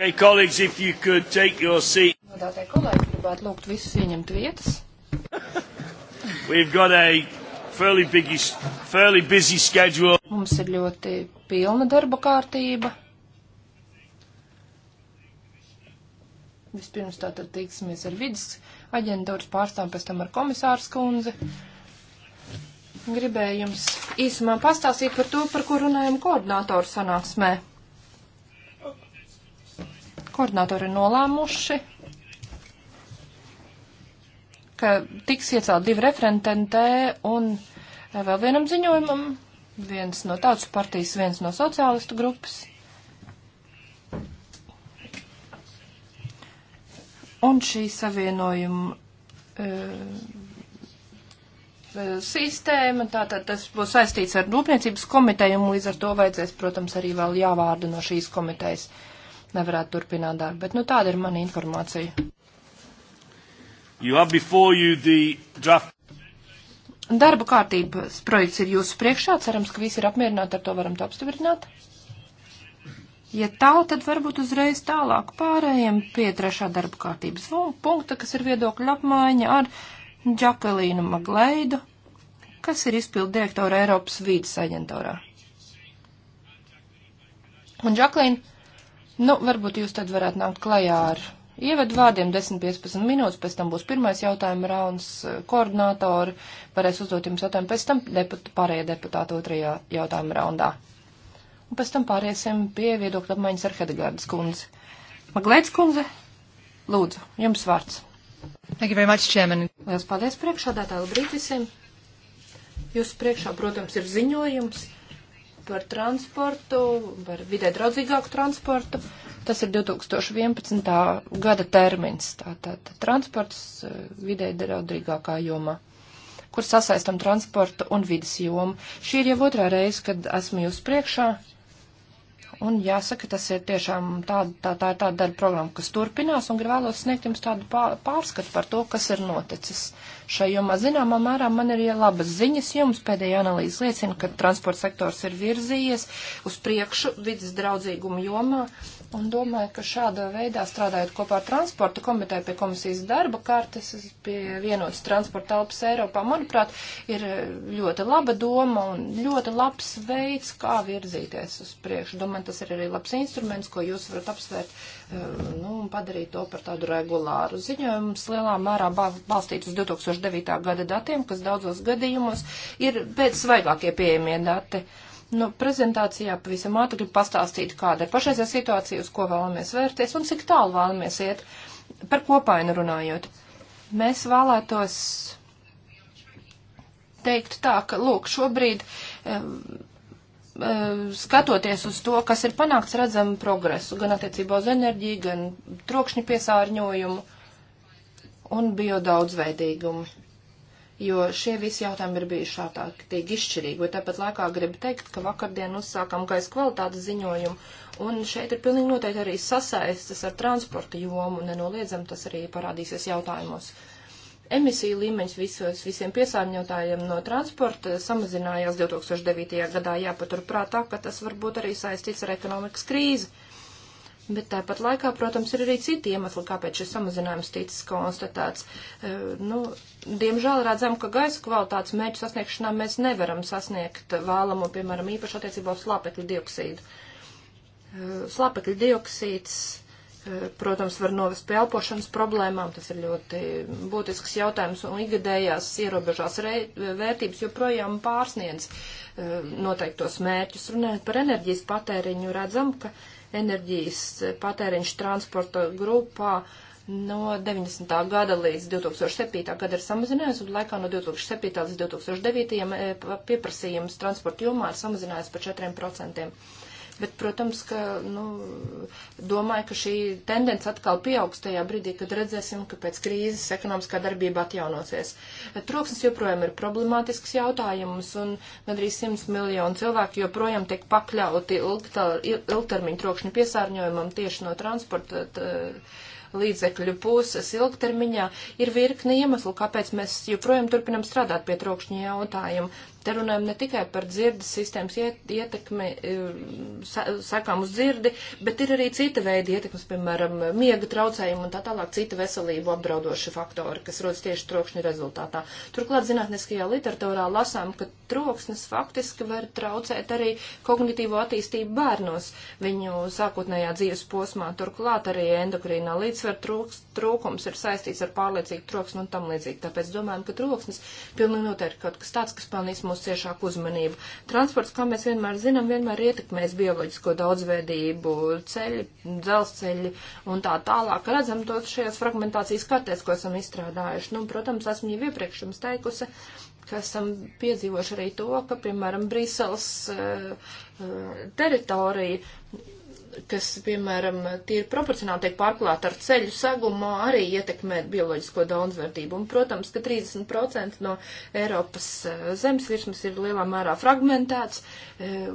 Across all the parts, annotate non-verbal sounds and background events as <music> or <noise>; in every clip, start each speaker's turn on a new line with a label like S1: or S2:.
S1: Hey, colleagues, if you could take your seat. Godātie kolēģi, gribētu lūgt visus ieņemt vietas. <laughs> We've got a fairly, big, fairly busy schedule. Mums ir ļoti pilna darba kārtība. Vispirms tātad tiksimies ar vidas aģentūras pārstāvu, pēc tam ar komisāru skundzi. Gribēju jums īsumā pastāstīt par to, par ko runājam koordinātoru sanāksmē. Koordinatori nolēmuši, ka tiks iecelt divi referententē un vēl vienam ziņojumam, viens no tautas partijas, viens no sociālistu grupas. Un šī savienojuma e, sistēma, tātad tas būs saistīts ar rūpniecības komiteju, un līdz ar to vajadzēs, protams, arī vēl jāvārda no šīs komitejas. E, nevarētu turpināt darbu. Bet nu, tāda ir mana informācija. Darba kārtības projekts ir jūsu priekšā. Cerams, ka visi ir apmierināti ar to, varam to apstiprināt. Ja tā, tad varbūt uzreiz tālāk pārējiem pie trešā darba kārtības punkta, kas ir viedokļa apmaiņa ar Džakalīnu Magleidu, kas ir izpildu direktora Eiropas vīdes aģentūrā. Un Džaklīna, Nu, varbūt jūs tad varētu nākt klajā ar ievadu vārdiem 10-15 minūtes, pēc tam būs pirmais jautājuma rauns, eh, koordinātori varēs uzdot jums jautājumu, pēc tam deput, pārējie deputāti otrajā jautājuma raundā. Un pēc tam pāriesim pie viedokļa apmaiņas ar Hedegārdas kundzi. Maglēts kundze, lūdzu, jums vārds. Thank you very much, Chairman. Lielas paldies priekšādātāju, labrīt visiem. Jūsu priekšā, protams, ir ziņojums par transportu, par vidē draudzīgāku transportu. Tas ir 2011. gada termins, tātad tā, transports eh, vidē draudzīgākā jomā kur sasaistam transportu un vidas jomu. Šī ir jau otrā reize, kad esmu jūs priekšā, un jāsaka, tas ir tiešām tāda, tā, tā ir tāda darba programma, kas turpinās, un vēlos sniegt jums tādu pārskatu par to, kas ir noticis. Uh, šai jomā. Zināmā mērā man ir labas ziņas jums. Pēdējā analīze liecina, ka transporta sektors ir virzījies uz priekšu vidas draudzīgumu jomā. Un domāju, ka šādā veidā strādājot kopā ar transporta komiteju pie komisijas darba kārtas, pie vienotas transporta telpas Eiropā, manuprāt, ir ļoti laba doma un ļoti labs veids, kā virzīties uz priekšu. Domāju, tas ir arī labs instruments, ko jūs varat apsvērt Eh, nu, un padarīt to par tādu regulāru ziņojumu. Mums lielā mērā balstīts uz 2009. gada datiem, kas daudzos gadījumos ir pēc svaigākie pieejamie dati. Nu, prezentācijā pavisam ātri pastāstīt, kāda ir pašreizē situācija, uz ko vēlamies vērties un cik tālu vēlamies iet. Par kopainu runājot, mēs vēlētos teikt tā, ka, lūk, šobrīd um, Eh, skatoties uz to, kas ir panākts, redzam progresu gan attiecībā uz enerģiju, gan trokšņu piesārņojumu un biodaudzveidīgumu. Jo šie visi jautājumi ir bijuši šādāk tiek izšķirīgi, bet tāpat laikā gribu teikt, ka vakardien uzsākam gaisa kvalitātes ziņojumu, un šeit ir pilnīgi noteikti arī sasaistas ar transporta jomu, nenoliedzam tas arī parādīsies jautājumos Emisiju līmeņš visos, visiem piesārņotājiem no transporta samazinājās 2009. gadā. Jāpaturprātā, ka tas varbūt arī saistīts ar ekonomikas krīzi. Bet tāpat laikā, protams, ir arī citi iemesli, kāpēc šis samazinājums ticis konstatēts. E, nu, diemžēl redzam, ka gaisa kvalitātes mērķu sasniegšanā mēs nevaram sasniegt vēlamo, piemēram, īpaši attiecībā uz slāpekļu dioksīdu. E, slāpekļu dioksīds Eh, protams, var novest pie elpošanas problēmām. Tas ir ļoti būtisks jautājums, un ikgadējās ierobežās rei, vērtības joprojām pārsniedz eh, noteiktos mērķus. Runājot par enerģijas patēriņu, redzam, ka enerģijas patēriņš transporta grupā no 90. gada līdz 2007. gada ir samazinājies, un laikā no 2007. līdz 2009. Eh, pieprasījums transporta jomā ir samazinājies par 4% bet, protams, ka, nu, domāju, ka šī tendence atkal pieaugs tajā brīdī, kad redzēsim, ka pēc krīzes ekonomiskā darbība atjaunosies. Troksnis joprojām ir problemātisks jautājums, un gandrīz 100 miljonu cilvēku joprojām tiek pakļauti ilgtermiņu trokšņu piesārņojumam tieši no transporta. Tā, līdzekļu puses ilgtermiņā ir virkni iemeslu, kāpēc mēs joprojām turpinam strādāt pie trokšņa jautājumu. Te runājam ne tikai par dzirdes sistēmas ietekmi, e, sakām uz dzirdi, bet ir arī cita veida ietekmes, piemēram, miega traucējumi un tā tālāk cita veselību apdraudoši faktori, kas rodas tieši trokšņa rezultātā. Turklāt zinātniskajā literatūrā lasām, ka troksnis faktiski var traucēt arī kognitīvo attīstību bērnos viņu sākotnējā dzīves posmā. Turklāt arī endokrīnā līdzsver trūks, trūkums ir saistīts ar pārliecīgu troksni un tam līdzīgi. Tāpēc domājam, ka troksnis pilnīgi noteikti kaut kas tāds, kas pelnīs mūsu ciešāku uzmanību. Transports, kā mēs vienmēr zinām, vienmēr ietekmēs bioloģisko daudzveidību, ceļi, dzelzceļi un tā tālāk. Redzam to šajās fragmentācijas kartēs, ko esam izstrādājuši. Nu, protams, esmu jau iepriekš jums teikusi, ka esam piedzīvojuši arī to, ka, piemēram, Brīseles uh, uh, teritorija kas, piemēram, tīri proporcionāli tiek pārklāta ar ceļu sagumu, arī ietekmē bioloģisko daudzvērtību. Un, protams, ka 30% no Eiropas eh, zemesvirsmas ir lielā mērā fragmentēts. Eh,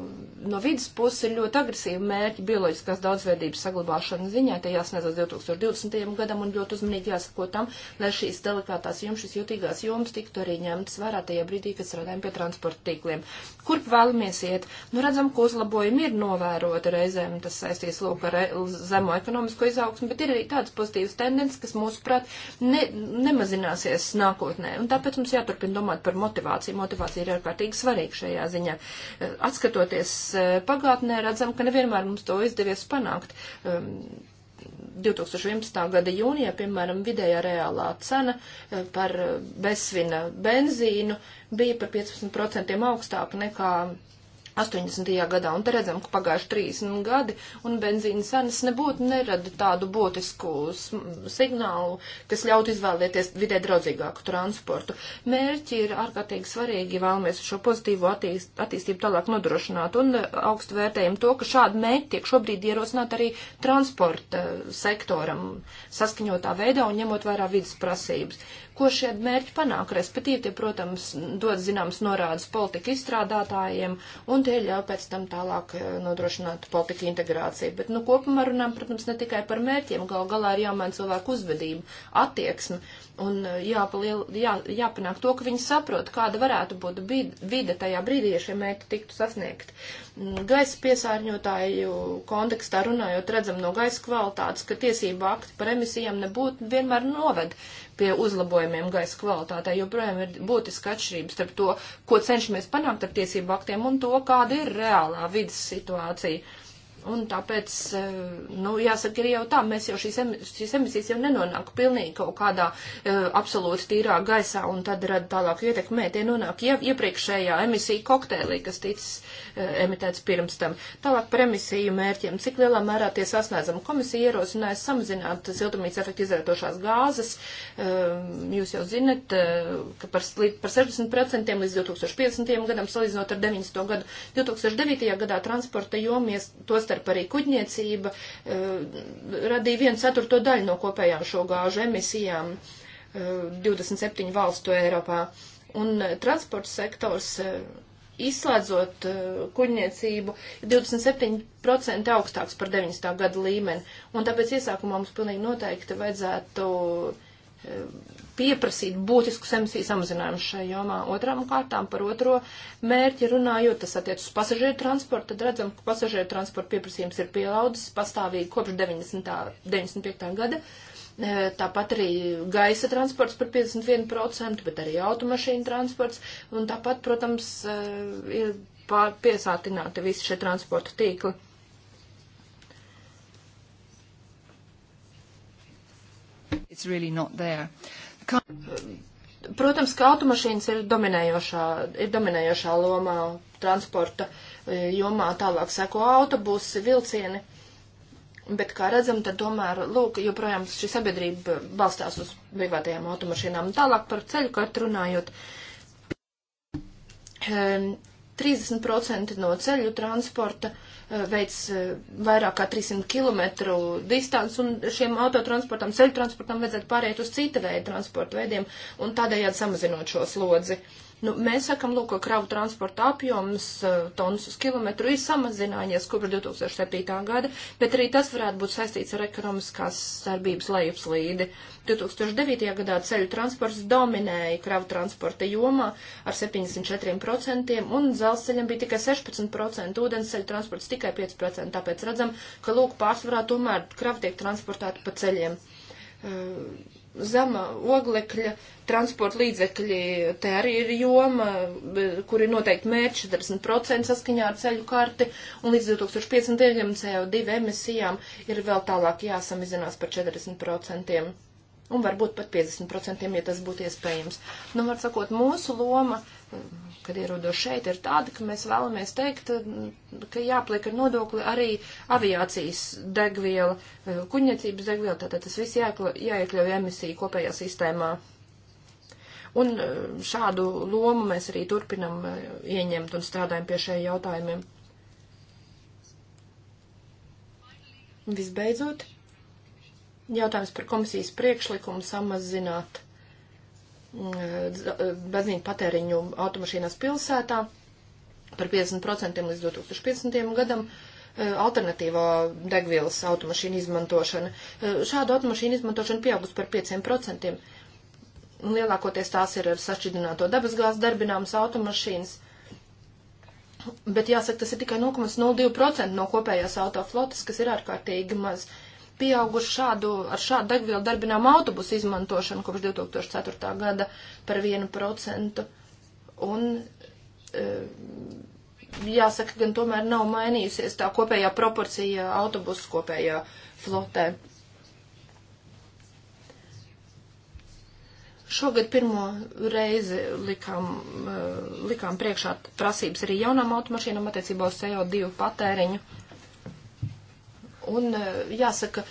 S1: no vidas puses ir ļoti agresīvi mērķi bioloģiskās daudzvērtības saglabāšana ziņā, te jāsniedz uz 2020. gadam un ļoti uzmanīgi jāsako tam, lai šīs delikātās jums, šīs jutīgās jums tiktu arī ņemtas vērā tajā brīdī, kad strādājam pie transporta tīkliem. Kurp vēlamies iet? Nu, redzam, ka uzlabojumi ir novēroti reizēm. Tas sasaistīs lūk ar e, zemo ekonomisko izaugsmu, bet ir arī tādas pozitīvas tendences, kas mūsuprāt ne, nemazināsies nākotnē. Un tāpēc mums jāturpina domāt par motivāciju. Motivācija ir ārkārtīgi svarīga šajā ziņā. E, atskatoties e, pagātnē, redzam, ka nevienmēr mums to izdevies panākt. 2011. Um, gada jūnijā, piemēram, vidējā reālā cena par bezsvina benzīnu bija par 15% augstāka nekā 80. gadā, un te redzam, ka pagājuši 30 gadi, un benzīna cenas nebūtu nerada tādu būtisku signālu, kas ļautu izvēlēties vidē draudzīgāku transportu. Mērķi ir ārkārtīgi svarīgi, vēlamies šo pozitīvo attīst, attīstību tālāk nodrošināt, un eh, augstu vērtējam to, ka šādi mērķi tiek šobrīd ierosināt arī transporta sektoram saskaņotā veidā un ņemot vērā vidas prasības ko šie mērķi panāk, respektīvi, tie, protams, dod zināmas norādes politika izstrādātājiem, un tie ļauj pēc tam tālāk eh, nodrošināt politika integrāciju. Bet, nu, kopumā runām, protams, ne tikai par mērķiem, gal galā ir jāmaina cilvēku uzvedība, attieksme, un eh, jāpaliel, jā, jāpanāk to, ka viņi saprot, kāda varētu būt vide tajā brīdī, ja šie mērķi tiktu sasniegt. Mm, gaisa piesārņotāju kontekstā runājot, redzam no gaisa kvalitātes, ka tiesība akti par emisijām nebūtu vienmēr noved uh, pie uzlabojumiem gaisa kvalitātē, jo projām ir būtiska atšķirības starp to, ko cenšamies panākt ar tiesību aktiem un to, kāda ir reālā vidas situācija Un tāpēc, e, nu, jāsaka, ir jau tā, mēs jau šīs, emis, šīs emisijas jau nenonāk pilnīgi kaut kādā e, absolūti tīrā gaisā un tad rada tālāk ietekmē. Tie nonāk jau iepriekšējā emisija kokteilī, kas ticis e, emitēts pirms tam. Tālāk par emisiju mērķiem. Cik lielā mērā tie sasniedzam? Komisija ierosināja samazināt siltumnīca efektu izrētošās gāzes. E, jūs jau zinat, e, ka par, par 60% līdz 2050. gadam, salīdzinot ar 90. gadu, 2009. gadā transporta jomies tos tostarp arī kuģniecība, eh, radīja 1 ceturto daļu no kopējām šo gāžu emisijām 27 eh, valstu Eiropā. Un eh, transporta sektors izslēdzot kuģniecību, 27% augstāks par 90. gada līmeni. Un tāpēc iesākumā mums pilnīgi noteikti vajadzētu pieprasīt būtisku emisiju samazinājumu šajā jomā. Otrām kārtām par otro mērķi runājot, tas attiec uz pasažieru transportu, tad redzam, ka pasažieru transporta pieprasījums ir pielaudzis pastāvīgi kopš 90. 95. gada. E, tāpat arī gaisa transports par 51%, bet arī automašīnu transports. Un tāpat, protams, e, ir piesātināti visi šie transporta tīkli. It's really not there. Uh, Kā, protams, ka automašīnas ir dominējošā, ir dominējošā lomā transporta e, jomā, tālāk seko autobusi, vilcieni. Bet, kā redzam, tad tomēr, lūk, joprojām šī sabiedrība balstās uz privātajām automašīnām. Tālāk par ceļu kartu runājot. 30% no ceļu transporta uh, Eh, veids eh, vairāk kā 300 km distants, un šiem autotransportam, ceļu transportam vajadzētu pāriet uz cita veida transporta veidiem, un tādējādi samazinot šo slodzi. Uh, Nu, mēs sakam, lūk, ka kravu transporta apjoms eh, tonus uz kilometru ir samazinājies kopš 2007. gada, bet arī tas varētu būt saistīts ar ekonomiskās darbības lejupslīdi. 2009. gadā ceļu transports dominēja kravu transporta jomā ar 74% un dzelzceļam bija tikai 16%, ūdensceļu transports tikai 5%, tāpēc redzam, ka lūk pārsvarā tomēr kravu tiek transportēta pa ceļiem. Uh, zemā oglekļa transporta līdzekļi, te arī ir joma, kur ir noteikti mērķi 40% saskaņā ar ceļu karti, un līdz 2050 gadiem CO2 emisijām ir vēl tālāk jāsamizinās par 40%, un varbūt pat 50%, ja tas būtu iespējams. Nu, var sakot, mūsu loma kad ierodos šeit, ir tāda, ka mēs vēlamies teikt, ka jāpliek ar nodokli arī aviācijas degviela, eh, kuģniecības degviela, tātad tas viss jāiekļauj emisiju kopējā sistēmā. Un eh, šādu lomu mēs arī turpinam eh, ieņemt un strādājam pie šiem jautājumiem. Visbeidzot, jautājums par komisijas priekšlikumu samazināt Mm, e, benzīna patēriņu automašīnās pilsētā par 50% līdz 2050. gadam e, alternatīvā degvielas automašīnu izmantošana. E, šādu automašīnu izmantošana pieaugus par 5%. Lielākoties tās ir ar sašķidrināto dabasgāzi darbināmas automašīnas. Bet jāsaka, tas ir tikai 0,02% no kopējās autoflotas, kas ir ārkārtīgi maz. Uh, pieauguši šādu, ar šādu degvielu darbinām autobusu izmantošanu kopš 2004. gada par 1%. Un, e, jāsaka, gan tomēr nav mainījusies tā kopējā proporcija autobusu kopējā flotē. Šogad pirmo reizi likām, e, likām priekšā prasības arī jaunām automašīnām attiecībā uz CO2 patēriņu Un e, jāsaka,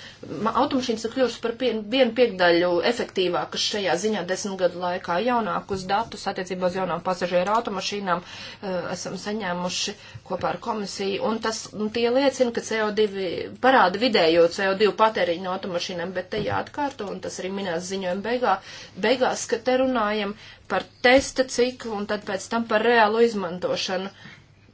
S1: automašīnas ir kļuvusi par pie, vienu piekdaļu efektīvākas šajā ziņā desmit gadu laikā. Jaunākus datus attiecībā uz jaunām pasažieru automašīnām e, esam saņēmuši kopā ar komisiju. Un tas, un tie liecina, ka CO2 parāda vidējo CO2 patēriņu no automašīnām, bet te jāatkārto, un tas arī minēts ziņojuma beigā, beigās, ka te runājam par testa ciklu un tad pēc tam par reālu izmantošanu.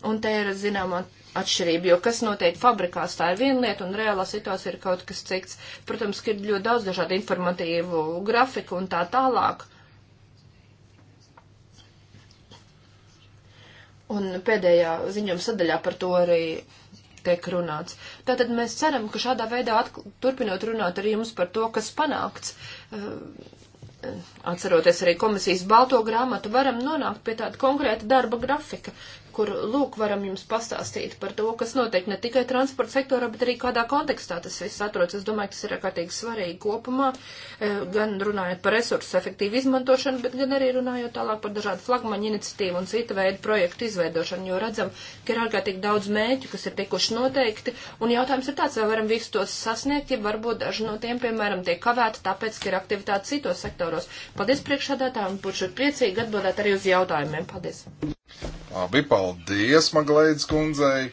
S1: Un te ir, zināmā atšķirība, jo kas notiek fabrikās, tā ir viena lieta, un reālā situācija ir kaut kas cits. Protams, ka ir ļoti daudz dažādu informatīvu grafiku un tā tālāk. Un pēdējā ziņojuma sadaļā par to arī tiek runāts. Tātad mēs ceram, ka šādā veidā turpinot runāt arī jums par to, kas panākts, eh, eh, atceroties arī komisijas balto grāmatu, varam nonākt pie tāda konkrēta darba grafika, kur lūk varam jums pastāstīt par to, kas notiek ne tikai transporta sektorā, bet arī kādā kontekstā tas viss atrodas. Es domāju, tas ir ārkārtīgi svarīgi kopumā, e, gan runājot par resursu efektīvu izmantošanu, bet gan arī runājot tālāk par dažādu flagmaņu iniciatīvu un cita veida projektu izveidošanu, jo redzam, ka ir ārkārtīgi daudz mēķu, kas ir tikuši noteikti, un jautājums ir tāds, vai varam visus tos sasniegt, ja varbūt daži no tiem, piemēram, tiek kavēti, tāpēc, ka ir aktivitāte citos sektoros. Paldies priekšādātājiem, un būšu priecīgi atbildēt arī uz jautājumiem. Paldies!
S2: Labi, paldies, Maglēdz kundzei.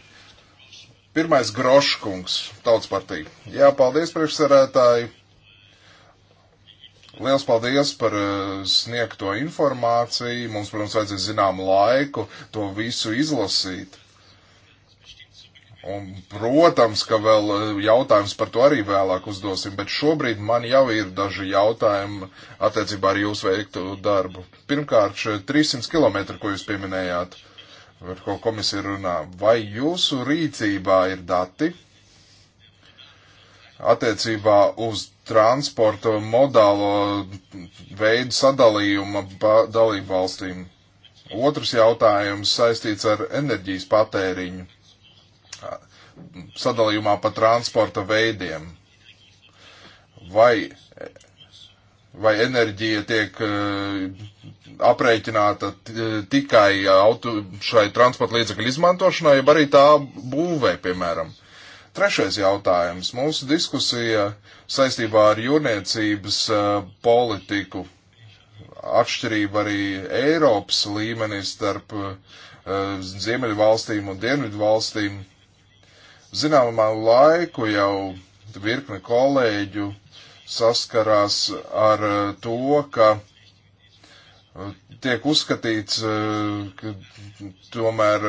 S2: Pirmais Groškungs, Tautas partija. Jā, paldies, priekšsarētāji. Liels paldies par eh, sniegto informāciju. Mums, protams, vajadzēs zinām laiku to visu izlasīt. Un, protams, ka vēl eh, jautājums par to arī vēlāk uzdosim, bet šobrīd man jau ir daži jautājumi attiecībā ar jūsu veiktu darbu. Pirmkārt, 300 km, ko jūs pieminējāt, ar ko komisija runā, vai jūsu rīcībā ir dati attiecībā uz transporta modālo veidu sadalījuma dalību valstīm? Otrs jautājums saistīts ar enerģijas patēriņu sadalījumā pa transporta veidiem. Vai, vai enerģija tiek eh, aprēķināta eh, tikai auto, šai transporta līdzekļu izmantošanai, vai arī tā būvē, piemēram. Trešais jautājums. Mūsu diskusija saistībā ar jūrniecības eh, politiku atšķirība arī Eiropas līmenī starp uh, ziemeļu valstīm un dienvidu valstīm Zināmā laiku jau virkne kolēģu saskarās ar eh, to, ka eh, tiek uzskatīts, eh, ka tomēr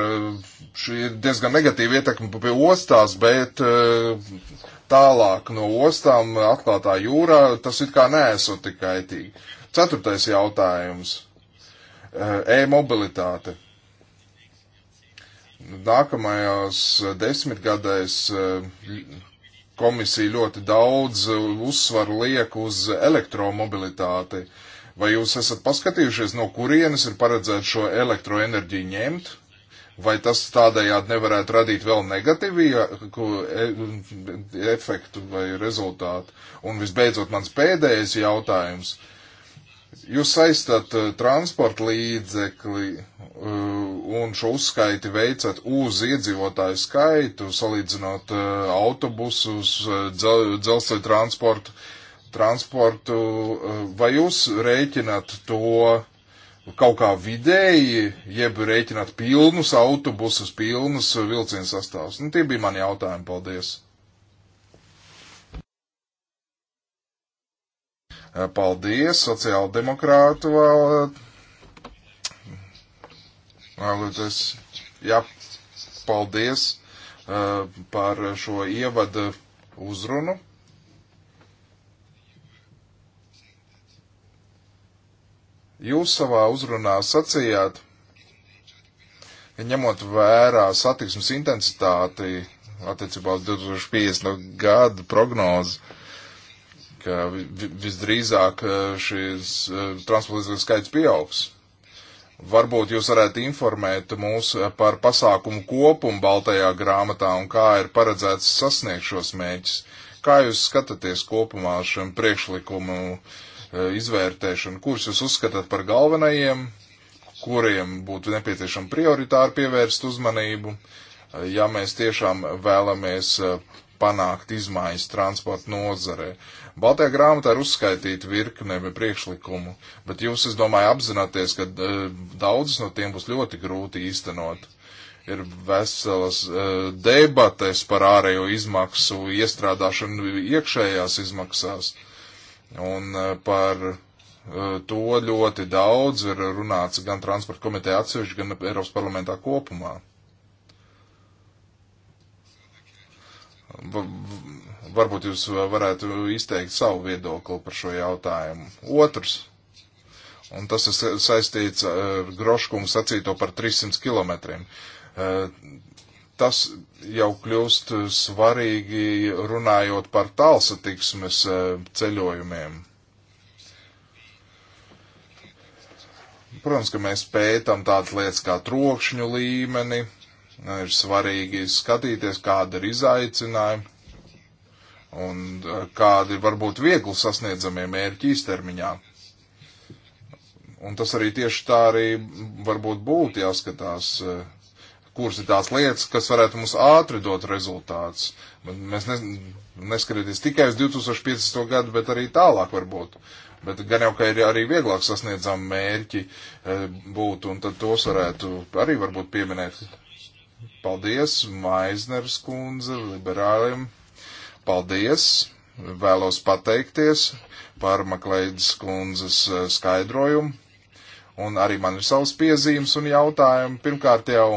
S2: šī ir diezgan negatīva ietekme pie ostās, bet tālāk no ostām atklātā jūrā tas it kā nesot tik kaitīgi. Ceturtais jautājums e - e-mobilitāte nākamajos desmitgadēs e, komisija ļoti daudz uzsvaru liek uz elektromobilitāti. Vai jūs esat paskatījušies, no kurienes ir paredzēts šo elektroenerģiju ņemt? Vai tas tādējādi nevarētu radīt vēl negatīvu e, efektu vai rezultātu? Un visbeidzot, mans pēdējais jautājums. Uh, Jūs saistat eh, transporta līdzekli eh, un šo uzskaiti veicat uz iedzīvotāju skaitu, salīdzinot eh, autobusus, dzelzceļa transportu, transportu. Vai jūs rēķinat to kaut kā vidēji, jeb rēķināt pilnus autobusus, pilnus vilcienu sastāvus? Nu, tie bija mani jautājumi. Paldies! Eh, paldies, sociāldemokrātu vēl. Eh, Vēlēties, jā, paldies eh, par šo ievada uzrunu. Jūs savā uzrunā sacījāt, ka ņemot vērā satiksmes intensitāti attiecībā uz 2050. gadu prognozi, uh, ka visdrīzāk eh, šis eh, transportlīdzekļu skaits pieaugs. Varbūt jūs varētu informēt mūs eh, par pasākumu kopumu Baltajā grāmatā un kā ir paredzēts sasniegt šos mēģus. Kā jūs skatāties kopumā šim priekšlikumu izvērtēšanu? Kurus jūs uzskatāt par galvenajiem, kuriem būtu nepieciešama prioritāri pievērst uzmanību, ja mēs tiešām vēlamies panākt izmaiņas transporta nozarē. Baltajā grāmatā ir uzskaitīta virkne priekšlikumu, bet jūs, es domāju, apzināties, ka e, daudzas no tiem būs ļoti grūti īstenot. Ir veselas e, debates par ārējo izmaksu iestrādāšanu iekšējās izmaksās. Un e, par e, to ļoti daudz ir runāts gan transporta komiteja atsevišķi, gan Eiropas parlamentā kopumā. Varbūt jūs varētu izteikt savu viedokli par šo jautājumu. Otrs, un tas ir saistīts ar Groškungu sacīto par 300 kilometriem. Eh, tas jau kļūst svarīgi runājot par tālsatiksmes eh, ceļojumiem. Protams, ka mēs pētam tādas lietas kā trokšņu līmeni, Nu, ir svarīgi skatīties, kāda ir izaicinājuma un eh, kādi varbūt viegli sasniedzamie mērķi īstermiņā. Un tas arī tieši tā arī varbūt būtu jāskatās, eh, kuras ir tās lietas, kas varētu mums ātri dot rezultāts. Mēs ne, neskatīties tikai uz 2015. gadu, bet arī tālāk varbūt. Bet gan jau, ka ir arī vieglāk sasniedzami mērķi eh, būt, un tad tos varētu arī varbūt pieminēt Paldies, Maizneras kundze, liberāliem. Paldies! Vēlos pateikties par Maklēdas kundzes eh, skaidrojumu. Un arī man ir savas piezīmes un jautājumi. Pirmkārt jau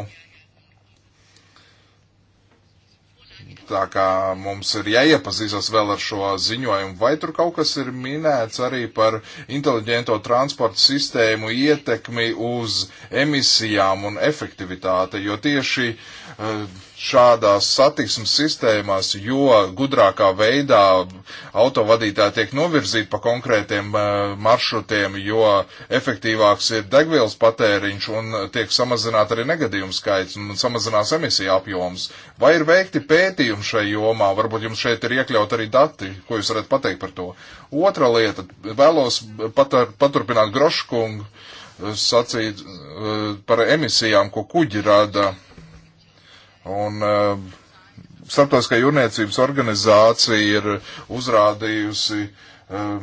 S2: Tā kā mums ir jāiepazīstas vēl ar šo ziņojumu, vai tur kaut kas ir minēts arī par inteliģento transporta sistēmu ietekmi uz emisijām un efektivitāti, jo tieši uh, šādās satiksmes sistēmās, jo gudrākā veidā autovadītāji tiek novirzīti pa konkrētiem eh, maršrutiem, jo efektīvāks ir degvielas patēriņš un tiek samazināt arī negadījumu skaits un samazinās emisiju apjoms. Vai ir veikti pētījumi šai jomā? Varbūt jums šeit ir iekļaut arī dati, ko jūs varat pateikt par to. Otra lieta, vēlos patur, paturpināt Groškungu eh, sacīt eh, par emisijām, ko kuģi rada Un uh, starptautiskā jūrniecības organizācija ir uzrādījusi uh,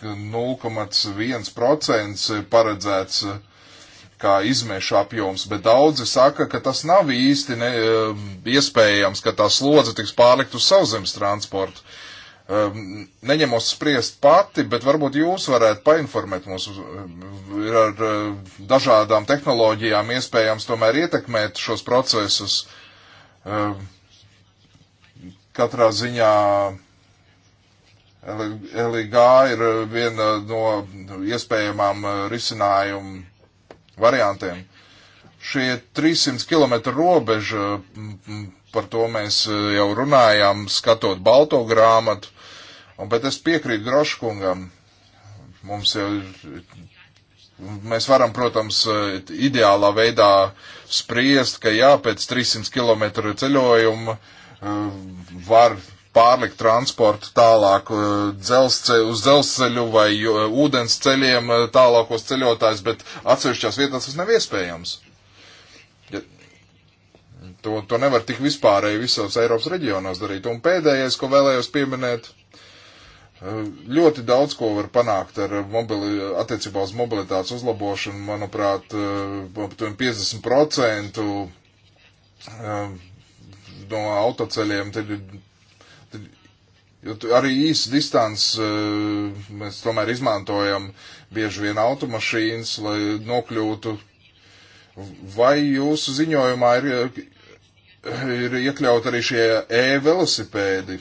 S2: 0,1% paredzēts uh, kā izmešu apjoms, bet daudzi saka, ka tas nav īsti ne, uh, iespējams, ka tā slodze tiks pārlikt uz sauszemes transportu um, neņemos spriest pati, bet varbūt jūs varētu painformēt mūs ir ar eh, dažādām tehnoloģijām iespējams tomēr ietekmēt šos procesus. Um, katrā ziņā LIG ir viena no iespējamām eh, risinājumu variantiem. Šie 300 km robeža, par to mēs eh, jau runājām, skatot balto grāmatu, Un, bet es piekrītu Groškungam. Mums jau ir, mēs varam, protams, ideālā veidā spriest, ka jā, pēc 300 km ceļojuma eh, var pārlikt transportu tālāk eh, dzelzce, uz dzelzceļu vai eh, ūdens ceļiem tālākos ceļotājs, bet atsevišķās vietās tas nav iespējams. Ja, to, to nevar tik vispārēji visos Eiropas reģionos darīt. Un pēdējais, ko vēlējos pieminēt, uh, Eh, ļoti daudz ko var panākt ar mobili, attiecībā uz mobilitātes uzlabošanu, manuprāt, eh, aptuveni 50% eh, no autoceļiem. Tad, tad, jo arī īsu distanci mēs tomēr izmantojam bieži vien automašīnas, lai nokļūtu. Vai jūsu ziņojumā ir, ir iekļaut arī šie e-velosipēdi?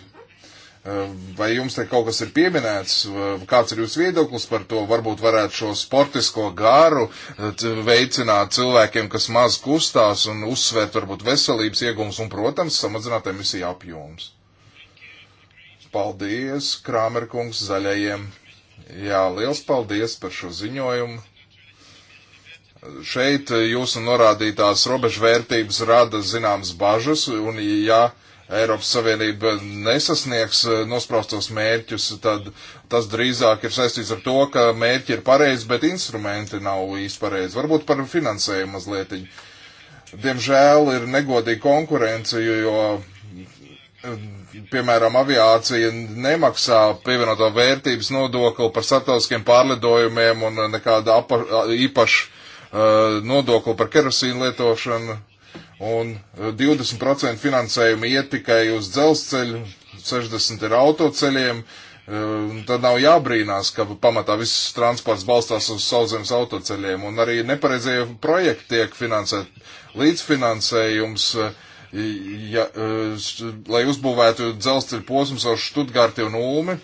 S2: Ehm, vai jums te kaut kas ir pieminēts, ehm, kāds ir jūsu viedoklis par to? Varbūt varētu šo sportisko garu eh, veicināt cilvēkiem, kas maz kustās un uzsvērt varbūt veselības iegums un, protams, samazināt emisiju apjoms. Paldies, Krāmerkungs, zaļajiem. Jā, liels paldies par šo ziņojumu. Šeit jūsu norādītās robežvērtības rada zināmas bažas un, ja. Jā, Eiropas Savienība nesasniegs eh, nospraustos mērķus, tad tas drīzāk ir saistīts ar to, ka mērķi ir pareizi, bet instrumenti nav īsti pareizi. Varbūt par finansējumu mazliet. Diemžēl ir negodīga konkurence, jo, piemēram, aviācija nemaksā pievienoto vērtības nodokli par starptautiskiem pārlidojumiem un nekāda apa, īpaša uh, nodokli par kerosīnu lietošanu un 20% e, finansējumu iet tikai uz dzelzceļu, 60% ir autoceļiem. E, tad nav jābrīnās, ka pamatā viss transports balstās uz sauszemes autoceļiem, un arī nepareizie projekti tiek finansēti. Līdzfinansējums uh, ja, lai uzbūvētu dzelzceļa posmus ar Študgārti un Ulmi.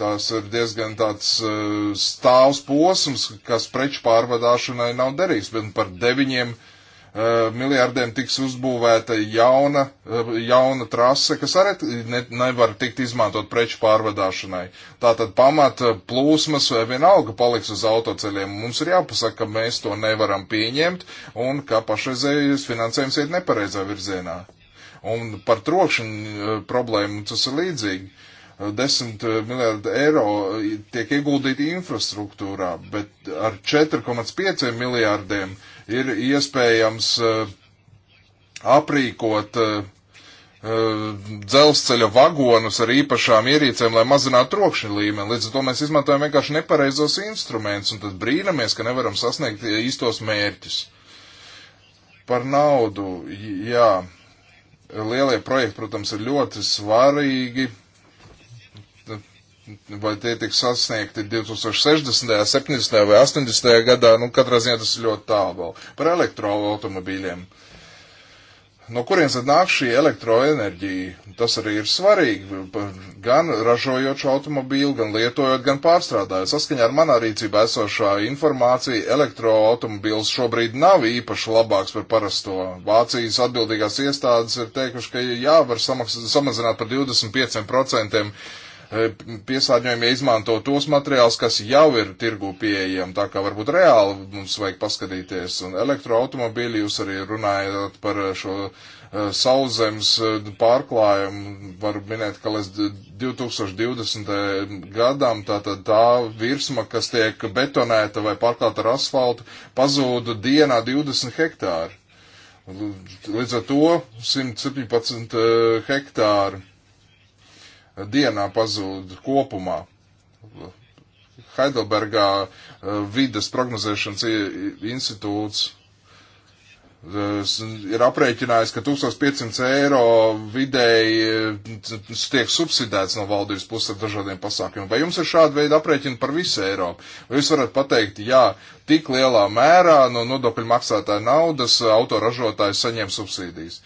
S2: Tas ir diezgan tāds stāvs posms, kas preču pārvadāšanai nav derīgs, bet par deviņiem uh, Eh, miljardiem tiks uzbūvēta jauna, eh, jauna trase, kas arī ne, nevar tikt izmantot preču pārvadāšanai. Tātad pamat eh, plūsmas vienalga paliks uz autoceļiem. Mums ir jāpasaka, ka mēs to nevaram pieņemt un ka pašreizējais finansējums iet nepareizā virzienā. Un par trokšņu problēmu tas ir līdzīgi. 10 miljardi eiro tiek ieguldīti infrastruktūrā, bet ar 4,5 miljārdiem uh, ir iespējams eh, aprīkot eh, eh, dzelzceļa vagonus ar īpašām ierīcēm, lai mazinātu trokšņa līmeni. Līdz ar to mēs izmantojam vienkārši nepareizos instrumentus un tad brīnamies, ka nevaram sasniegt īstos mērķus. Par naudu, jā, lielie projekti, protams, ir ļoti svarīgi vai tie tiks sasniegti 2060., 70. vai 80. gadā, nu katrā ziņā tas ir ļoti tālu vēl. Par elektroautomobīļiem. No kurienes tad nāk šī elektroenerģija? Tas arī ir svarīgi, gan ražojot šo automobīlu, gan lietojot, gan pārstrādājot. Saskaņā ar manā rīcībā esošā informācija elektroautomobīls šobrīd nav īpaši labāks par parasto. Vācijas atbildīgās iestādes ir teikuši, ka jā, var samazināt par 25% E, piesārņojumie izmanto tos materiālus, kas jau ir tirgu pieejami, tā kā varbūt reāli mums vajag paskatīties. Un elektroautomobīļi jūs arī runājat par šo uh, sauszemes e, pārklājumu, var minēt, ka līdz 2020. gadam tātad tā, tā virsma, kas tiek betonēta vai pārklāta ar asfaltu, pazūda dienā 20 hektāri. Līdz ar to 117 hektāri dienā pazūd kopumā. Heidelbergā eh, vidas prognozēšanas institūts eh, ir aprēķinājis, ka 1500 eiro vidēji eh, tiek subsidēts no valdības puses ar dažādiem pasākumiem. Vai jums ir šāda veida aprēķina par visu Eiropu? Vai jūs varat pateikt, jā, tik lielā mērā no nodokļu maksātāja naudas autoražotājs saņem subsīdijas?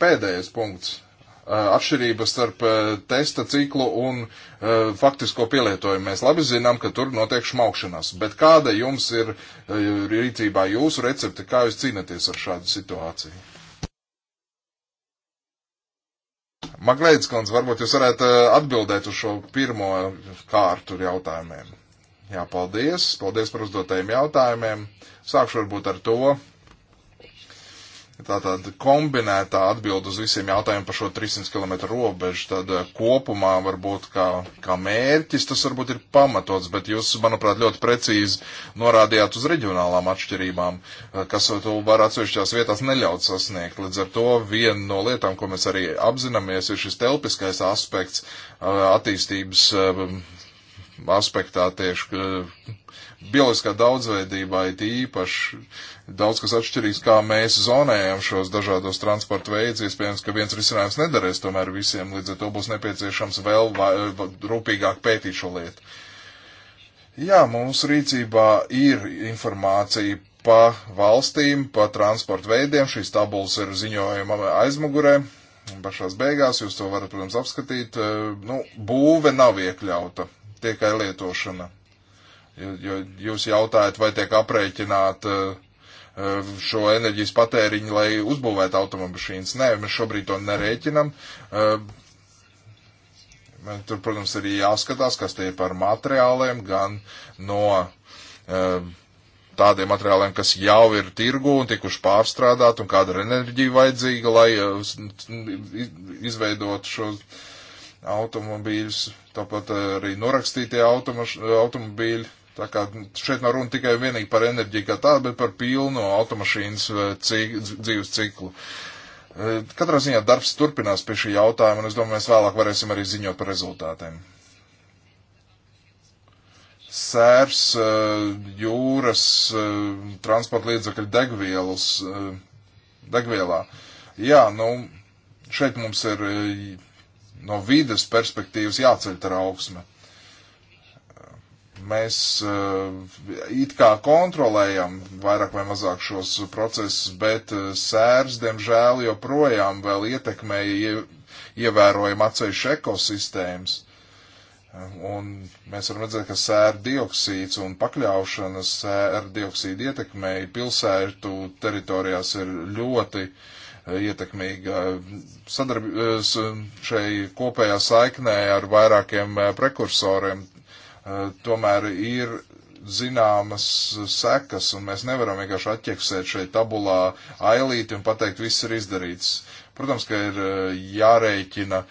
S2: Pēdējais punkts atšķirība starp testa ciklu un uh, faktisko pielietojumu. Mēs labi zinām, ka tur notiek šmaukšanas, bet kāda jums ir uh, rīcībā jūsu recepte, kā jūs cīnaties ar šādu situāciju? Maglēdz kundze, varbūt jūs varētu atbildēt uz šo pirmo kārtu jautājumiem. Jā, paldies. Paldies par uzdotajiem jautājumiem. Sākšu varbūt ar to, Tātad kombinētā atbild uz visiem jautājumiem par šo 300 km robežu, tad eh, kopumā varbūt kā, kā mērķis tas varbūt ir pamatots, bet jūs, manuprāt, ļoti precīzi norādījāt uz reģionālām atšķirībām, eh, kas to var atsevišķās vietās neļaut sasniegt. Līdz ar to viena no lietām, ko mēs arī apzināmies, ir šis telpiskais aspekts eh, attīstības aspektā tieši bioloģiskā daudzveidībā it īpaši daudz kas atšķirīgs, kā mēs zonējam šos dažādos transporta veidus. Iespējams, ka viens risinājums nedarēs tomēr visiem, līdz ar to būs nepieciešams vēl vai, vai, rūpīgāk pētīt šo lietu. Jā, mums rīcībā ir informācija pa valstīm, pa transporta veidiem. Šīs tabulas ir ziņojuma aizmugurē. Pašās beigās jūs to varat, protams, apskatīt. Eh, nu, būve nav iekļauta, tikai lietošana. Jo, jo jūs jautājat, vai tiek aprēķināta uh, eh, Um, šo enerģijas patēriņu, lai uzbūvētu automašīnas. Nē, mēs šobrīd to nerēķinam. Um, tur, protams, arī jāskatās, kas tie ir par materiāliem, gan no um, tādiem materiāliem, kas jau ir tirgu un tikuši pārstrādāti, un kāda ir enerģija vajadzīga, lai uh, izveidotu šo automobīļus. Tāpat uh, arī norakstītie automaš, automobīļi Tā kā šeit nav runa tikai un vienīgi par enerģiju kā tādu, bet par pilnu automašīnas eh, cik, dzīves ciklu. Eh, katrā ziņā darbs turpinās pie šī jautājuma, un es domāju, mēs vēlāk varēsim arī ziņot par rezultātiem. Sērs, eh, jūras, transporta līdzakļu degvielas, degvielā. Jā, nu, šeit mums ir no vides perspektīvas jāceļ tā augsme. Mēs eh, it kā kontrolējam vairāk vai mazāk šos procesus, bet eh, sērs, diemžēl, joprojām vēl ietekmēja ievērojam atsevišķu ekosistēmas. Un mēs varam redzēt, ka sēra dioksīds un pakļaušanas sēra dioksīda ietekmei pilsētu teritorijās ir ļoti eh, ietekmīga sadarb... šai kopējā saiknē ar vairākiem prekursoriem. Eh, tomēr ir zināmas sekas, un mēs nevaram vienkārši atķeksēt šeit tabulā ailīti un pateikt, viss ir izdarīts. Protams, ka ir eh, jārēķina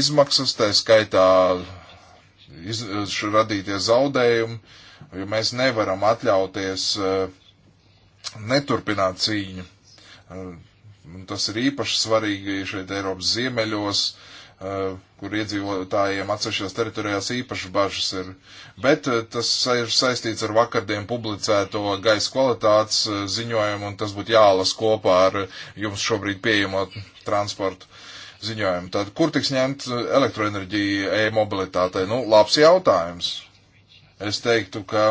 S2: izmaksas, tā skaitā iz, eh, radītie zaudējumi, jo mēs nevaram atļauties neturpināt cīņu. Un tas ir īpaši svarīgi šeit Eiropas ziemeļos, uh, Eh, kur iedzīvotājiem atsevišķās teritorijās īpaši bažas ir. Bet eh, tas ir saistīts ar vakardien publicēto gaisa kvalitātes eh, ziņojumu, un tas būtu jālas kopā ar jums šobrīd pieejamo transportu ziņojumu. Tad, kur tiks ņemt elektroenerģija e-mobilitātei? Nu, labs jautājums. Es teiktu, ka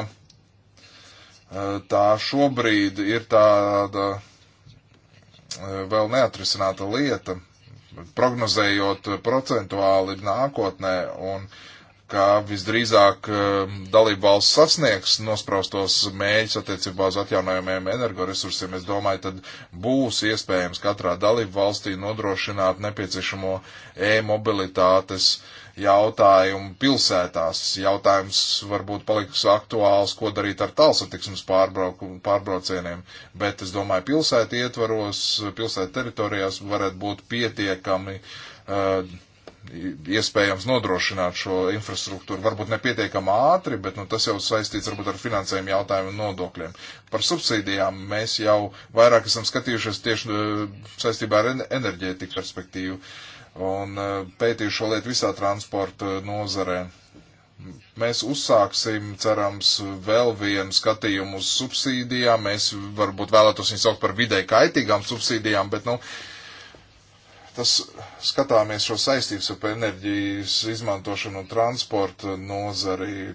S2: tā šobrīd ir tāda vēl neatrisināta lieta prognozējot procentuāli nākotnē un ka visdrīzāk eh, dalību valsts sasniegs nospraustos mēģis attiecībā uz atjaunojumiem energoresursiem, es domāju, tad būs iespējams katrā dalību valstī nodrošināt nepieciešamo e-mobilitātes uh, jautājumu pilsētās. Jautājums varbūt paliks aktuāls, ko darīt ar tālsatiksmes pārbraucieniem, bet es domāju, pilsēta ietvaros, pilsēta teritorijās varētu būt pietiekami uh, iespējams nodrošināt šo infrastruktūru. Varbūt nepietiekam ātri, bet nu, tas jau saistīts varbūt ar finansējumu jautājumu un nodokļiem. Par subsīdijām mēs jau vairāk esam skatījušies tieši eh, saistībā ar enerģētiku perspektīvu. Uh, un e, pētīju šo lietu visā transporta e, nozarē. Mēs uzsāksim, cerams, vēl vienu skatījumu uz subsīdijām. Mēs varbūt vēlētos viņus saukt par vidē kaitīgām subsīdijām, bet, nu, tas skatāmies šo saistības ar enerģijas izmantošanu un transporta nozari.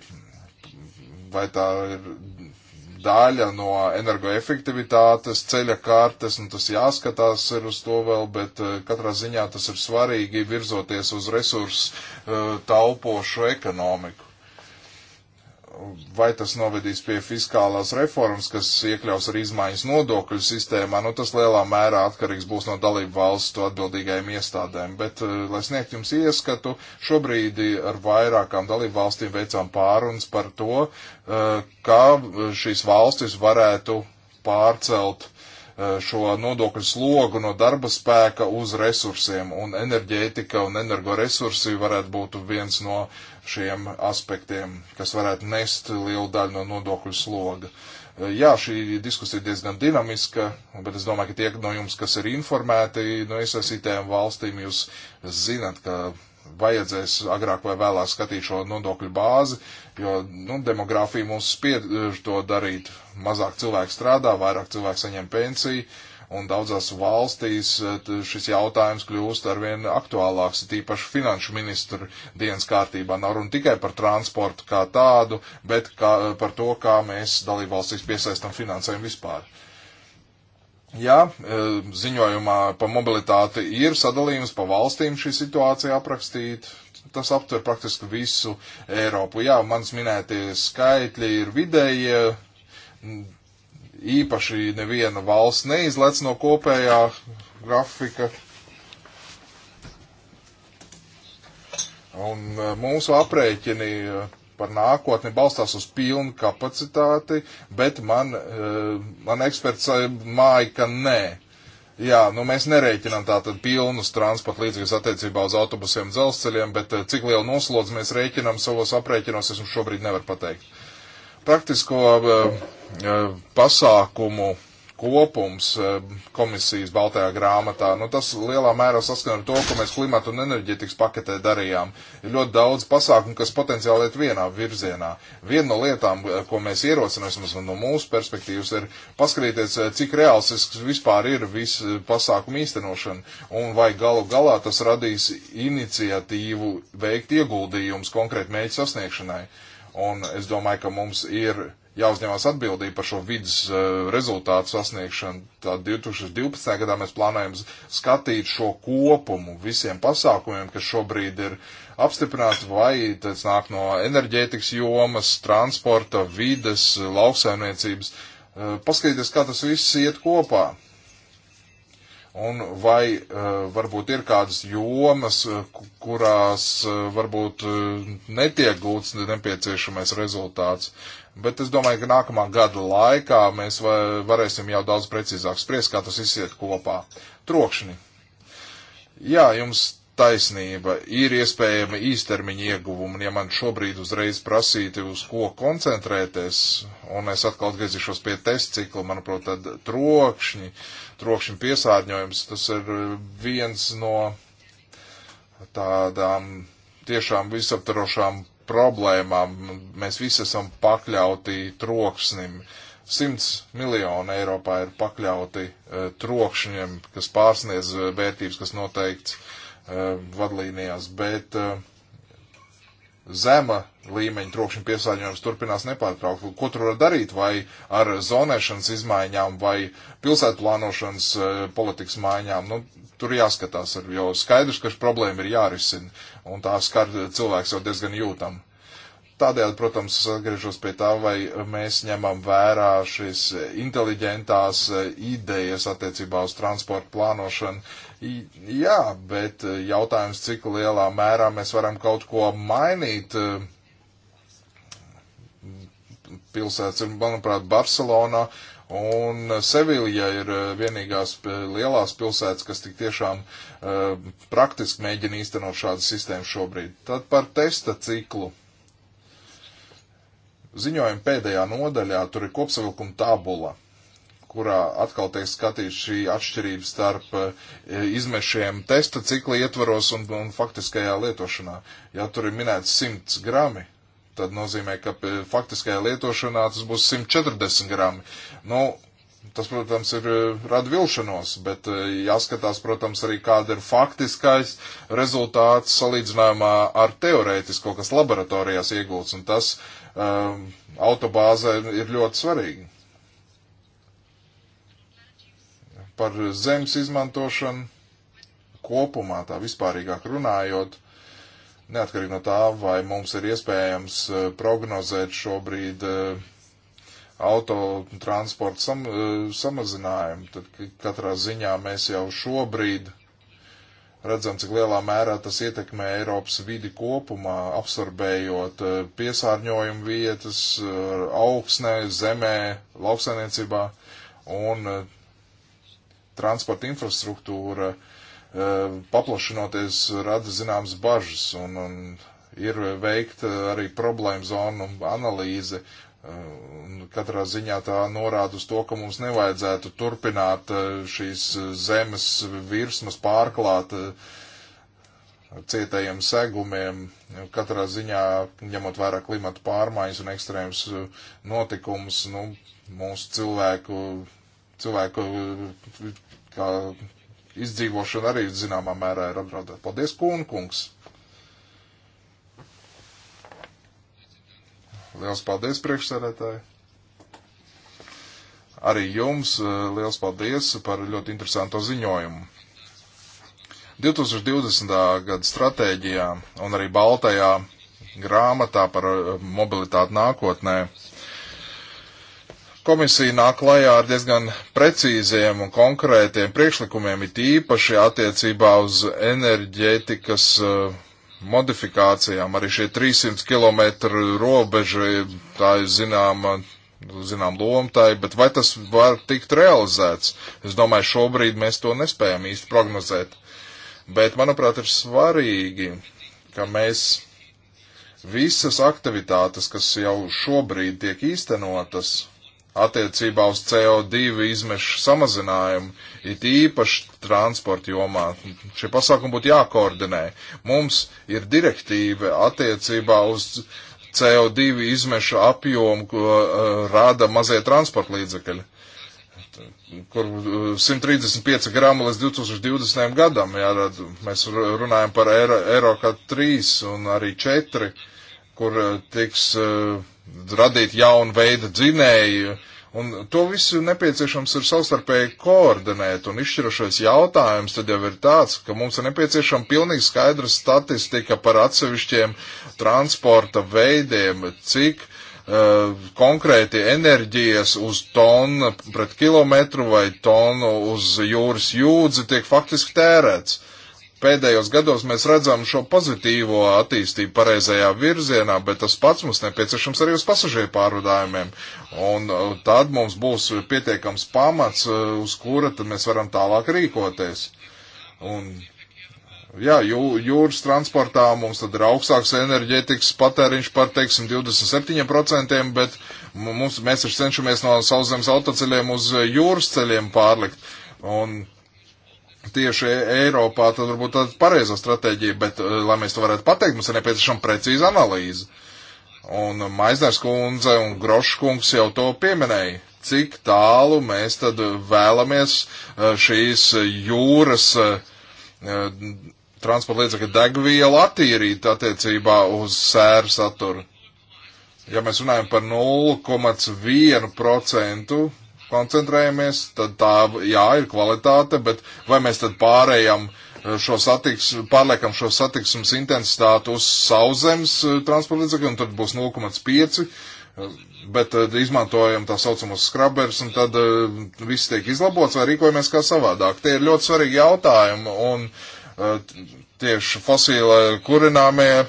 S2: Vai tā ir daļa no energoefektivitātes ceļa kārtas, un tas jāskatās ir uz to vēl, bet eh, katrā ziņā tas ir svarīgi virzoties uz resursu eh, taupošu ekonomiku vai tas novedīs pie fiskālās reformas, kas iekļaus arī izmaiņas nodokļu sistēmā, nu tas lielā mērā atkarīgs būs no dalību valstu atbildīgajiem iestādēm. Bet, eh, lai sniegt jums ieskatu, šobrīd ar vairākām dalību valstīm veicām pārunas par to, eh, kā šīs valstis varētu pārcelt Eh, šo nodokļu slogu no darba spēka uz resursiem, un enerģētika un energoresursi varētu būt viens no šiem aspektiem, kas varētu nest lielu daļu no nodokļu sloga. Eh, jā, šī diskusija ir diezgan dinamiska, bet es domāju, ka tie no jums, kas ir informēti no iesaistītējiem valstīm, jūs zinat, ka vajadzēs agrāk vai vēlāk skatīt šo nodokļu bāzi, jo nu, demogrāfija mūs spiež to darīt. Mazāk cilvēku strādā, vairāk cilvēku saņem pensiju, un daudzās valstīs e, šis jautājums kļūst arvien aktuālāks, tīpaši finanšu ministru dienas kārtībā. Nav runa tikai par transportu kā tādu, bet kā, par to, kā mēs dalībvalstīs piesaistam finansējumu vispār. Uh, Ja e, ziņojumā pa mobilitāti ir sadalījums pa valstīm šī situācija aprakstīta, tas aptver praktiski visu Eiropu. Jā, mans minētie skaitļi ir vidējie, īpaši neviena valsts neizlec no kopējā grafika. Un e, mūsu aprēķini par nākotni balstās uz pilnu kapacitāti, bet man, eh, man eksperts māja, ka nē. Jā, nu mēs nerēķinām tātad pilnus transporta līdzekļus attiecībā uz autobusiem, dzelzceļiem, bet eh, cik lielu noslodzi mēs rēķinām savos aprēķinos, es jums šobrīd nevaru pateikt. Praktisko uh, pasākumu kopums eh, komisijas baltajā grāmatā. Nu, tas lielā mērā saskan ar to, ko mēs klimata un enerģetikas paketē darījām. Ir ļoti daudz pasākumu, kas potenciāli iet vienā virzienā. Viena no lietām, eh, ko mēs ierosinām, no mūsu perspektīvas, ir paskatīties, eh, cik reālistisks vispār ir viss pasākumu īstenošana un vai galu galā tas radīs iniciatīvu veikt ieguldījumus konkrēti mēģi sasniegšanai. Un es domāju, ka mums ir jāuzņemās atbildība par šo vidus eh, rezultātu sasniegšanu. Tad 2012. gadā mēs plānojam skatīt šo kopumu visiem pasākumiem, kas šobrīd ir apstiprināti, vai tas nāk no enerģētikas jomas, transporta, vides, lauksaimniecības. Eh, paskatīties, kā tas viss iet kopā. Un vai eh, varbūt ir kādas jomas, kurās varbūt netiek gūts nepieciešamais rezultāts bet es domāju, ka nākamā gada laikā mēs varēsim jau daudz precīzāk spriest, kā tas izsiet kopā. Trokšņi. Jā, jums taisnība. Ir iespējama īstermiņa ieguvuma, un ja man šobrīd uzreiz prasītu, uz ko koncentrēties, un es atkal atgriezīšos pie testa cikla, manuprāt, tad trokšņi, trokšņi piesārņojums, tas ir viens no tādām tiešām visaptarošām problēmām. Mēs visi esam pakļauti troksnim. 100 miljoni Eiropā ir pakļauti uh, trokšņiem, kas pārsniedz e, vērtības, kas noteikts uh, vadlīnijās, bet uh, zema līmeņa trokšņa piesārņojums turpinās nepārtraukti. Ko tur var darīt? Vai ar zonēšanas izmaiņām, vai pilsētu plānošanas e, politikas maiņām? Nu, tur jāskatās, jo skaidrs, ka šī problēma ir jārisina, un tā skar cilvēks jau diezgan jūtam. Tādējādi, protams, atgriežos pie tā, vai mēs ņemam vērā šīs inteliģentās e, idejas attiecībā uz transportu plānošanu, Jā, bet eh, jautājums, cik lielā mērā mēs varam kaut ko mainīt. Eh, pilsētas ir, manuprāt, Barcelona un Sevilja ir eh, vienīgās lielās pilsētas, kas tik tiešām uh, praktiski mēģina īstenot šādu sistēmu šobrīd. Tad par testa ciklu ziņojuma pēdējā nodaļā tur ir kopsavilkuma tabula kurā atkal tiek skatīta šī atšķirība starp e, izmešiem testa cikla ietvaros un, un faktiskajā lietošanā. Ja tur ir minēts 100 grami, tad nozīmē, ka e, faktiskajā lietošanā tas būs 140 grami. Nu, Tas, protams, ir e, rada vilšanos, bet jāskatās, protams, arī kāda ir faktiskais rezultāts salīdzinājumā ar teorētisko, kas laboratorijās iegūts, un tas um, autobāzē ir ļoti svarīgi. par zemes izmantošanu kopumā, tā vispārīgāk runājot, neatkarīgi no tā, vai mums ir iespējams eh, prognozēt šobrīd eh, autotransporta sam, eh, samazinājumu. Tad katrā ziņā mēs jau šobrīd redzam, cik lielā mērā tas ietekmē Eiropas vidi kopumā, absorbējot piesārņojumu vietas, augsnē, zemē, lauksainiecībā un transporta infrastruktūra eh, paplašinoties rada zināmas bažas un, un ir veikta arī problēma zonu analīze. Eh, katrā ziņā tā norāda uz to, ka mums nevajadzētu turpināt eh, šīs zemes virsmas pārklāt cietējiem segumiem. Katrā ziņā, ņemot vērā klimatu pārmaiņas un ekstrēmas notikumus, nu, mūsu cilvēku cilvēku kā izdzīvošana arī zināmā mērā ir apdraudēta. Paldies, Kūnkungs! Liels paldies, priekšsēdētāji! Arī jums eh, liels paldies par ļoti interesanto ziņojumu. 2020. gada stratēģijā un arī Baltajā grāmatā par eh, mobilitāti nākotnē Komisija nāk klajā ar diezgan precīziem un konkrētiem priekšlikumiem, it īpaši attiecībā uz enerģētikas eh, modifikācijām. Arī šie 300 km robeža, tā ir zināma zinām, lomu tai, bet vai tas var tikt realizēts? Es domāju, šobrīd mēs to nespējam īsti prognozēt. Bet, manuprāt, ir svarīgi, ka mēs visas aktivitātes, kas jau šobrīd tiek īstenotas, attiecībā uz CO2 izmešu samazinājumu, it īpaši transporta jomā. Šie pasākumi būtu jākoordinē. Mums ir direktīva attiecībā uz CO2 izmešu apjomu, ko uh, rāda mazie transporta līdzekļi kur 135 eh, gramu līdz 2020. gadam, jā, mēs runājam par eiro, eiro kā 3 un arī 4, kur eh, tiks uh, radīt jaunu veidu dzinēju. Un to visu nepieciešams ir savstarpēji koordinēt, un izšķirošais jautājums tad jau ir tāds, ka mums ir nepieciešama pilnīgi skaidra statistika par atsevišķiem transporta veidiem, cik uh, konkrēti enerģijas uz tonu pret kilometru vai tonu uz jūras jūdzi tiek faktiski tērēts. Uh, pēdējos gados mēs redzam šo pozitīvo attīstību pareizajā virzienā, bet tas pats mums nepieciešams arī uz pasažieru pārvadājumiem. Un uh, tad mums būs pietiekams pamats, uh, uz kura tad mēs varam tālāk rīkoties. Un, jā, jū, jūras transportā mums tad ir augstāks enerģētikas patēriņš par, teiksim, 27%, bet mums, mēs taču cenšamies no sauszemes autoceļiem uz uh, jūras ceļiem pārlikt. Un, tieši Eiropā, tad varbūt tāda pareiza stratēģija, bet, eh, lai mēs to varētu pateikt, mums ir nepieciešama precīza analīze. Un Maisners kundze un Grošs kungs jau to pieminēja. Cik tālu mēs tad vēlamies eh, šīs jūras eh, transporta līdzekļa degvielu attīrīt attiecībā uz sēru saturu? Ja mēs runājam par 0,1%, koncentrējamies, tad tā, jā, ir kvalitāte, bet vai mēs tad pārējām eh, šo satiks, pārliekam šo satiksmes intensitāti uz sauszemes eh, transporta līdzekļu, un tad būs 0,5, eh, bet tad izmantojam tā saucamos skrabers, un tad viss tiek izlabots, vai rīkojamies kā savādāk. Tie ir ļoti svarīgi jautājumi, un tieši fosīlē kurināmie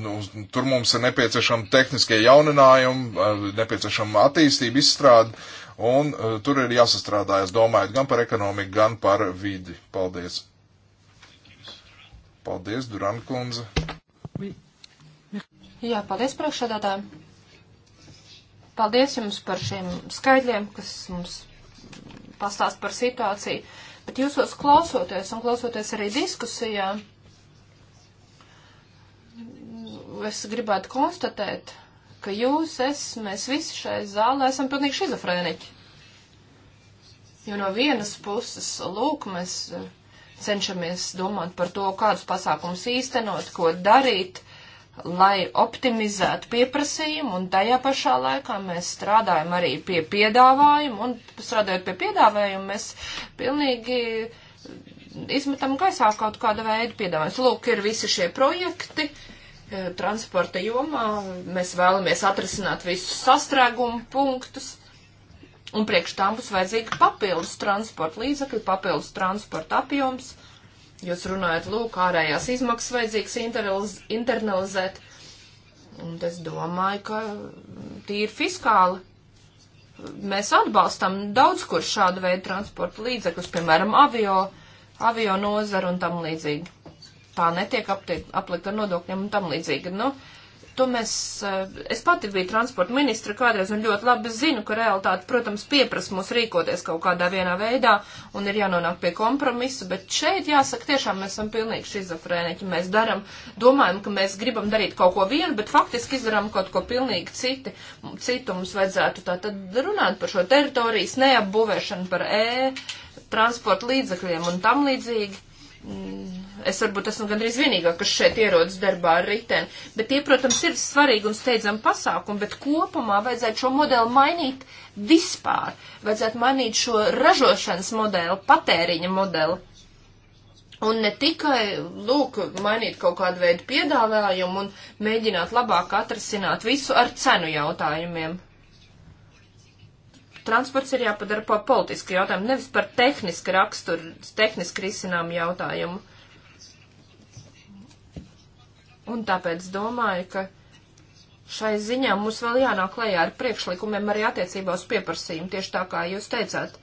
S2: nu, tur mums ir nepieciešama tehniskie jauninājumi, nepieciešama attīstība, izstrāde, Un e, tur ir jāsastrādājas domājot gan par ekonomiku, gan par vidi. Paldies! Paldies, Duran kundze!
S1: Jā, paldies priekšsēdētājiem! Paldies jums par šiem skaidriem, kas mums pastāst par situāciju. Bet jūsos klausoties un klausoties arī diskusijā, es gribētu konstatēt, ka jūs, es, mēs visi šai zālē esam pilnīgi šizofrēniķi. Jo no vienas puses, lūk, mēs eh, cenšamies domāt par to, kādus pasākumus īstenot, ko darīt, lai optimizētu pieprasījumu, un tajā pašā laikā mēs strādājam arī pie piedāvājumu, un strādājot pie piedāvājumu, mēs pilnīgi izmetam gaisā kaut kāda veida piedāvājumus. Lūk, ir visi šie projekti. Uh, Eh, transporta jomā. Mēs vēlamies atrisināt visus sastrēgumu punktus. Un priekš tām būs vajadzīga papildus transporta līdzekļi, papildus transporta apjoms. Jūs runājat, lūk, ārējās izmaksas vajadzīgs internalizēt. Un es domāju, ka tīri fiskāli mēs atbalstam daudz kur šādu veidu transporta līdzekļus, piemēram, avio, avio nozaru un tam līdzīgi tā netiek aplikt ar nodokļiem un tam līdzīgi. Nu, to mēs, eh, es pati biju transporta ministra kādreiz un ļoti labi zinu, ka realitāte, protams, pieprasa mums rīkoties kaut kādā vienā veidā un ir jānonāk pie kompromisa, bet šeit jāsaka, tiešām mēs esam pilnīgi šizofrēniķi. Mēs daram, domājam, ka mēs gribam darīt kaut ko vienu, bet faktiski izdarām kaut ko pilnīgi citi. Citu mums vajadzētu tā tad runāt par šo teritorijas neapbūvēšanu, par ē, e, transporta līdzekļiem un tam līdzīgi. Mm Es varbūt esmu gandrīz vienīgā, kas šeit ierodas darbā ar riteni, bet tie, protams, ir svarīgi un steidzam pasākumi, bet kopumā vajadzētu šo modeli mainīt vispār. Vajadzētu mainīt šo ražošanas modeli, patēriņa modeli. Un ne tikai, lūk, mainīt kaut kādu veidu piedāvājumu un mēģināt labāk atrasināt visu ar cenu jautājumiem. Transports ir jāpadara par politisku jautājumu, nevis par tehniski raksturu, tehniski risinām jautājumu. Un tāpēc domāju, ka šai ziņā mums vēl jānāk klajā ar priekšlikumiem arī attiecībā uz pieprasījumu, tieši tā kā jūs teicāt.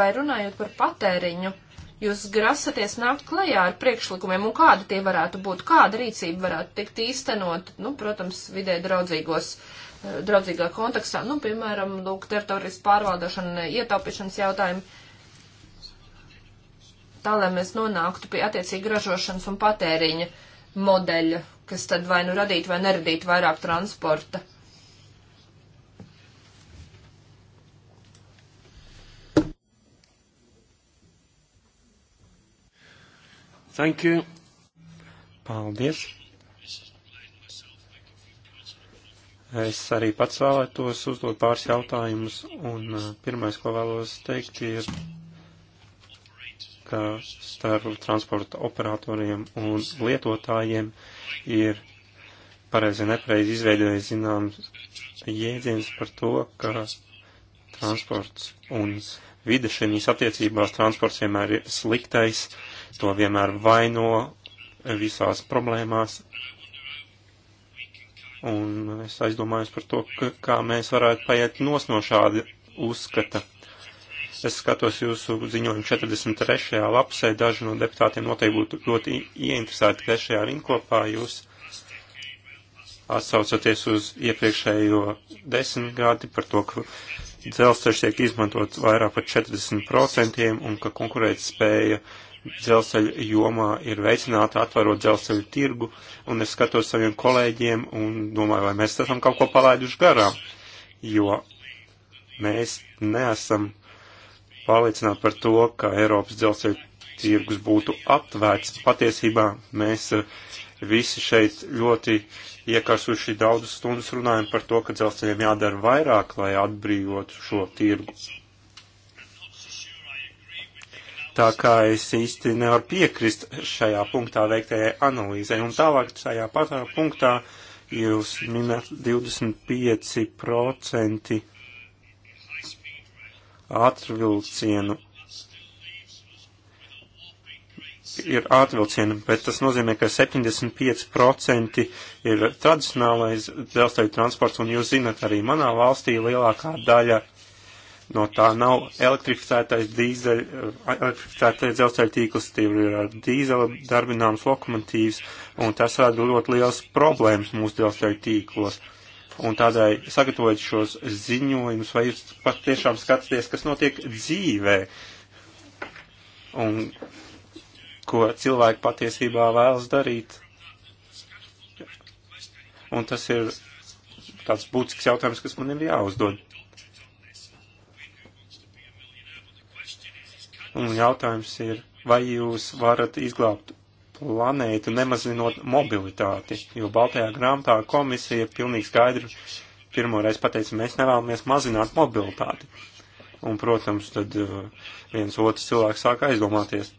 S1: Vai runājot par patēriņu, jūs grasaties nākt klajā ar priekšlikumiem un kāda tie varētu būt, kāda rīcība varētu tikt īstenot, nu, protams, vidē draudzīgos, eh, draudzīgā kontekstā, nu, piemēram, lūk, teritorijas pārvaldošana, ietaupīšanas jautājumi tā lai mēs nonāktu pie attiecīgi ražošanas un patēriņa modeļa, kas tad vai nu radītu vai neradītu vairāk transporta.
S3: Thank you. Paldies. Es arī pats vēlētos uzdot pāris jautājumus, un uh, pirmais, ko vēlos teikt, ir ka starp transporta operatoriem un lietotājiem ir pareizi nepareizi izveidojis zināms jēdziens par to, ka transports un vide šajās attiecībās transports vienmēr ir sliktais, to vienmēr vaino visās problēmās. Un es aizdomājos par to, ka, kā mēs varētu paiet nos no šāda uzskata. Es skatos jūsu ziņojumu 43. lapsē, daži no deputātiem noteikti būtu ļoti ieinteresēti, ka šajā rinkopā jūs atsaucoties uz iepriekšējo desmitgadi par to, ka dzelzceļš tiek izmantots vairāk par 40% un ka konkurētspēja dzelzceļa jomā ir veicināta atvarot dzelzceļu tirgu, un es skatos saviem kolēģiem un domāju, vai mēs esam kaut ko palaiduši garām, jo mēs neesam pārliecināt par to, ka Eiropas dzelzceļa tirgus būtu aptvērts. Patiesībā mēs eh, visi šeit ļoti iekārsuši daudzas stundas runājam par to, ka dzelzceļiem jādara vairāk, lai atbrīvotu šo tirgu. Tā kā es īsti nevaru piekrist šajā punktā veiktajai analīzei. Un tālāk šajā patā punktā jūs minat 25% atvilcienu ir atvilcieni, bet tas nozīmē, ka 75% ir tradicionālais dzelzceļa transports, un jūs zinat, arī manā valstī lielākā daļa no tā nav elektrificētais dīzeļ, elektrificētais dzelzceļa tīkls, tie ir ar dīzela darbināmas lokomotīvas, un tas rada ļoti liels problēmas mūsu dzelzceļa tīklos. Uh, un tādēļ sagatavojot šos ziņojumus, vai jūs pat tiešām skatāties, kas notiek dzīvē, un ko cilvēki patiesībā vēlas darīt. Un tas ir tāds būtisks jautājums, kas man ir jāuzdod. Un jautājums ir, vai jūs varat izglābt planētu, nemazinot mobilitāti, jo Baltajā grāmatā komisija pilnīgi skaidri pirmoreiz pateica, mēs nevēlamies mazināt mobilitāti. Un, protams, tad uh, viens otrs cilvēks sāk aizdomāties.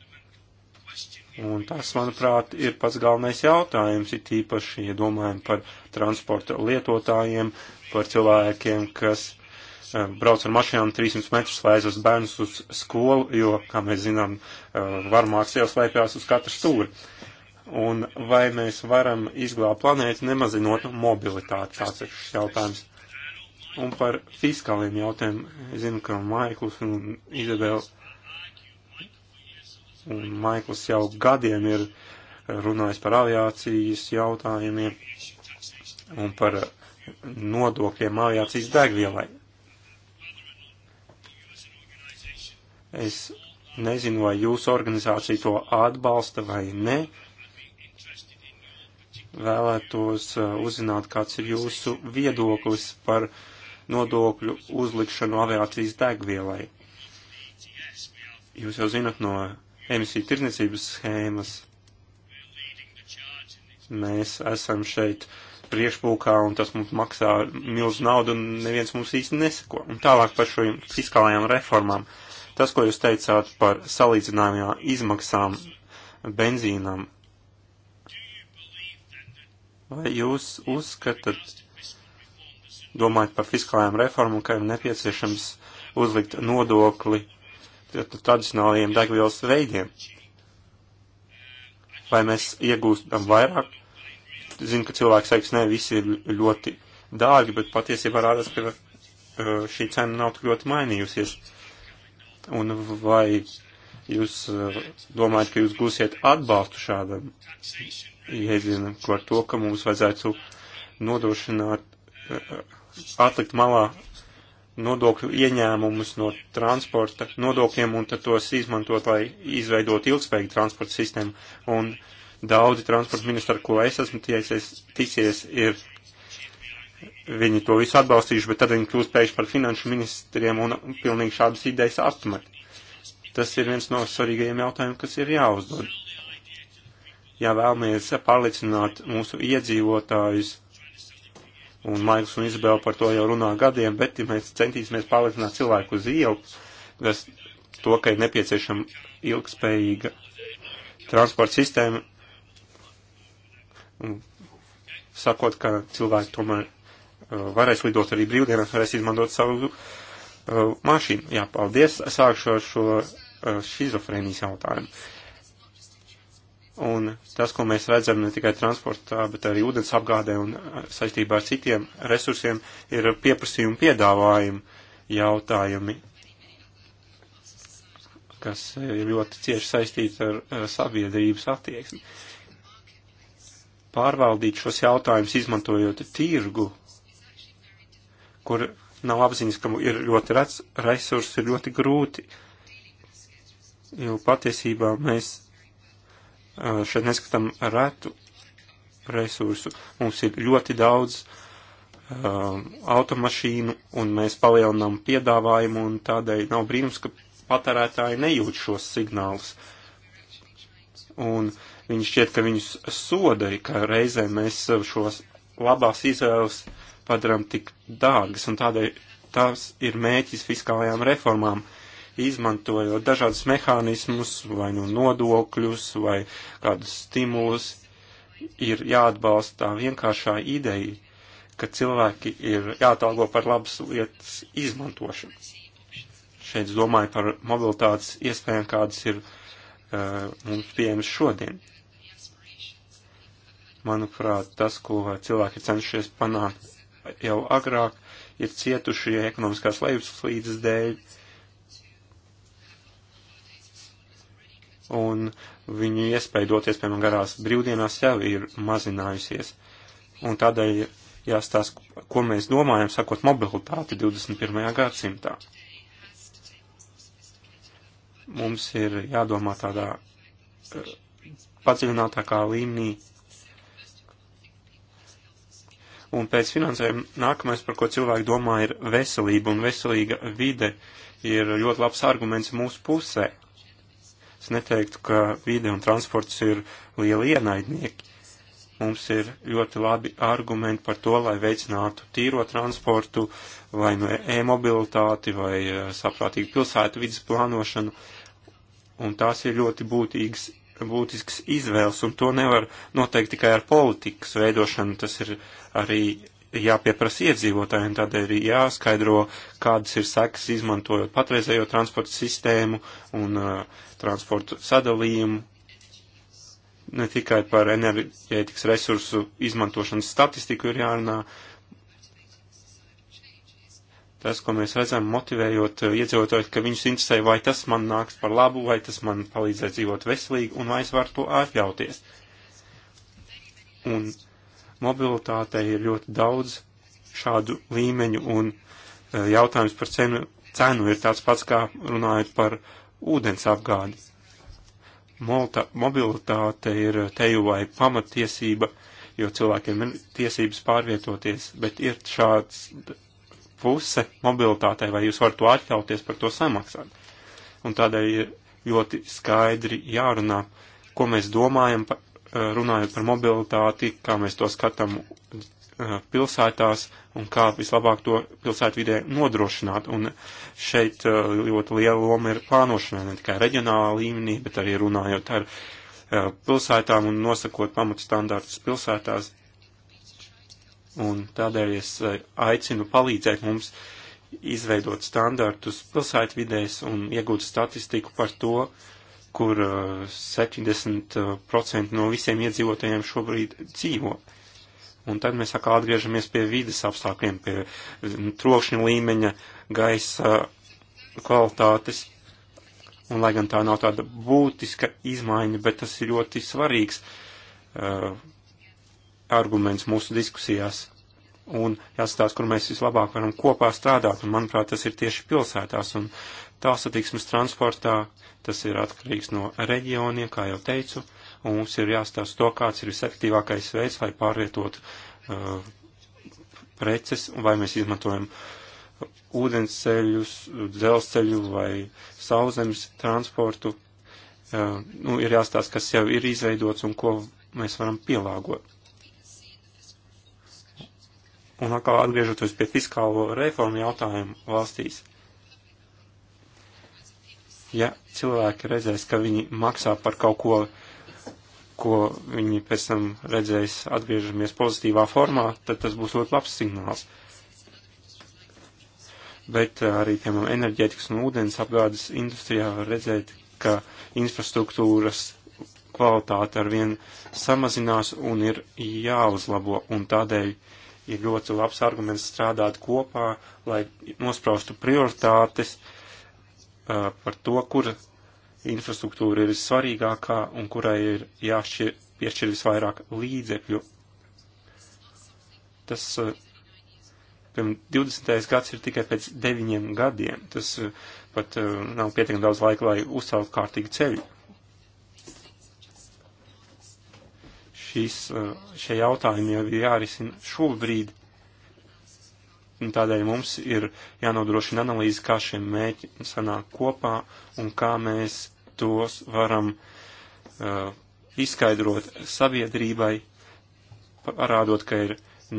S3: Un tas, manuprāt, ir pats galvenais jautājums, ir tīpaši, ja domājam par transporta lietotājiem, par cilvēkiem, kas brauc ar mašīnām 300 metrus, lai aizvestu bērnus uz skolu, jo, kā mēs zinām, varmāks jau slēpjas uz katra stūra. Un vai mēs varam izglābt planētu, nemazinot mobilitāti? Tāds ir šis jautājums. Un par fiskāliem jautājumiem, zinu, ka Maiklus un Izabela un Maikls jau gadiem ir runājis par aviācijas jautājumiem un par nodokļiem aviācijas degvielai. Es nezinu, vai jūsu organizācija to atbalsta vai ne. Vēlētos uh, uzzināt, kāds ir jūsu viedoklis par nodokļu uzlikšanu aviācijas degvielai. Jūs jau zinat no emisiju tirnicības schēmas. Mēs esam šeit priekšpulkā un tas mums maksā milzu naudu un neviens mums īsti neseko. Un tālāk par šīm fiskālajām reformām. Uh, Tas, ko jūs teicāt par salīdzinājumā izmaksām benzīnam, vai jūs uzskatat, domājat par fiskālajām reformām, ka ir nepieciešams uzlikt nodokli tradicionālajiem degvielas veidiem? Vai mēs iegūstam vairāk? Zinu, ka cilvēks teiks, ne, visi ir ļoti dārgi, bet patiesībā rādās, ka uh, šī cena nav tik ļoti mainījusies. Un vai jūs eh, domājat, ka jūs gūsiet atbalstu šādam jēdzienam par to, ka mums vajadzētu nodrošināt, eh, atlikt malā nodokļu ieņēmumus no transporta nodokļiem un tad tos izmantot, lai izveidot ilgspējīgu transporta sistēmu. Un daudzi transporta ministri, ar ko es esmu tiecies, ticies, ir viņi to visu atbalstījuši, bet tad viņi kļūst pēkšņi par finanšu ministriem un pilnīgi šādas idejas atmet. Tas ir viens no svarīgajiem jautājumiem, kas ir jāuzdod. Ja vēlamies pārliecināt mūsu iedzīvotājus, un Maikls un Izabela par to jau runā gadiem, bet ja mēs centīsimies pārliecināt cilvēku uz ielu, kas to, ka ir nepieciešama ilgspējīga transporta sistēma, sakot, ka cilvēki tomēr Eh, varēs lidot arī brīvdienās, varēs izmantot savu eh, mašīnu. Jā, paldies, sākšu ar šo šizofrēnijas eh, jautājumu. Un tas, ko mēs redzam ne tikai transportā, bet arī ūdens apgādē un saistībā ar citiem resursiem, ir pieprasījumu piedāvājumu jautājumi, kas ir ļoti cieši saistīti ar sabiedrības attieksmi. Pārvaldīt šos jautājumus, izmantojot tirgu, kur nav apziņas, ka ir ļoti rats, resursi ir ļoti grūti, jo patiesībā mēs šeit neskatām retu resursu. Mums ir ļoti daudz um, automašīnu, un mēs palielinām piedāvājumu, un tādēļ nav brīnums, ka patērētāji nejūt šos signālus. Un viņi šķiet, ka viņus soda, ka reizē mēs šos labās izvēles uh, padaram tik dārgas, un tādēļ tās ir mēķis fiskālajām reformām, izmantojot dažādus mehānismus, vai nu nodokļus, vai kādus stimulus, ir jāatbalsta tā vienkāršā ideja, ka cilvēki ir jātalgo par labas lietas izmantošanu. Šeit es domāju par mobilitātes iespējām, kādas ir uh, mums pieejamas šodien manuprāt, tas, ko cilvēki ir cenšies panākt jau agrāk ir cietuši ekonomiskās lejupslīdes dēļ, un viņu iespēja doties, piemēram, garās brīvdienās jau ir mazinājusies. Un tādēļ jāstāsta, ko mēs domājam, sakot mobilitāti 21. gadsimtā. Mums ir jādomā tādā eh, padziļinātākā līmenī Un pēc finansējuma nākamais, par ko cilvēki domā, ir veselība, un veselīga vide ir ļoti labs arguments mūsu pusē. Es neteiktu, ka vide un transports ir lieli ienaidnieki. Mums ir ļoti labi argumenti par to, lai veicinātu tīro transportu, vai no nu e-mobilitāti, vai e, saprātīgu pilsētu vidas plānošanu, un tās ir ļoti būtīgas būtisks izvēles, un to nevar noteikt tikai ar politikas veidošanu, tas ir arī jāpieprasa iedzīvotājiem, tādēļ ir jāskaidro, kādas ir sekas izmantojot patreizējo transporta sistēmu un uh, transporta sadalījumu, ne tikai par enerģētikas resursu izmantošanas statistiku ir jārunā, uh, tas, ko mēs redzam, motivējot eh, iedzīvotājus, ka viņus interesē, vai tas man nāks par labu, vai tas man palīdzēs dzīvot veselīgi, un vai es varu to atļauties. Un mobilitātei ir ļoti daudz šādu līmeņu, un eh, jautājums par cenu, cenu ir tāds pats, kā runājot par ūdens apgādi. Molta, mobilitāte ir teju vai pamatiesība, jo cilvēkiem ir tiesības pārvietoties, bet ir šāds puse mobilitātei, vai jūs varat to atļauties par to samaksāt. Un tādēļ ir ļoti skaidri jārunā, ko mēs domājam, pa, eh, runājot par mobilitāti, kā mēs to skatām eh, pilsētās un kā vislabāk to pilsētu vidē nodrošināt. Un šeit eh, ļoti liela loma ir plānošanai, ne tikai reģionālā līmenī, bet arī runājot ar pilsētām un nosakot pamatstandārtus pilsētās. Un tādēļ es eh, aicinu palīdzēt mums izveidot standartus pilsētvidēs un iegūt statistiku par to, kur 70% eh, no visiem iedzīvotājiem šobrīd dzīvo. Un tad mēs atkal atgriežamies pie vides apstākļiem, pie mm, trokšņa līmeņa, gaisa kvalitātes. Un, lai gan tā nav tāda būtiska izmaiņa, bet tas ir ļoti svarīgs uh, arguments mūsu diskusijās un jāstāsta, kur mēs vislabāk varam kopā strādāt, un manuprāt, tas ir tieši pilsētās un tālsatiksmes transportā, tas ir atkarīgs no reģioniem, kā jau teicu, un mums ir jāstāsta to, kāds ir visefektīvākais veids, lai pārvietot uh, preces, vai mēs izmantojam ūdensceļus, dzelzceļu vai sauzemes transportu. Uh, nu, ir jāstāsta, kas jau ir izveidots un ko mēs varam pielāgot Un atkal atgriežoties pie fiskālo reformu jautājumu valstīs. Ja cilvēki redzēs, ka viņi maksā par kaut ko, ko viņi pēc tam redzēs atgriežamies pozitīvā formā, tad tas būs ļoti labs signāls. Bet eh, arī, piemēram, enerģētikas un ūdens apgādes industrijā var redzēt, ka infrastruktūras kvalitāte ar vien samazinās un ir jāuzlabo, un tādēļ ir ļoti labs arguments strādāt kopā, lai nospraustu prioritātes uh, par to, kur infrastruktūra ir svarīgākā un kurai ir jāšķir, piešķir visvairāk līdzekļu. Tas uh, pirms 20. gads ir tikai pēc deviņiem gadiem. Tas pat uh, nav pietiekami daudz laika, lai uzceltu kārtīgu ceļu. Šis, eh, šie jautājumi jau ir jārisina šobrīd, un tādēļ mums ir jānodrošina analīze, kā šie mēķi sanāk kopā un kā mēs tos varam uh, izskaidrot sabiedrībai, parādot, ka ir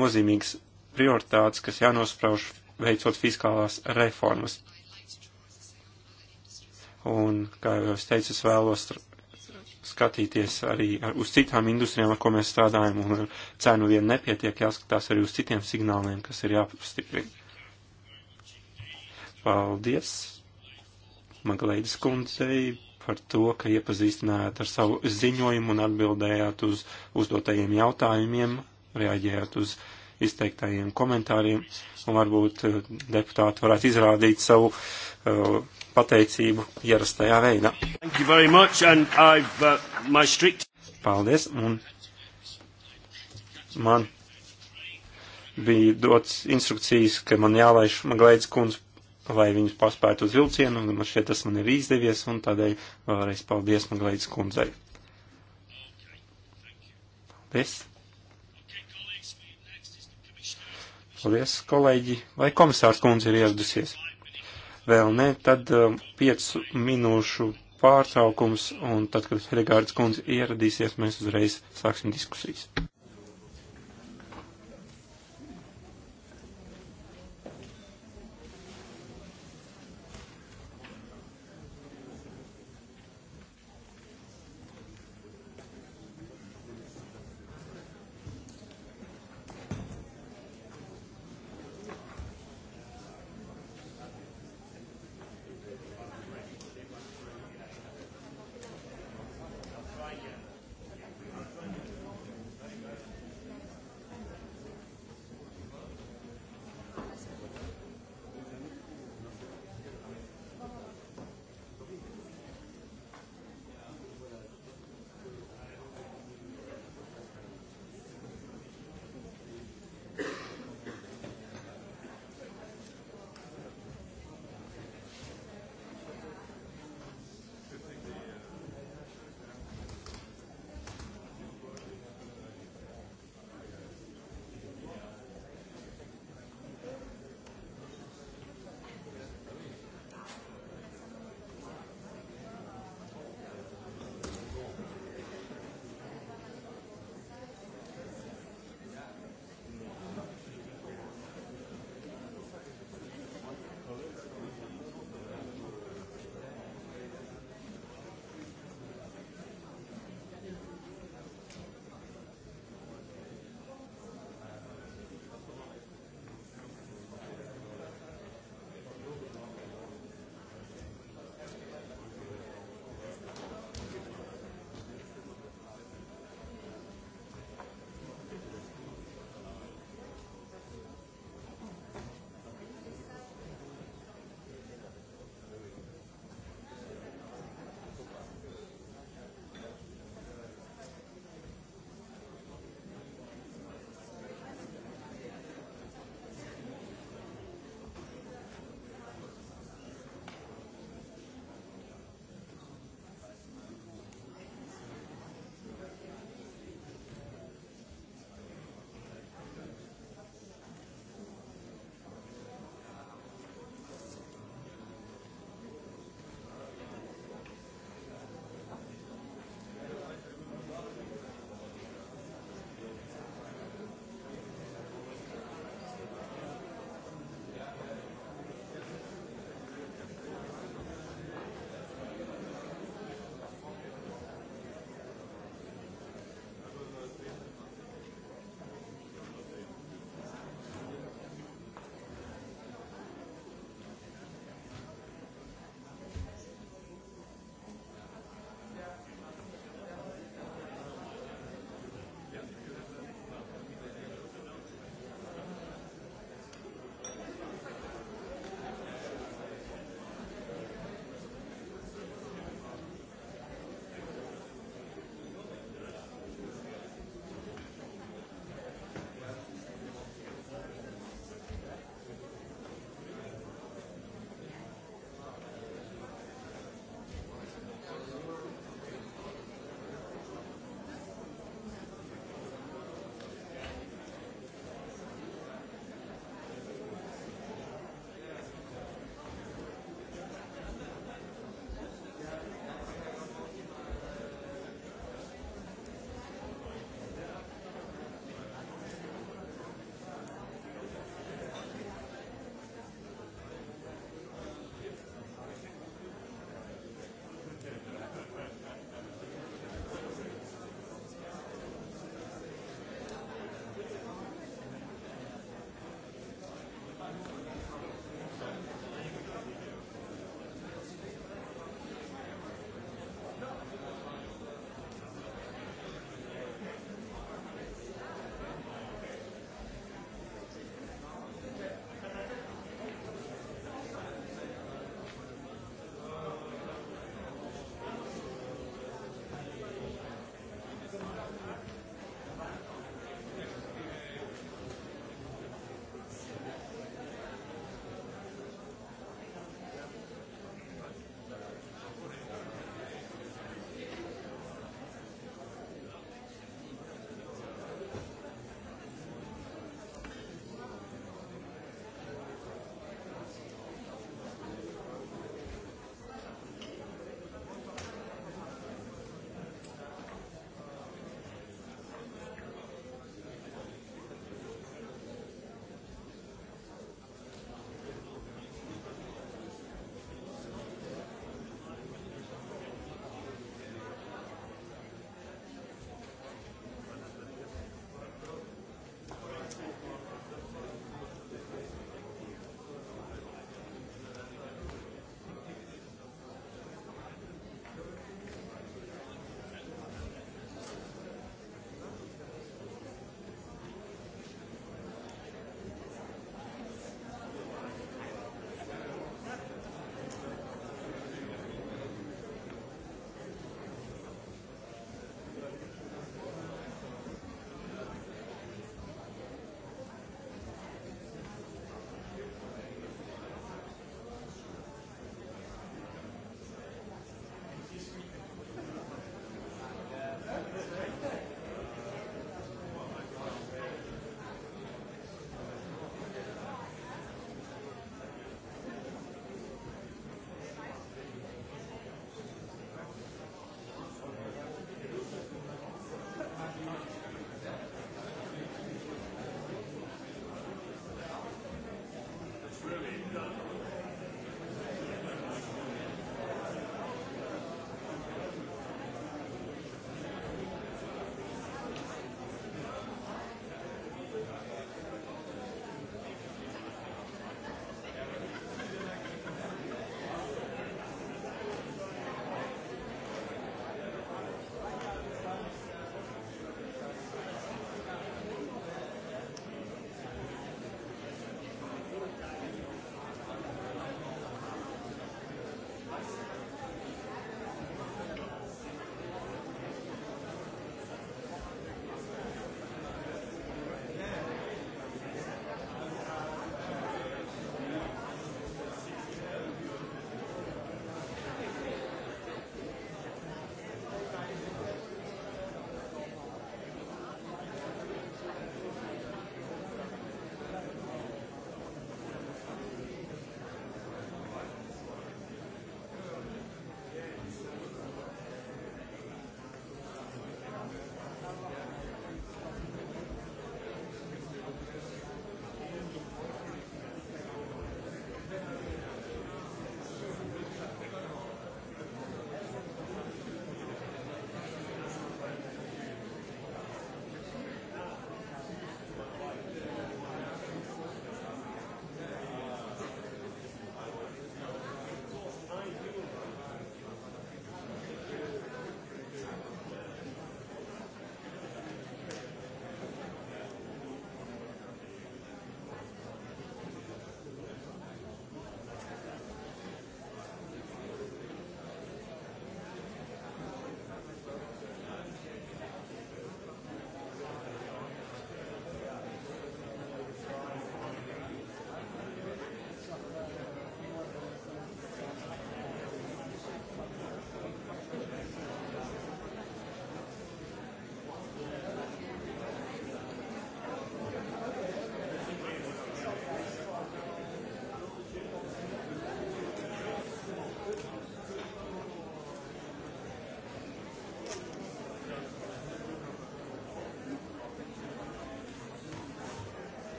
S3: nozīmīgs prioritātes, kas jānosprauž veicot fiskālās reformas. Un, kā jau es teicu, es vēlos skatīties arī ar, uz citām industrijām, ar ko mēs strādājam, un ar cenu vien nepietiek jāskatās arī uz citiem signāliem, kas ir jāpastiprina. Paldies Magleidas kundzei par to, ka iepazīstinājāt ar savu ziņojumu un atbildējāt uz uzdotajiem jautājumiem, reaģējāt uz izteiktajiem komentāriem, un varbūt eh, deputāti varētu izrādīt savu uh, pateicību ierastajā veidā. Uh, strict... Paldies, un man bija dots instrukcijas, ka man jālaiž Maglaids kundz, lai viņus paspētu uz vilcienu, un man šķiet tas man ir izdevies, un tādēļ vēlreiz paldies Maglaids kundzei. Paldies. Paldies, kolēģi. Vai komisārs kundze ir ieradusies? vēl ne, tad um, piecu minūšu pārtraukums, un tad, kad Hedegārds kundze ieradīsies, mēs uzreiz sāksim diskusijas.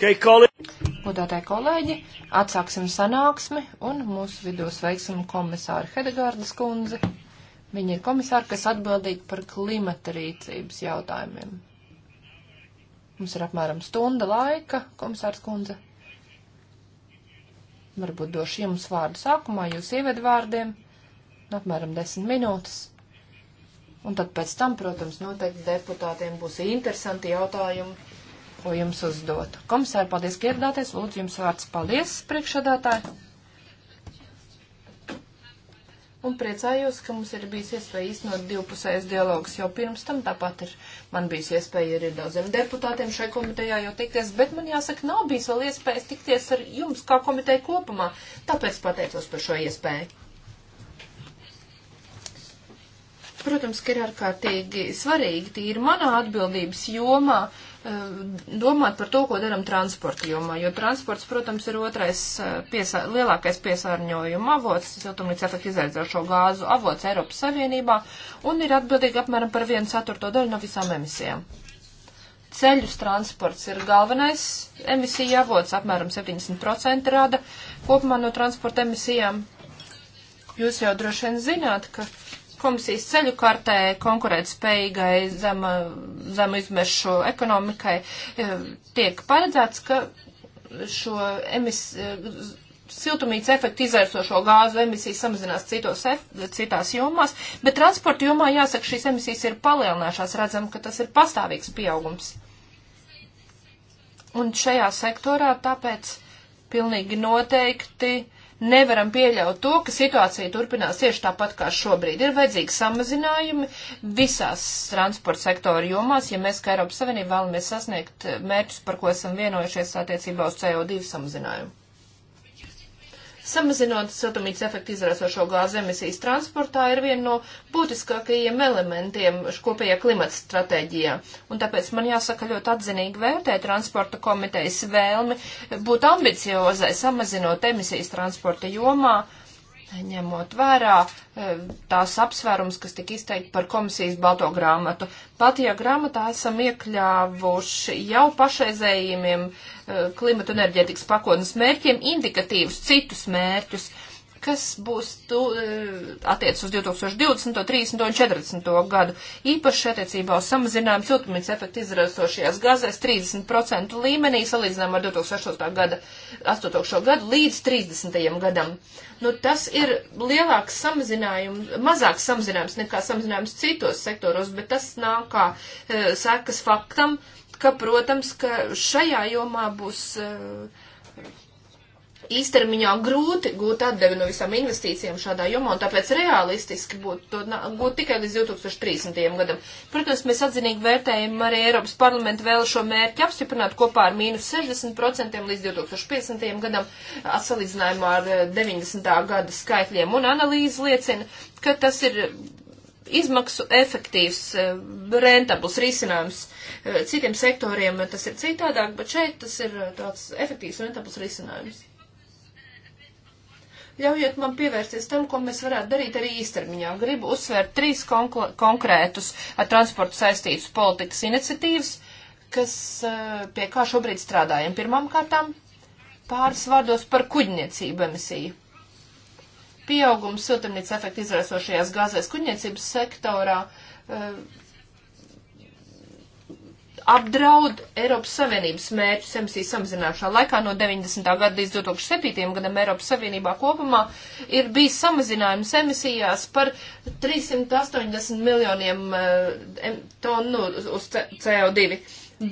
S1: Godātāji kolēģi, atsāksim sanāksmi un mūsu vidū sveiksim komisāru Hedegārdas kundzi. Viņa ir komisāra, kas atbildīga par klimata rīcības jautājumiem. Mums ir apmēram stunda laika, komisārs kundze. Varbūt došu jums vārdu sākumā, jūs ievedu vārdiem, apmēram desmit minūtes. Un tad pēc tam, protams, noteikti deputātiem būs interesanti jautājumi ko jums uzdotu. Komisāri, paldies, ka ieradāties. Lūdzu, jums vārds paldies, priekšādātāji. Un priecājos, ka mums ir bijis iespēja iznot divpusējais dialogs jau pirms tam. Tāpat ir man bijis iespēja arī daudziem deputātiem šai komitejā jau tikties, bet man jāsaka, nav bijis vēl iespējas tikties ar jums kā komiteja kopumā. Tāpēc pateicos par šo iespēju. Protams, ka ir ārkārtīgi svarīgi, tī ir manā atbildības jomā. Uh, Eh, domāt par to, ko daram transporta jomā, jo transports, protams, ir otrais eh, piesā, lielākais piesārņojuma avots, siltumnīca efekta izraidzošo gāzu avots Eiropas Savienībā un ir atbildīgi apmēram par vienu ceturto daļu no visām emisijām. Ceļus transports ir galvenais emisija avots, apmēram 70% rada kopumā no transporta emisijām. Jūs jau droši vien zināt, ka komisijas ceļu kartē konkurētspējīgai zema, zema izmešu ekonomikai e, tiek paredzēts, ka šo emis, e, siltumnīca efektu izvērsošo gāzu emisijas samazinās citos, citās jomās, bet transporta jomā jāsaka, šīs emisijas ir palielināšās, redzam, ka tas ir pastāvīgs pieaugums. Un šajā sektorā tāpēc pilnīgi noteikti uh, Nevaram pieļaut to, ka situācija turpinās tieši tāpat kā šobrīd. Ir vajadzīgi samazinājumi visās transporta sektora jomās, ja mēs kā Eiropas Savienība vēlamies sasniegt mērķus, par ko esam vienojušies attiecībā uz CO2 samazinājumu. Samazinot siltumnīcas efektu izraisošo gāzu emisijas transportā ir viena no būtiskākajiem elementiem kopējā klimata stratēģijā. Un tāpēc man jāsaka ļoti atzinīgi vērtē transporta komitejas vēlmi būt ambiciozai, samazinot emisijas transporta jomā ņemot vērā e, tās apsvērums, kas tika izteikti par komisijas balto grāmatu. Baltajā grāmatā esam iekļāvuši jau pašreizējiem e, klimatu enerģētikas pakotnes mērķiem indikatīvus citus mērķus. Uh, kas būs tu, e, attiec uz 2020, 30 un 40 gadu. Īpaši attiecībā uz samazinājumu siltumnīca efektu izraisošajās gazēs 30% līmenī salīdzinām ar 2008. gada, 8. gadu līdz 30. gadam. Nu, tas ir lielāks samazinājums, mazāks samazinājums nekā samazinājums citos sektoros, bet tas nāk kā e, sekas faktam, ka, protams, ka šajā jomā būs. E, īstermiņā grūti gūt atdevi no visām investīcijām šādā jomā, un tāpēc realistiski būtu to gūt tikai līdz 2030. gadam. Protams, mēs atzinīgi vērtējam arī Eiropas parlamentu vēl šo mērķi apstiprināt kopā ar mīnus 60% līdz 2050. gadam, salīdzinājumā ar 90. E, gada skaitļiem, un analīze liecina, ka tas ir izmaksu efektīvs, e, rentabls risinājums. E, citiem sektoriem tas ir citādāk, bet šeit tas ir tāds efektīvs, rentabls risinājums. Ļaujiet man pievērsties tam, ko mēs varētu darīt arī īstermiņā. Gribu uzsvērt trīs konkrētus ar eh, transportu saistītas politikas iniciatīvas, kas eh, pie kā šobrīd strādājam. Pirmām kārtām pāris vārdos par kuģniecību emisiju. Pieaugums siltumnīca efekta izraisošajās gāzēs kuģniecības sektorā uh, apdraud Eiropas Savienības mērķus emisiju samazināšanā. Laikā no 90. gada līdz 2007. gadam Eiropas Savienībā kopumā ir bijis samazinājums emisijās par 380 miljoniem uh, tonu uz CO2,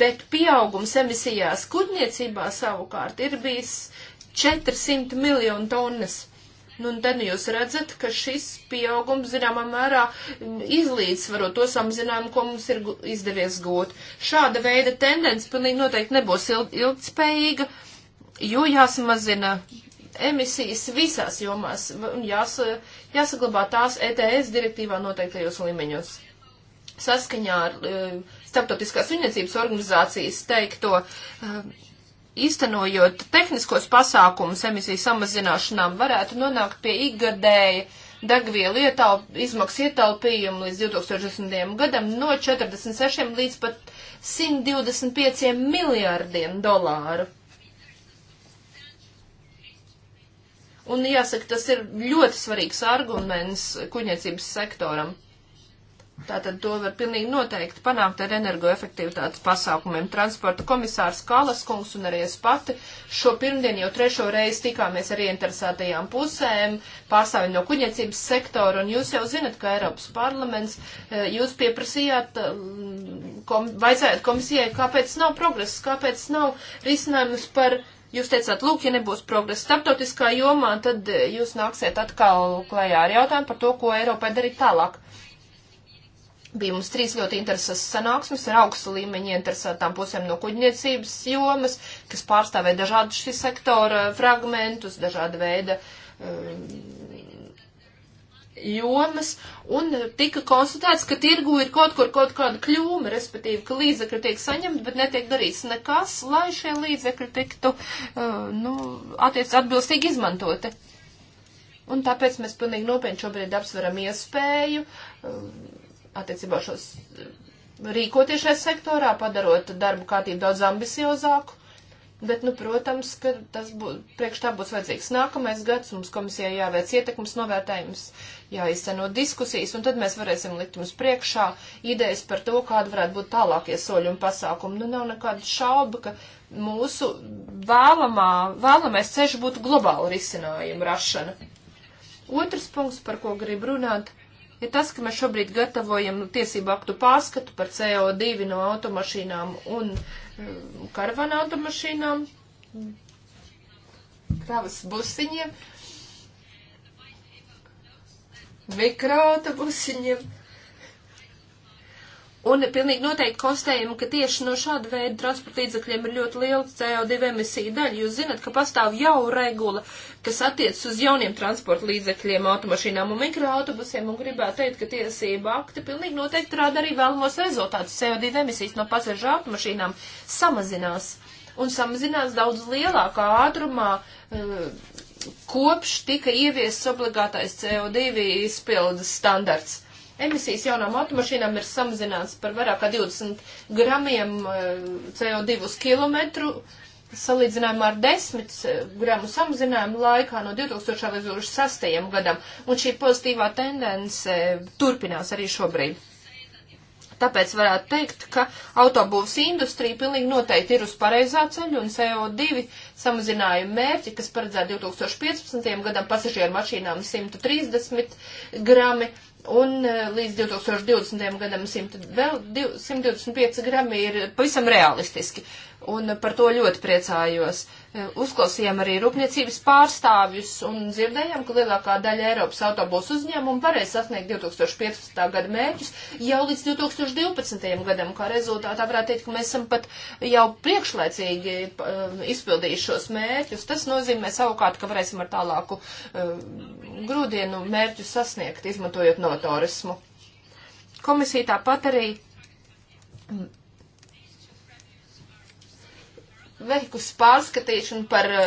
S1: bet pieaugums emisijās kuģniecībā savukārt ir bijis 400 miljonu tonnas. Nu, un tad nu jūs redzat, ka šis pieaugums, zināmā mērā, izlīdzvaro to samazinājumu, ko mums ir izdevies gūt. Šāda veida tendence pilnīgi noteikti nebūs ilg ilgspējīga, jo jāsamazina emisijas visās jomās un jās, jāsaglabā tās ETS direktīvā noteiktajos līmeņos. Saskaņā ar e, Starptautiskās viņniecības organizācijas teikto. E, īstenojot tehniskos pasākumus emisiju samazināšanām, varētu nonākt pie ikgadēja degvielu ietaup, izmaksu ietaupījumu līdz 2010. gadam no 46 līdz pat 125 miljārdiem dolāru. Un jāsaka, tas ir ļoti svarīgs arguments kuģniecības sektoram. Tātad to var pilnīgi noteikti panākt ar energoefektivitātes pasākumiem. Transporta komisārs Kalas kungs un arī es pati šo pirmdienu jau trešo reizi tikāmies ar ieinteresētajām pusēm, pārstāvi no kuģniecības sektora, un jūs jau zinat, ka Eiropas parlaments, eh, jūs pieprasījāt, eh, kom, vaicājāt komisijai, kāpēc nav progresas, kāpēc nav risinājums par Jūs teicāt, lūk, ja nebūs progresa starptautiskā jomā, tad eh, jūs nāksiet atkal klajā ar jautājumu par to, ko Eiropai darīt tālāk. Bija mums trīs ļoti interesas sanāksmes ar augstu līmeņu interesētām pusēm no kuģniecības jomas, kas pārstāvēja dažādu šī sektora fragmentus, dažāda veida um, jomas, un tika konstatēts, ka tirgu ir kaut kur kaut kāda kļūme, respektīvi, ka līdzekļi tiek saņemti, bet netiek darīts nekas, lai šie līdzekļi tiktu, uh, nu, attiec atbilstīgi izmantoti. Un tāpēc mēs pilnīgi nopietni šobrīd apsveram iespēju. Uh, attiecībā šos eh, rīkoties šajā sektorā, padarot darbu kārtību daudz ambiciozāku. Bet, nu, protams, ka tas būs, priekš tā būs vajadzīgs nākamais gads, mums komisijai jāveic ietekmes novērtējums, jāizceno diskusijas, un tad mēs varēsim likt mums priekšā idejas par to, kāda varētu būt tālākie soļi un pasākumi. Nu, nav nekāda šauba, ka mūsu vēlamā, vēlamais ceļš būtu globāla risinājuma rašana. Otrs punkts, par ko gribu runāt, ir ir tas, ka mēs šobrīd gatavojam tiesību aktu pārskatu par CO2 no automašīnām un um, karavana automašīnām, kravas busiņiem, mikroautobusiņiem. Un pilnīgi noteikti konstatējam, ka tieši no šāda veida transporta līdzakļiem ir ļoti liela CO2 emisija daļa. Jūs zināt, ka pastāv jau regula, kas attiec uz jauniem transporta līdzakļiem, automašīnām un mikroautobusiem, un gribētu teikt, ka tiesība akti pilnīgi noteikti rāda arī vēlamos rezultātus. CO2 emisijas no pasažu automašīnām samazinās, un samazinās daudz lielākā ātrumā. Eh, kopš tika ieviests obligātais CO2 izpildes standarts. Emisijas jaunām automašīnām ir samazināts par vairāk kā 20 gramiem eh, CO2 uz kilometru, salīdzinājumā ar 10 eh, gramu samazinājumu laikā no 2000 līdz 2006 gadam, un šī pozitīvā tendence eh, turpinās arī šobrīd. Tāpēc varētu teikt, ka autobūvs industrija pilnīgi noteikti ir uz pareizā ceļa un CO2 samazinājuma mērķi, kas paredzēta 2015. gadam pasažieru mašīnām 130 grami, Un e, līdz 2020. gadam 100, vēl 125 grami ir pavisam realistiski un par to ļoti priecājos. E, uzklausījām arī rūpniecības pārstāvjus un dzirdējām, ka lielākā daļa Eiropas autobusu uzņēmumu varēs sasniegt 2015. gada mērķus jau līdz 2012. gadam, kā rezultātā varētu teikt, ka mēs esam pat jau priekšlaicīgi e, izpildījuši šos mērķus. Tas nozīmē savukārt, ka varēsim ar tālāku e, grūdienu mērķus sasniegt, izmantojot notorismu. Komisija tāpat arī veikusi pārskatīšanu par uh,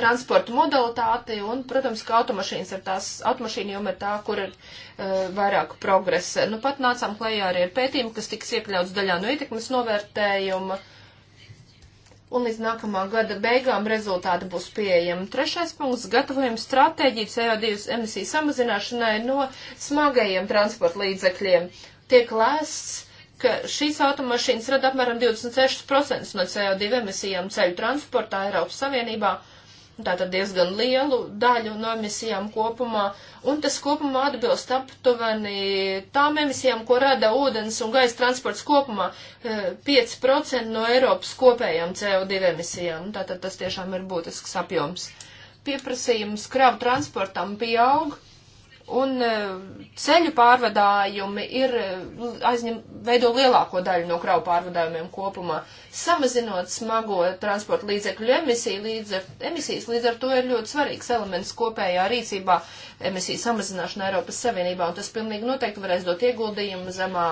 S1: transportu modalitāti un, protams, ka automašīnas ir tās, automašīna joma ir tā, kur ir uh, vairāk progresa. Nu, pat nācām klajā arī ar pētījumu, kas tiks iekļauts daļā no ietekmes novērtējuma. Un līdz nākamā gada beigām rezultāti būs pieejami. Trešais punkts - gatavojam stratēģiju CO2 emisiju samazināšanai no smagajiem transporta līdzekļiem. Tiek lēsts ka šīs automašīnas rada apmēram 26% no CO2 emisijām ceļu transportā Eiropas Savienībā. Tātad diezgan lielu daļu no emisijām kopumā, un tas kopumā atbilst aptuveni tām emisijām, ko rada ūdens un gaisa transports kopumā, 5% e, no Eiropas kopējām CO2 emisijām. Tātad tas tiešām ir būtisks apjoms. Pieprasījums kravu transportam pieaug, un e, ceļu pārvadājumi ir e, aizņem, veido lielāko daļu no kravu pārvadājumiem kopumā, samazinot smago transporta līdzekļu emisiju, līdz ar, emisijas, līdz ar to ir ļoti svarīgs elements kopējā rīcībā emisiju samazināšana Eiropas Savienībā, un tas pilnīgi noteikti varēs dot ieguldījumu zemā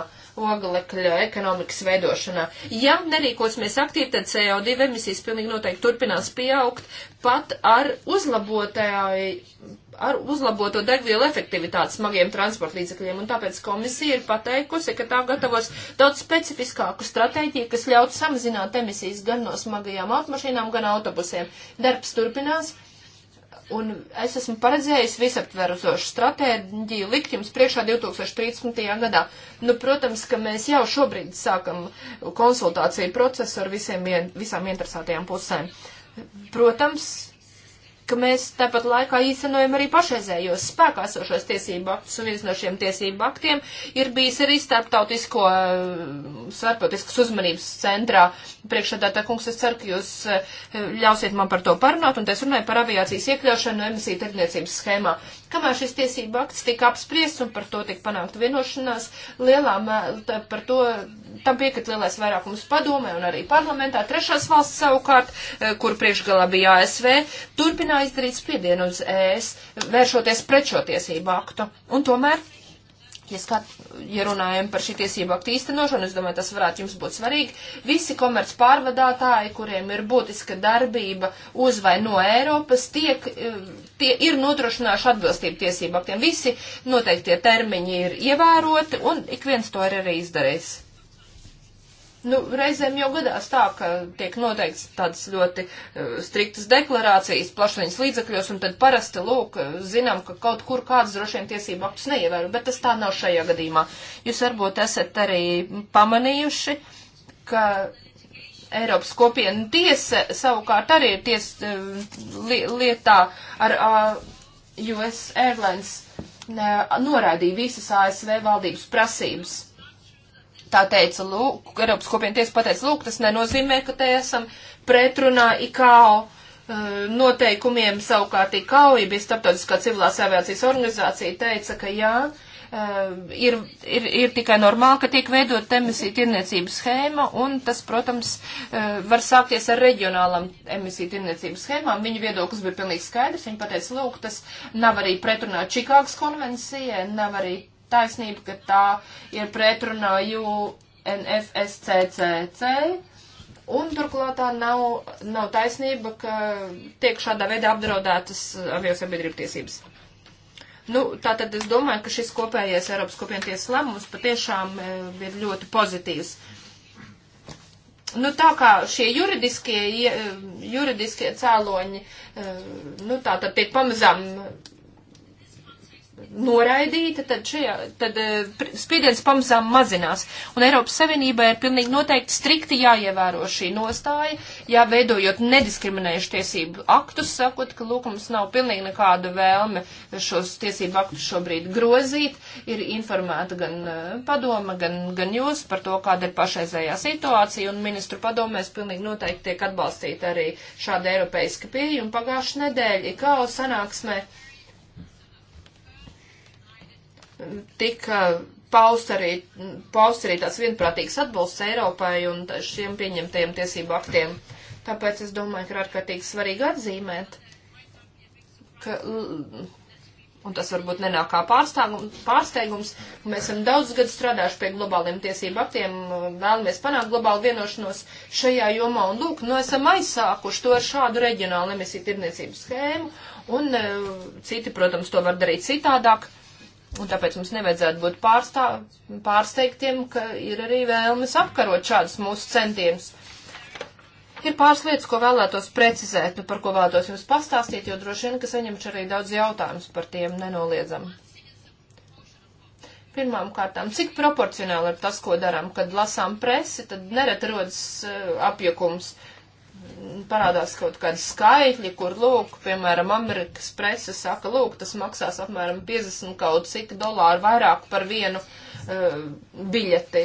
S1: oglekļa ekonomikas veidošanā. Ja nerīkosimies aktīvi, tad CO2 emisijas pilnīgi noteikti turpinās pieaugt pat ar uzlabotāju ar uzlaboto degvielu efektivitāti smagiem transporta līdzekļiem, un tāpēc komisija ir pateikusi, ka tā gatavos daudz specifiskāku stratēģiju, kas ļautu samazināt emisijas gan no smagajām automašīnām, gan autobusiem. Darbs turpinās, un es esmu paredzējis visaptverozošu stratēģiju likt jums priekšā 2013. gadā. Nu, protams, ka mēs jau šobrīd sākam konsultāciju procesu ar visiem, visām interesētajām pusēm. Protams, ka mēs tāpat laikā īstenojam arī pašreizējos spēkā sošos tiesību aktus, un viens no šiem tiesību aktiem ir bijis arī starptautisko, eh, starptautiskas uzmanības centrā. Priekšādātā kungs, es ceru, ka jūs eh, ļausiet man par to parunāt, un es runāju par aviācijas iekļaušanu emisiju tirdzniecības schēmā. Kamēr šis tiesību akts tika apspriests un par to tika panākt vienošanās, lielā mērā par to tam piekrita lielais vairākums padomē un arī parlamentā. Trešās valsts savukārt, eh, kur priekšgalā bija ASV, turpināja izdarīt spiedienu uz ES, vēršoties pret šo tiesību aktu. Un tomēr, ja, skat, ja runājam par šī tiesību aktu īstenošanu, es domāju, tas varētu jums būt svarīgi. Visi komerc pārvadātāji, kuriem ir būtiska darbība uz vai no Eiropas, tiek, eh, tie ir nodrošinājuši atbilstību tiesību aktiem. Visi noteiktie termiņi ir ievēroti un ik viens to ir arī izdarījis. Nu, reizēm jau gadās tā, ka tiek noteikts tādas ļoti uh, striktas deklarācijas plašsaņas līdzakļos, un tad parasti, lūk, zinām, ka kaut kur kādas droši vien tiesību aktus neievēro, bet tas tā nav šajā gadījumā. Jūs varbūt esat arī pamanījuši, ka Eiropas kopiena tiesa savukārt arī ir ties uh, li lietā ar uh, US Airlines uh, noraidīja visas ASV valdības prasības Tā teica, lūk, Eiropas kopiena tiesa pateica, lūk, tas nenozīmē, ka te esam pretrunā IKO eh, noteikumiem savukārt IKO, ja bija starptautiskā civilās aviācijas organizācija, teica, ka jā, eh, ir, ir, ir tikai normāli, ka tiek veidot emisiju tirniecības schēma, un tas, protams, eh, var sākties ar reģionālam emisiju tirniecības schēmām. Viņa viedoklis bija pilnīgi skaidrs. Viņa pateica, lūk, tas nav arī pretrunā Čikāgas konvencijai, nav arī taisnība, ka tā ir pretrunā UNFSCCC. Un turklāt tā nav, nav taisnība, ka tiek šādā veidā apdraudētas aviosabiedrību tiesības. Nu, tātad es domāju, ka šis kopējais Eiropas kopienties lēmums patiešām e, ir ļoti pozitīvs. Nu, tā kā šie juridiskie, e, juridiskie cēloņi, e, nu, tātad tiek pamazām noraidīta, tad, šajā, tad eh, spiediens pamazām mazinās. Un Eiropas Savienībai ir pilnīgi noteikti strikti jāievēro šī nostāja, jāveidojot nediskriminējuši tiesību aktus, sakot, ka lūk, mums nav pilnīgi nekāda vēlme šos tiesību aktus šobrīd grozīt. Ir informēta gan eh, padoma, gan, gan jūs par to, kāda ir pašreizējā situācija, un ministru padomēs pilnīgi noteikti tiek atbalstīta arī šāda eiropeiska pieeja, un pagājušajā nedēļa IKO sanāksmē tika paust arī, paust arī tāds vienprātīgs atbalsts Eiropai un šiem pieņemtajiem tiesību aktiem. Tāpēc es domāju, ka ir ārkārtīgi svarīgi atzīmēt, ka, un tas varbūt nenāk kā pārsteigums, mēs esam daudz gadu strādājuši pie globāliem tiesību aktiem, vēlamies panākt globālu vienošanos šajā jomā, un lūk, nu esam aizsākuši to ar šādu reģionālu emisiju tirniecības schēmu, un eh, citi, protams, to var darīt citādāk. Un tāpēc mums nevajadzētu būt pārstā, pārsteigtiem, ka ir arī vēlmes apkarot šādus mūsu centienus. Ir pāris lietas, ko vēlētos precizēt, nu, par ko vēlētos jums pastāstīt, jo droši vien, ka saņemšu arī daudz jautājumus par tiem nenoliedzam. Pirmām kārtām, cik proporcionāli ir tas, ko darām, kad lasām presi, tad neret rodas eh, apjukums. Uh, parādās kaut kādi skaitļi, kur, lūk, piemēram, Amerikas presa saka, lūk, tas maksās apmēram 50 kaut cik dolāru vairāk par vienu uh, biļeti.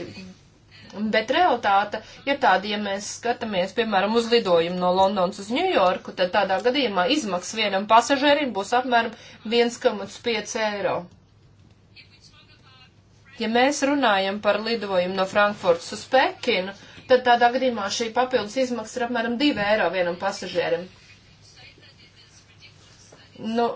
S1: Bet realitāte ir tāda, ja mēs skatāmies, piemēram, uz lidojumu no Londonas uz Ņujorku, tad tādā gadījumā izmaksas vienam pasažierim būs apmēram 1,5 eiro. Ja mēs runājam par lidojumu no Frankfurtas uz Pekinu, uh, tad tādā gadījumā šī papildus izmaksas ir apmēram 2 eiro vienam pasažierim. Nu,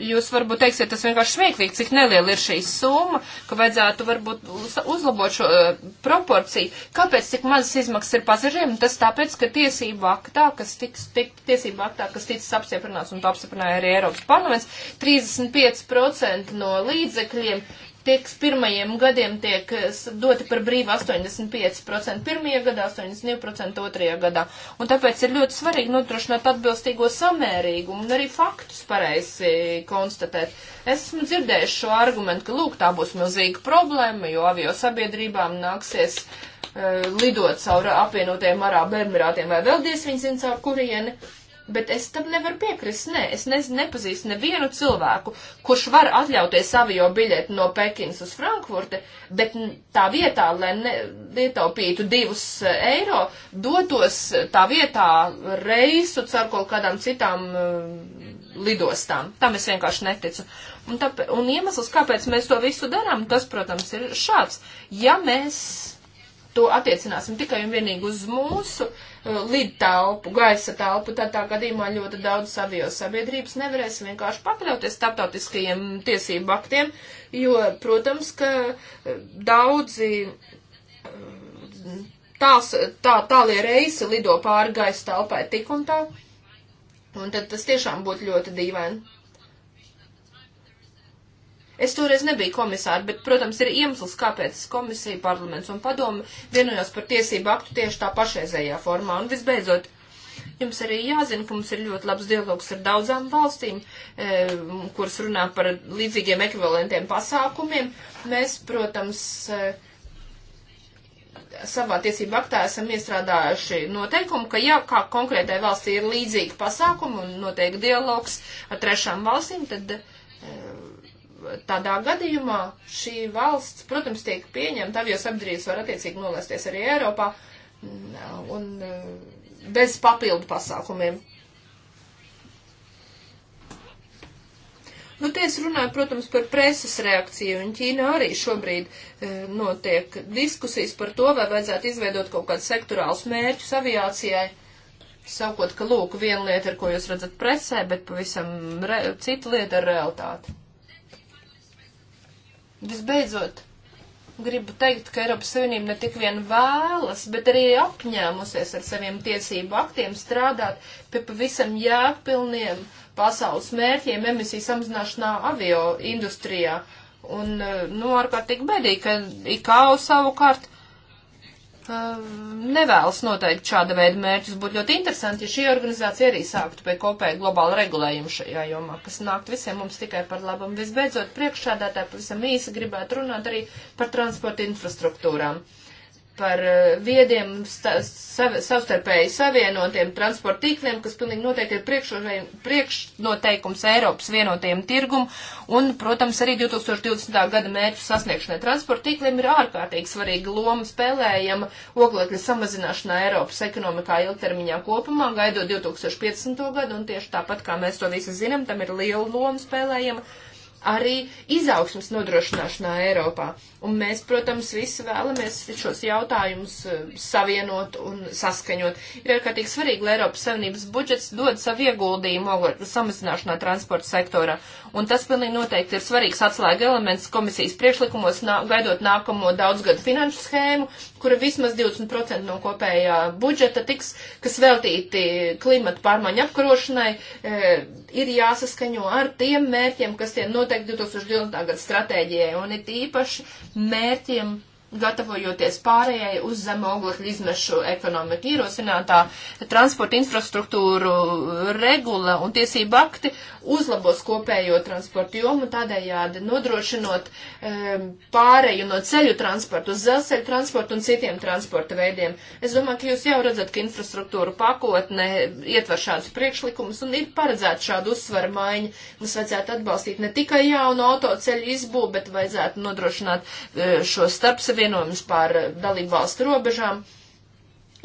S1: jūs varbūt teiksiet, tas vienkārši smieklīgi, cik neliela ir šī summa, ka vajadzētu varbūt uzlabot šo uh, proporciju. Kāpēc tik mazas izmaksas ir pasažieriem? Tas tāpēc, ka tiesība aktā, kas tiks, tik, tiesība aktā, kas ticis apstiprināts, un to apstiprināja arī Eiropas parlaments, 35% no līdzekļiem tiek pirmajiem gadiem tiek eh, doti par brīvu 85%, pirmajā gadā 82%, otrajā gadā. Un tāpēc ir ļoti svarīgi nodrošināt atbilstīgo samērīgumu un arī faktus pareizi konstatēt. Es esmu dzirdējis šo argumentu, ka lūk, tā būs milzīga problēma, jo avio sabiedrībām nāksies uh, lidot caur apvienotajiem Arābu Emirātiem vai vēl diez viņi zina caur kurieni. Ja bet es tam nevaru piekrist. Nē, es ne, nepazīstu nevienu cilvēku, kurš var atļauties avio biļeti no Pekinas uz Frankfurti, bet tā vietā, lai ne, ietaupītu divus e, eiro, dotos tā vietā reisu caur kaut kādām citām uh, lidostām. Tam es vienkārši neticu. Un, tāpēc, un iemesls, kāpēc mēs to visu darām, tas, protams, ir šāds. Ja mēs to attiecināsim tikai un vienīgi uz mūsu uh, Uh, lid telpu, gaisa telpu, tad tā gadījumā ļoti daudz avio sabiedrības nevarēs vienkārši pakļauties starptautiskajiem tiesību aktiem, jo, protams, ka uh, daudzi uh, tās, tā, tālie reisi lido pāri gaisa telpai tik un tā. Un tad tas tiešām būtu ļoti dīvaini. Es toreiz nebiju komisāri, bet, protams, ir iemesls, kāpēc komisija, parlaments un padomu vienojās par tiesību aktu tieši tā pašreizējā formā. Un visbeidzot, Jums arī jāzina, ka mums ir ļoti labs dialogs ar daudzām valstīm, e, kuras runā par līdzīgiem ekvivalentiem pasākumiem. Mēs, protams, e, savā tiesību aktā esam iestrādājuši noteikumu, ka ja kā konkrētai valstī ir līdzīgi pasākumi un notiek dialogs ar trešām valstīm, tad. E, tādā gadījumā šī valsts, protams, tiek pieņemta, avio sabiedrības var attiecīgi nolēsties arī Eiropā mm, un eh, bez papildu pasākumiem. Nu, te es runāju, protams, par preses reakciju, un Ķīnā arī šobrīd e, notiek diskusijas par to, vai vajadzētu izveidot kaut kādus sektorālus mērķus aviācijai. Sakot, ka lūk, viena lieta, ar ko jūs redzat presē, bet pavisam re, cita lieta ar realitāti. Visbeidzot, gribu teikt, ka Eiropas Savienība ne tik vien vēlas, bet arī apņēmusies ar saviem tiesību aktiem strādāt pie pavisam jēgpilniem pasaules mērķiem emisiju samazināšanā avio industrijā. Un, eh, nu, ārkārtīgi bedīgi, ka IKO savukārt Mm, nevēlas noteikt šāda veida mērķus. Būtu ļoti interesanti, ja šī organizācija arī sāktu pie kopēja globāla regulējuma šajā jomā, kas nākt visiem mums tikai par labumu. Visbeidzot, priekšādātāji pavisam īsi gribētu runāt arī par transporta infrastruktūrām. Uh, par eh, viediem sav, savstarpēji savienotiem transporta tīkliem, kas pilnīgi noteikti ir priekšnoteikums Eiropas vienotajam tirgum un, protams, arī 2020. gada mērķu sasniegšanai. Transporta tīkliem ir ārkārtīgi svarīga loma spēlējama oglekļa samazināšanā Eiropas ekonomikā ilgtermiņā kopumā, gaidot 2050. gadu, un tieši tāpat, kā mēs to visi zinām, tam ir liela loma spēlējama arī izaugsmas nodrošināšanā Eiropā. Un mēs, protams, visi vēlamies šos jautājumus eh, savienot un saskaņot. Ir ārkārtīgi svarīgi, lai Eiropas Savienības budžets dod savu ieguldījumu samazināšanā transporta sektora. Un tas pilnīgi noteikti ir svarīgs atslēga elements komisijas priekšlikumos, nā, gaidot nākamo daudzgadu finanšu schēmu, kura vismaz 20% no kopējā budžeta tiks, kas veltīti klimata pārmaiņu apkarošanai, e, ir jāsaskaņo ar tiem mērķiem, kas tie noteikti 2020. gada stratēģijai un it īpaši mērķiem gatavojoties pārējai uz zemu oglekļu izmešu ekonomiku ierosinātā transporta infrastruktūru regula un tiesība akti uzlabos kopējo transportu jomu, tādējādi nodrošinot um, pāreju no ceļu transportu uz dzelzceļu transportu un citiem transporta veidiem. Es domāju, ka jūs jau redzat, ka infrastruktūra pakotne ietver šādus priekšlikumus un ir paredzēta šāda uzsvara maiņa. Mums vajadzētu atbalstīt ne tikai jaunu autoceļu izbūvu, bet vajadzētu nodrošināt uh, šo starpsevi vienojumus pār dalību valstu robežām,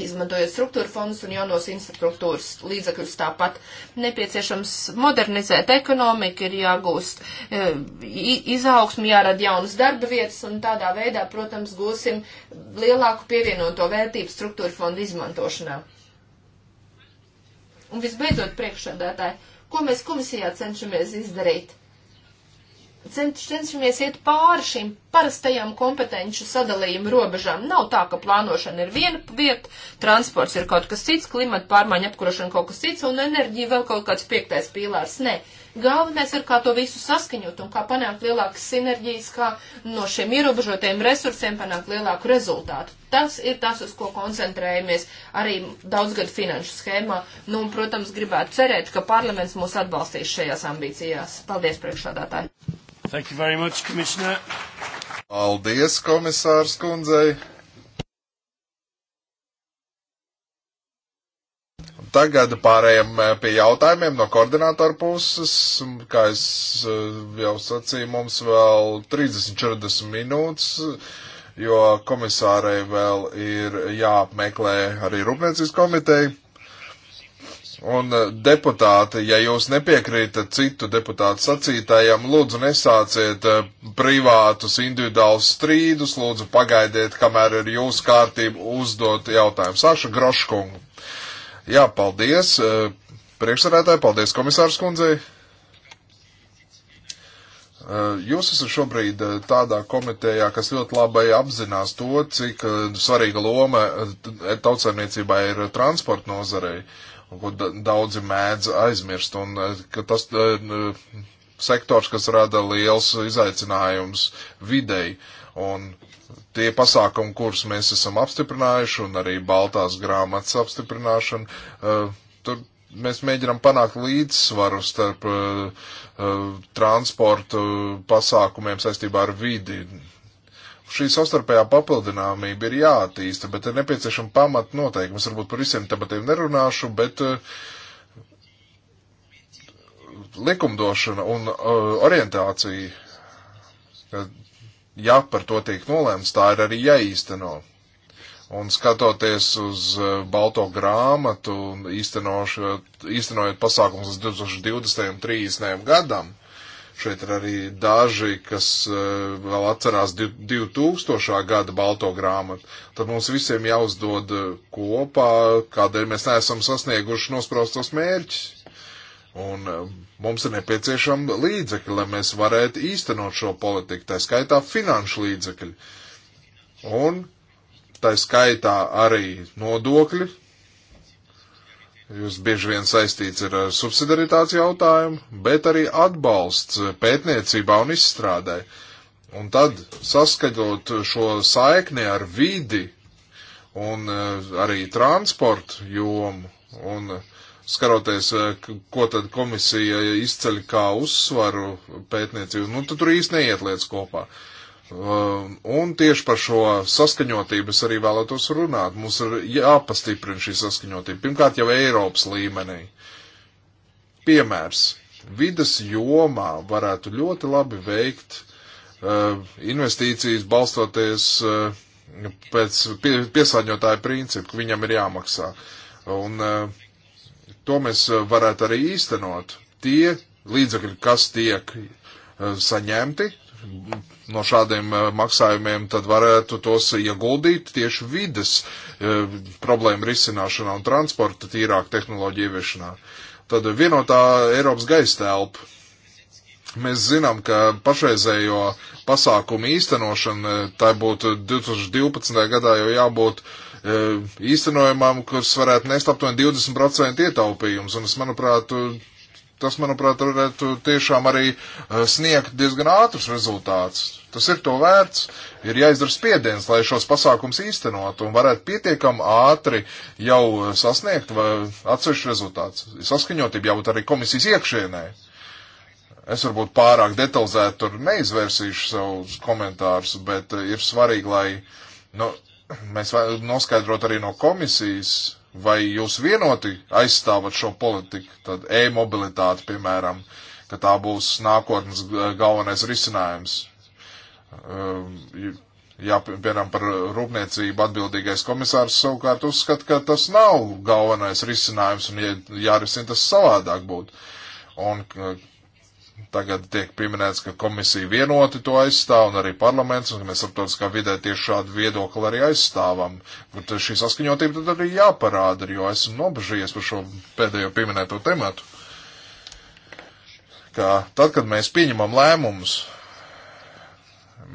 S1: izmantojot struktūra fondus un jaunos infrastruktūras līdzekļus tāpat. Nepieciešams modernizēt ekonomiku, ir jāgūst e, izaugsmi, jārada jaunas darba vietas un tādā veidā, protams, gūsim lielāku pievienoto vērtību struktūra fondu izmantošanā. Un visbeidzot, priekšsēdētāji, ko mēs komisijā cenšamies izdarīt? cenšamies iet pāri šīm parastajām kompetenci sadalījuma robežām. Nav tā, ka plānošana ir viena vieta, transports ir kaut kas cits, klimata pārmaiņa apkurošana kaut kas cits un enerģija vēl kaut kāds piektais pīlārs. Nē. Galvenais ir, kā to visu saskaņot un kā panākt lielākas sinerģijas, kā no šiem ierobežotiem resursiem panākt lielāku rezultātu. Tas ir tas, uz ko koncentrējamies arī daudzgad finanšu schēmā. Nu, un, protams, gribētu cerēt, ka parlaments mūs atbalstīs šajās ambīcijās. Paldies, priekšādātāji!
S3: Thank you very much, Commissioner.
S2: Paldies, komisārs kundzei. Tagad pārējiem eh, pie jautājumiem no koordinātora puses. Kā es eh, jau sacīju, mums vēl 30-40 minūtes, jo komisārai vēl ir jāapmeklē arī Rūpniecības komiteja. Un eh, deputāti, ja jūs nepiekrītat citu deputātu sacītājiem, lūdzu nesāciet eh, privātus individuālus strīdus, lūdzu pagaidiet, kamēr ir jūsu kārtība uzdot jautājumu. Saša Groškungu. Jā, paldies. Eh, priekšsarētāji, paldies komisārs kundzei. Jūs esat šobrīd tādā komitejā, kas ļoti labi apzinās to, cik svarīga loma tautsēmniecībā ir transporta nozarei. Uh, un ko daudzi mēdz aizmirst, un eh, ka tas eh, sektors, kas rada liels izaicinājums videi, un tie pasākumi, kurus mēs esam apstiprinājuši, un arī Baltās grāmatas apstiprināšana, eh, tur mēs mēģinām panākt līdzsvaru starp transportu pasākumiem saistībā ar vidi Šī savstarpējā papildināmība ir jātīsta, bet ir nepieciešama pamat noteikumi. Es varbūt par visiem tematiem nerunāšu, bet eh, likumdošana un eh, orientācija, ja par to tiek nolēmts, tā ir arī jāīsteno. Un skatoties uz eh, balto grāmatu un īstenojot pasākumus līdz 2020. un 30. gadam, Šeit ir arī daži, kas eh, vēl atcerās 2000. gada balto grāmatu. Tad mums visiem jāuzdod eh, kopā, kādēļ mēs neesam sasnieguši nospraustos mērķus. Un eh, mums ir nepieciešama līdzekļi, lai mēs varētu īstenot šo politiku, tā skaitā finanšu līdzekļi. Un tā skaitā arī nodokļi, Jūs bieži vien saistīts ir ar subsidaritātes jautājumu, bet arī atbalsts pētniecībā un izstrādē. Un tad saskaļot šo saikni ar vidi un eh, arī transportu jomu un eh, skaroties, eh, ko tad komisija izceļ kā uzsvaru pētniecību, nu tad tur īsti neiet lietas kopā. Uh, Um, un tieši par šo saskaņotību es arī vēlētos runāt. Mums ir jāpastiprina šī saskaņotība. Pirmkārt, jau Eiropas līmenī. Piemērs. Vides jomā varētu ļoti labi veikt uh, investīcijas balstoties uh, pēc pie, piesāņotāja principu, ka viņam ir jāmaksā. Un uh, to mēs varētu arī īstenot. Tie līdzekļi, kas tiek uh, saņemti, no šādiem eh, maksājumiem, tad varētu tos ieguldīt tieši vides eh, problēmu risināšanā un transporta tīrāk tehnoloģiju ieviešanā. Tad vienotā Eiropas gaisa telpa. Mēs zinām, ka pašreizējo pasākumu īstenošana, eh, tai būtu 2012. gadā jau jābūt īstenojumam, kas varētu nest aptuveni 20% ietaupījums, un es manuprāt, tas, manuprāt, varētu eh, tiešām arī eh, sniegt diezgan ātrus rezultātus. Tas ir to vērts, ir jāizdara spiediens, lai šos pasākums īstenotu un varētu pietiekam ātri jau eh, sasniegt atsevišķu rezultātus. Saskaņotība jābūt arī komisijas iekšienē. Es varbūt pārāk detalizēti tur neizvērsīšu savus komentārus, bet ir svarīgi, lai nu, <clears throat> mēs noskaidrot arī no komisijas vai jūs vienoti aizstāvat šo politiku, tad e-mobilitāte, piemēram, ka tā būs nākotnes galvenais risinājums. Um, jā, piemēram, par rūpniecību atbildīgais komisārs savukārt uzskata, ka tas nav galvenais risinājums un jārisina tas savādāk būtu. Un uh, Tagad tiek pieminēts, ka komisija vienoti to aizstāv un arī parlaments, un mēs starptautiskā vidē tieši šādu viedokli arī aizstāvam. Bet šī saskaņotība tad arī jāparāda, jo esmu nobežījies par šo pēdējo pieminēto tematu. Kā tad, kad mēs pieņemam lēmumus,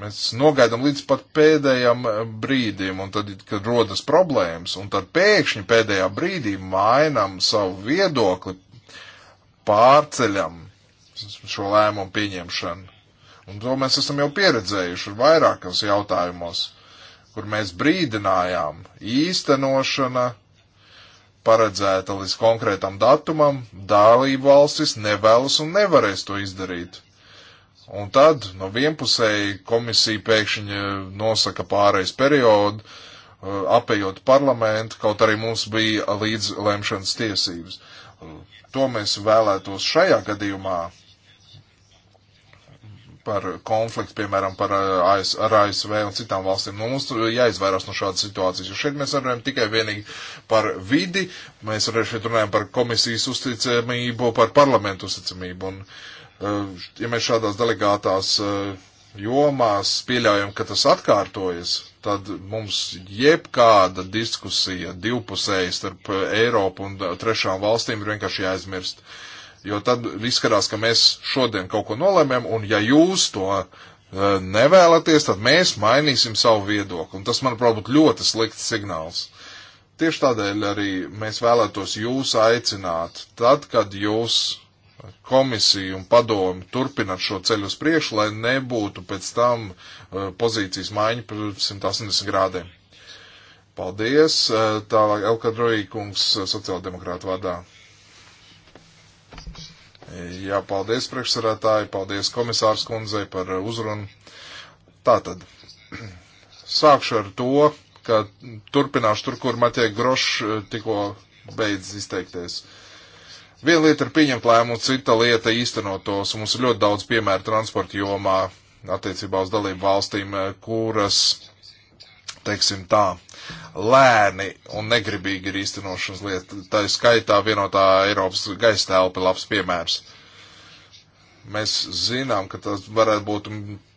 S2: Mēs nogaidām līdz pat pēdējam eh, brīdim, un tad, kad rodas problēmas, un tad pēkšņi pēdējā brīdī mainām savu viedokli, pārceļam šo lēmumu pieņemšanu. Un to mēs esam jau pieredzējuši vairākos jautājumos, kur mēs brīdinājām īstenošana paredzēta līdz konkrētam datumam, dālību valstis nevēlas un nevarēs to izdarīt. Un tad no vienpusēji komisija pēkšņi eh, nosaka pārejas periodu, eh, apējot parlamentu, kaut arī mums bija līdz lemšanas tiesības. To mēs vēlētos šajā gadījumā par konfliktu, piemēram, par eh, AS, ar ASV un citām valstīm. Nu, mums jāizvairās no šādas situācijas, jo šeit mēs runājam tikai vienīgi par vidi, mēs arī šeit runājam par komisijas uzticamību, par parlamentu uzticamību. Un, eh, ja mēs šādās delegātās eh, jomās pieļaujam, ka tas atkārtojas, tad mums jebkāda diskusija divpusēji starp Eiropu un trešām valstīm ir vienkārši jāaizmirst. Uh, jo tad izskatās, ka mēs šodien kaut ko nolēmēm, un ja jūs to uh, nevēlaties, tad mēs mainīsim savu viedokli. Un tas, manuprāt, būtu ļoti slikts signāls. Tieši tādēļ arī mēs vēlētos jūs aicināt, tad, kad jūs komisiju un padomu turpināt šo ceļu uz priekšu, lai nebūtu pēc tam uh, pozīcijas maiņa par 180 grādiem. Paldies, uh, eh, tālāk Elkadroji kungs sociāldemokrāta vārdā. Jā, paldies priekšsarētāji, paldies komisārs kundzei par uzrunu. Tātad, <clears throat> sākšu ar to, ka turpināšu tur, kur Matija Grošs eh, tikko beidz izteikties. Viena lieta ir pieņemt lēmumu, cita lieta īstenot tos. Mums ir ļoti daudz piemēru transporta jomā attiecībā uz dalību valstīm, eh, kuras teiksim tā, lēni un negribīgi ir īstenošanas lieta. Tā ir skaitā vienotā Eiropas gaisa telpa labs piemērs. Mēs zinām, ka tas varētu būt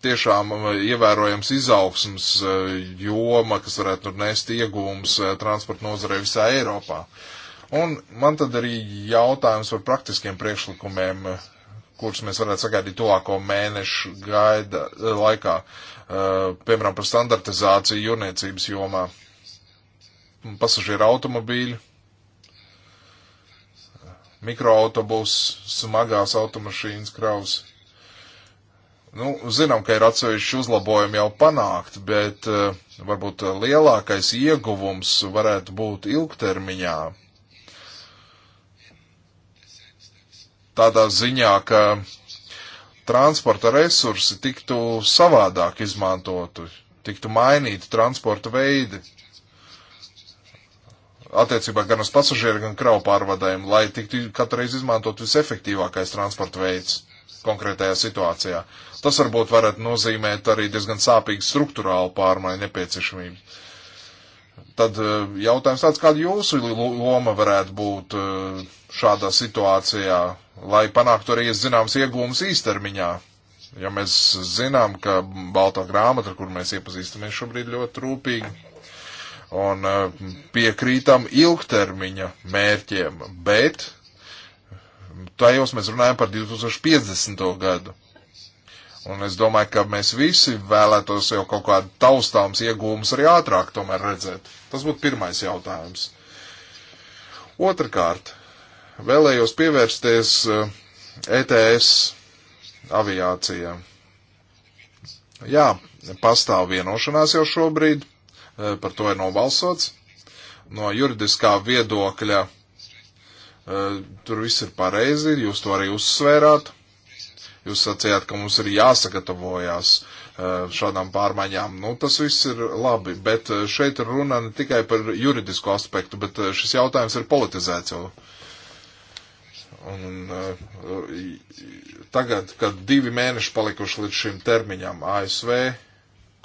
S2: tiešām uh, ievērojams izaugsms uh, joma, kas varētu tur nest iegūmus uh, transporta nozarei visā Eiropā. Un man tad arī jautājums par praktiskiem priekšlikumiem, kurus mēs varētu sagaidīt tuvāko mēnešu gaida laikā. Uh, Eh, piemēram, par standartizāciju jūrniecības jomā. Pasažieru automobīļi, mikroautobus, smagās automašīnas kravas. Nu, zinām, ka ir atsevišķi uzlabojumi jau panākt, bet eh, varbūt lielākais ieguvums varētu būt ilgtermiņā. Tādā ziņā, ka transporta resursi tiktu savādāk izmantoti, tiktu mainīti transporta veidi attiecībā gan uz pasažieru, gan kravu pārvadājumu, lai tiktu katreiz izmantot visefektīvākais transporta veids konkrētajā situācijā. Tas varbūt varētu nozīmēt arī diezgan sāpīgu struktūrālu pārmaiņu nepieciešamību. Tad e, jautājums tāds, kāda jūsu loma varētu būt e, šādā situācijā, lai panāktu arī zināms iegūmas īstermiņā? Ja mēs zinām, ka Baltā grāmata, kur mēs iepazīstamies šobrīd ļoti rūpīgi, un e, piekrītam ilgtermiņa mērķiem, bet tajos mēs runājam par 2050. gadu. Un es domāju, ka mēs visi vēlētos jau kaut kādu taustāms iegūmus arī ātrāk tomēr redzēt. Tas būtu pirmais jautājums. Otrakārt, vēlējos pievērsties ETS eh, e aviācijā. Jā, pastāv vienošanās jau šobrīd, eh, par to ir nobalsots. No juridiskā viedokļa eh, tur viss ir pareizi, jūs to arī uzsvērāt Jūs sacījāt, ka mums ir jāsagatavojās eh, šādām pārmaiņām. Nu, tas viss ir labi, bet eh, šeit ir runa ne tikai par juridisko aspektu, bet eh, šis jautājums ir politizēts jau. Un, tagad, kad divi mēneši palikuši līdz šim termiņam ASV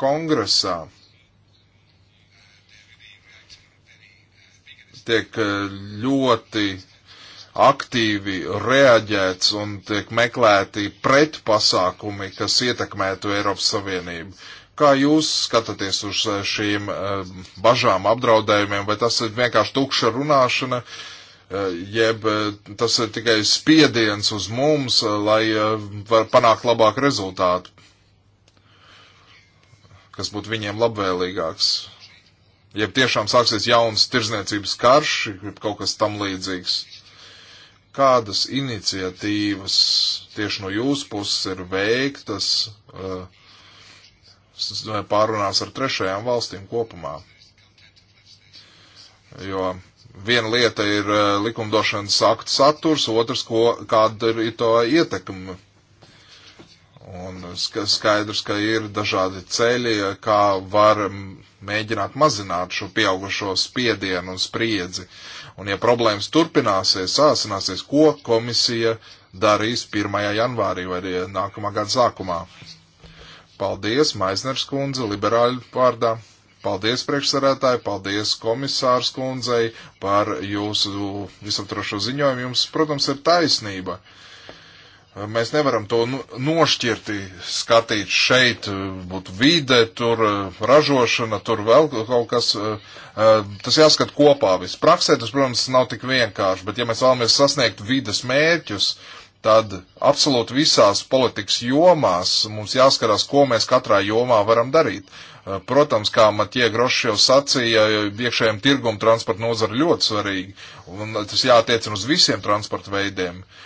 S2: kongresā, tiek ļoti aktīvi reaģēts un tiek meklēti pretpasākumi, kas ietekmētu Eiropas Savienību. Kā jūs skatāties uz eh, šīm eh, bažām, apdraudējumiem, vai tas ir vienkārši tukša runāšana, eh, jeb tas ir tikai spiediens uz mums, lai var panākt labāku rezultātu, kas būtu viņiem labvēlīgāks? Jeb tiešām sāksies jauns tirzniecības karš, kaut kas tam līdzīgs? kādas iniciatīvas tieši no jūsu puses ir veiktas uh, pārunās ar trešajām valstīm kopumā. Jo viena lieta ir uh, likumdošanas aktu saturs, otrs, ko, kāda ir to ietekme. Un skaidrs, ka ir dažādi ceļi, kā var mēģināt mazināt šo pieaugušo spiedienu un spriedzi. Uh, Un ja problēmas turpināsies, sāsināsies, ko komisija darīs 1. janvārī vai nākamā gada sākumā? Paldies, Maisners kundze, liberāļu pārdā. Paldies priekšsarētāji, paldies komisārs kundzei par jūsu visaptrošo ziņojumu. Jums, protams, ir taisnība. Uh, Mēs nevaram to nošķirti skatīt šeit, eh, būtu vide, tur eh, ražošana, tur vēl kaut kas. Eh, tas jāskat kopā viss. Praksē tas, protams, nav tik vienkārši, bet ja mēs vēlamies sasniegt vides mērķus, tad absolūti visās politikas jomās mums jāskarās, ko mēs katrā jomā varam darīt. Protams, kā Matie Grošs jau sacīja, iekšējiem tirgum transporta nozara ļoti svarīga, un tas jātiecina uz visiem transporta veidiem. Uh,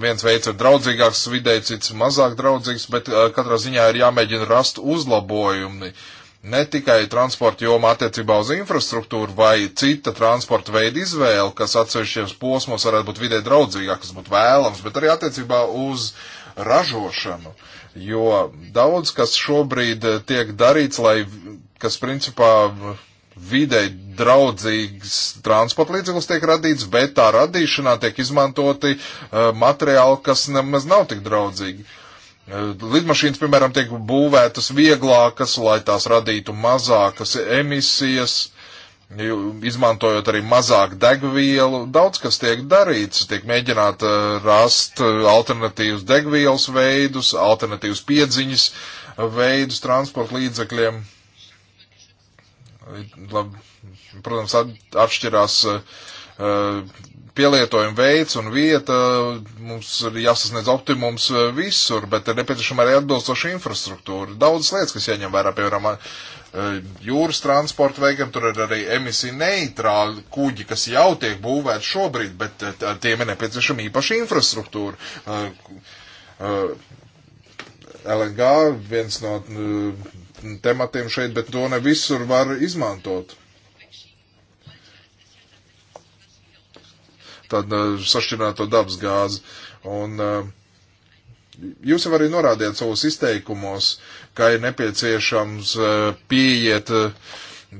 S2: Viens veids ir draudzīgāks vidē, cits mazāk draudzīgs, bet eh, katrā ziņā ir jāmēģina rast uzlabojumi. Ne tikai transporta joma attiecībā uz infrastruktūru vai cita transporta veida izvēle, kas atsevišķos posmos varētu būt vidē draudzīgāk, kas būtu vēlams, bet arī attiecībā uz ražošanu. Jo daudz, kas šobrīd eh, tiek darīts, lai, kas principā videi draudzīgs transporta līdzeklis tiek radīts, bet tā radīšanā tiek izmantoti uh, materiāli, kas nemaz nav tik draudzīgi. Uh, lidmašīnas, piemēram, tiek būvētas vieglākas, lai tās radītu mazākas emisijas, izmantojot arī mazāk degvielu. Daudz kas tiek darīts, tiek mēģināt uh, rast uh, alternatīvas degvielas veidus, alternatīvas piedziņas uh, veidus transporta līdzekļiem. Uh, lab, protams, atšķirās eh, eh, pielietojuma veids un vieta, mums ir jāsasniedz optimums eh, visur, bet ir nepieciešama arī atbilstoša infrastruktūra. Daudz lietas, kas jāņem vērā, piemēram, jūras transporta veikam, tur ir arī emisija neitrāli kuģi, kas jau tiek būvēti šobrīd, bet tiem ir nepieciešama īpaša infrastruktūra. LNG viens no tematiem šeit, bet to ne visur var izmantot. Tad uh, sašķirināto dabas gāzi. Un uh, jūs jau arī norādījāt savos izteikumos, ka ir nepieciešams uh, pieiet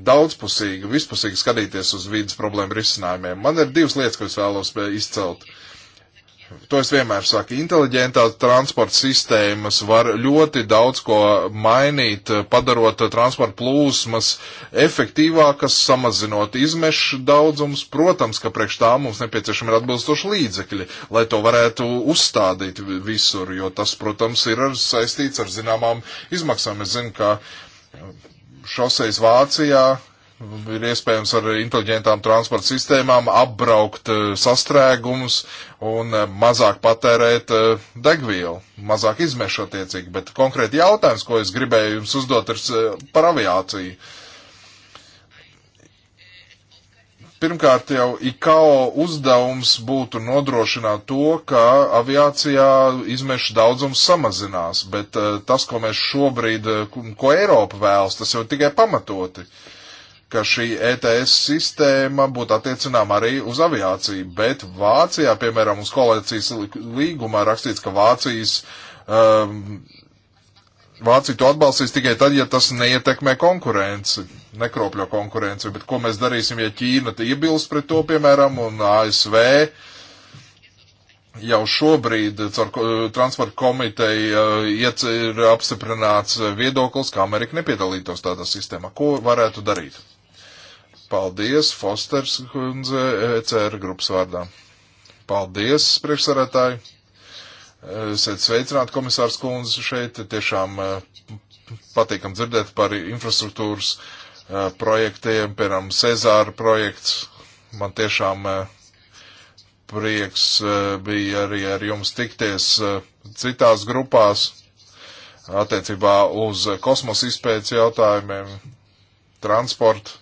S2: daudzpusīgi, vispusīgi skatīties uz vīdes problēmu risinājumiem. Man ir divas lietas, ko es vēlos izcelt. Uh, to es vienmēr saku, inteliģentās transporta sistēmas var ļoti daudz ko mainīt, padarot transporta plūsmas efektīvākas, samazinot izmešu daudzums. Protams, ka priekš tā mums nepieciešami ir atbilstoši līdzekļi, lai to varētu uzstādīt visur, jo tas, protams, ir ar, saistīts ar zināmām izmaksām. Es zinu, ka šoseis Vācijā ir iespējams ar inteliģentām transporta sistēmām apbraukt eh, sastrēgumus un eh, mazāk patērēt eh, degvielu, mazāk izmešu attiecīgi. Bet konkrēti jautājums, ko es gribēju jums uzdot, ir par aviāciju. Pirmkārt, jau ICAO uzdevums būtu nodrošināt to, ka aviācijā izmešu daudzums samazinās, bet tas, ko mēs šobrīd, ko Eiropa vēlas, tas jau tikai pamatoti. Uh, ka šī ETS sistēma būtu attiecināma arī uz aviāciju, bet Vācijā, piemēram, uz kolekcijas līgumā rakstīts, ka Vācijas, um, Vācija to atbalstīs tikai tad, ja tas neietekmē konkurenci, nekropļo konkurenci, bet ko mēs darīsim, ja Ķīna iebilst pret to, piemēram, un ASV jau šobrīd caur transporta komiteju uh, ir apstiprināts viedoklis, ka Amerika nepiedalītos tādā sistēmā. Ko varētu darīt? Paldies, Fosters kundze, ECR grupas vārdā. Paldies, priekšsarētāji. Esiet sveicināti, komisārs kundze, šeit tiešām eh, patīkam dzirdēt par infrastruktūras eh, projektiem, piemēram, Cezāra projekts. Man tiešām eh, prieks bija arī ar jums tikties citās grupās attiecībā uz kosmosa izpētes jautājumiem, transportu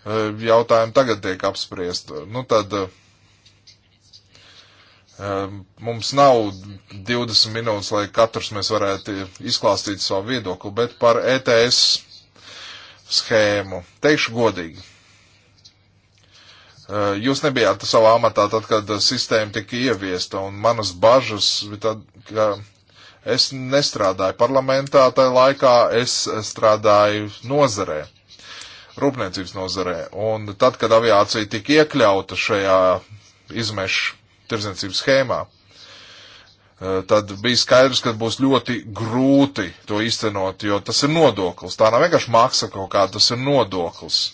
S2: Eh, jautājumi tagad tiek apspriest. Nu tad eh, eh, mums nav 20 minūtes, lai katrs mēs varētu izklāstīt savu viedokli, bet par ETS schēmu. Teikšu godīgi. Jūs nebijāt savā amatā tad, kad sistēma tika ieviesta, un manas bažas bija tad, ka es nestrādāju parlamentā, tajā laikā es strādāju nozarē rūpniecības nozarē. Un tad, kad aviācija tika iekļauta šajā izmešu tirdzniecības schēmā, eh, tad bija skaidrs, ka būs ļoti grūti to izcenot, jo tas ir nodoklis. Tā nav vienkārši maksa kaut kā, tas ir nodoklis.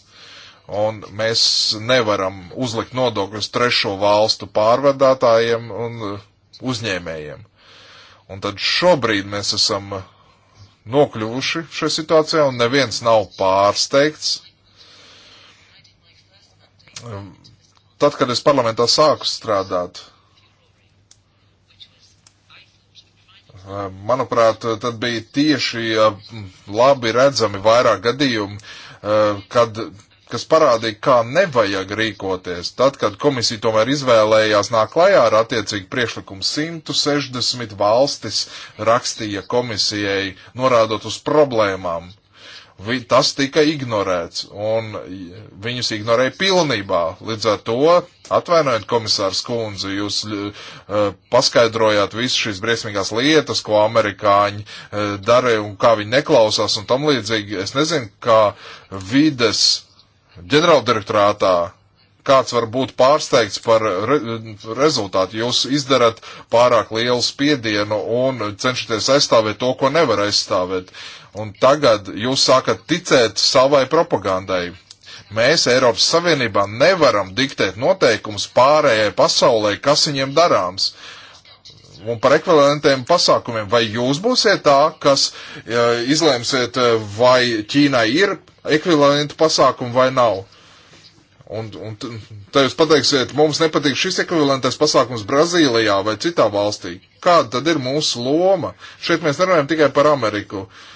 S2: Un mēs nevaram uzlikt nodokļus trešo valstu pārvadātājiem un eh, uzņēmējiem. Un tad šobrīd mēs esam eh, nokļuvuši šajā situācijā, un neviens nav pārsteigts, Um, tad, kad es parlamentā sāku strādāt, um, manuprāt, tad bija tieši labi redzami vairāk gadījumi, uh, kad kas parādīja, kā nevajag rīkoties. Tad, kad komisija tomēr izvēlējās nāk klajā ar attiecīgu priekšlikumu, 160 valstis rakstīja komisijai, norādot uz problēmām, Vi, tas tika ignorēts, un viņus ignorēja pilnībā. Līdz ar to, atvainojiet, komisārs Kunze, jūs uh, paskaidrojāt visu šīs briesmīgās lietas, ko amerikāņi uh, darīja un kā viņi neklausās un tam līdzīgi. Es nezinu, kā vides ģenerāldirektorātā kāds var būt pārsteigts par re rezultātu. Jūs izdarat pārāk lielu spiedienu un cenšaties aizstāvēt to, ko nevar aizstāvēt. Un tagad jūs sākat ticēt savai propagandai. Mēs Eiropas Savienībā nevaram diktēt noteikumus pārējai pasaulē, kas viņiem darāms un par ekvivalentiem pasākumiem. Vai jūs būsiet tā, kas uh, izlēmsiet, e, vai Ķīnai ir ekvivalenti pasākumi vai nav? Un, un tā jūs pateiksiet, mums nepatīk šis ekvivalentais pasākums Brazīlijā vai citā valstī. Kāda tad ir mūsu loma? Šeit mēs nerunājam tikai par Ameriku. Uh,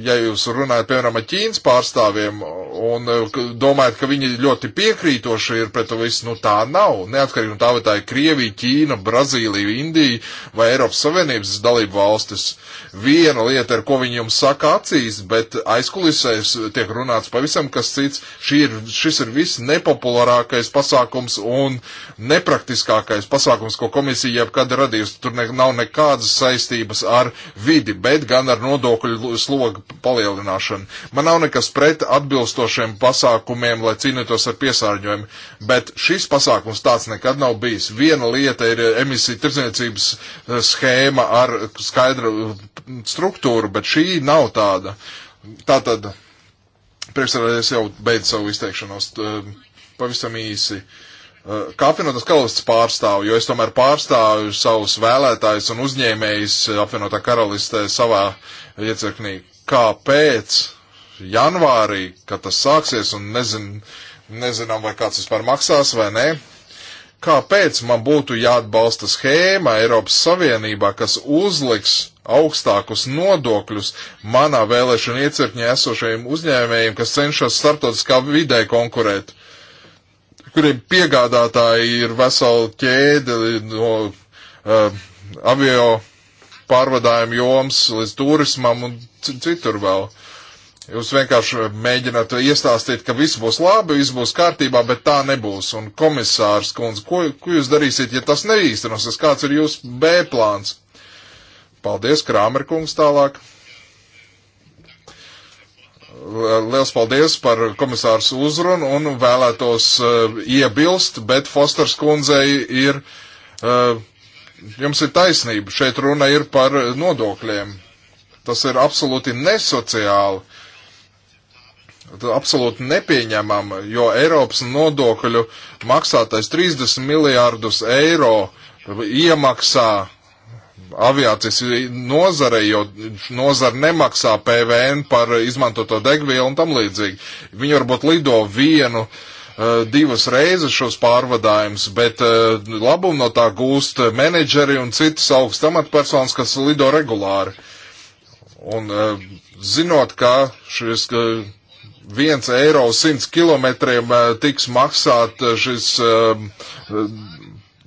S2: ja jūs runājat, piemēram, ar Ķīnas pārstāvjiem un eh, domājat, ka viņi ļoti piekrītoši ir pret to visu, nu tā nav. Neatkarīgi no nu, tā, vai tā ir Krievija, Ķīna, Brazīlija, Indija vai Eiropas Savienības dalību valstis. Viena lieta ir, ko viņi jums saka acīs, bet aizkulisēs tiek runāts pavisam kas cits. Ir, šis ir viss nepopulārākais pasākums un nepraktiskākais pasākums, ko komisija jebkad radījusi. Tur ne, nav nekādas saistības ar vidi, bet gan ar nodokļu slogu alga palielināšanu. Man nav nekas pret atbilstošiem pasākumiem, lai cīnītos ar piesārņojumu, bet šis pasākums tāds nekad nav bijis. Viena lieta ir emisija tirdzniecības eh, schēma ar skaidru mm, struktūru, bet šī nav tāda. Tātad, priekšsēdētājs jau beidz savu izteikšanos eh, pavisam īsi. Uh, Eh, kā apvienotās karalistas pārstāvu, jo es tomēr pārstāvu savus vēlētājus un uzņēmējus eh, apvienotā karalistē savā iecirknī. Kāpēc janvārī, kad tas sāksies un nezin, nezinām, vai kāds vispār maksās vai nē, kāpēc man būtu jāatbalsta schēma Eiropas Savienībā, kas uzliks augstākus nodokļus manā vēlēšana iecirkņā esošajiem uzņēmējiem, kas cenšas starptautiskā vidē konkurēt. Uh, kuriem piegādātāji ir vesela ķēde no uh, avio pārvadājuma joms līdz turismam un citur vēl. Jūs vienkārši mēģināt iestāstīt, ka viss būs labi, viss būs kārtībā, bet tā nebūs. Un komisārs kundze, ko, ko jūs darīsiet, ja tas neīstenosies? Kāds ir jūsu B plāns? Paldies, Krāmerkungs tālāk. Liels paldies par komisārs uzrunu un vēlētos uh, iebilst, bet Fosters kundzei ir, uh, jums ir taisnība, šeit runa ir par nodokļiem. Tas ir absolūti nesociāli, absolūti nepieņemama, jo Eiropas nodokļu maksātais 30 miljārdus eiro iemaksā aviācijas nozare, jo nozara nemaksā PVN par izmantoto degvielu un tam līdzīgi. Viņi varbūt lido vienu, eh, divas reizes šos pārvadājumus, bet eh, labumu no tā gūst menedžeri un citas augsts amatpersonas, kas lido regulāri. Un eh, zinot, ka šis viens eiro simts kilometriem tiks maksāt šis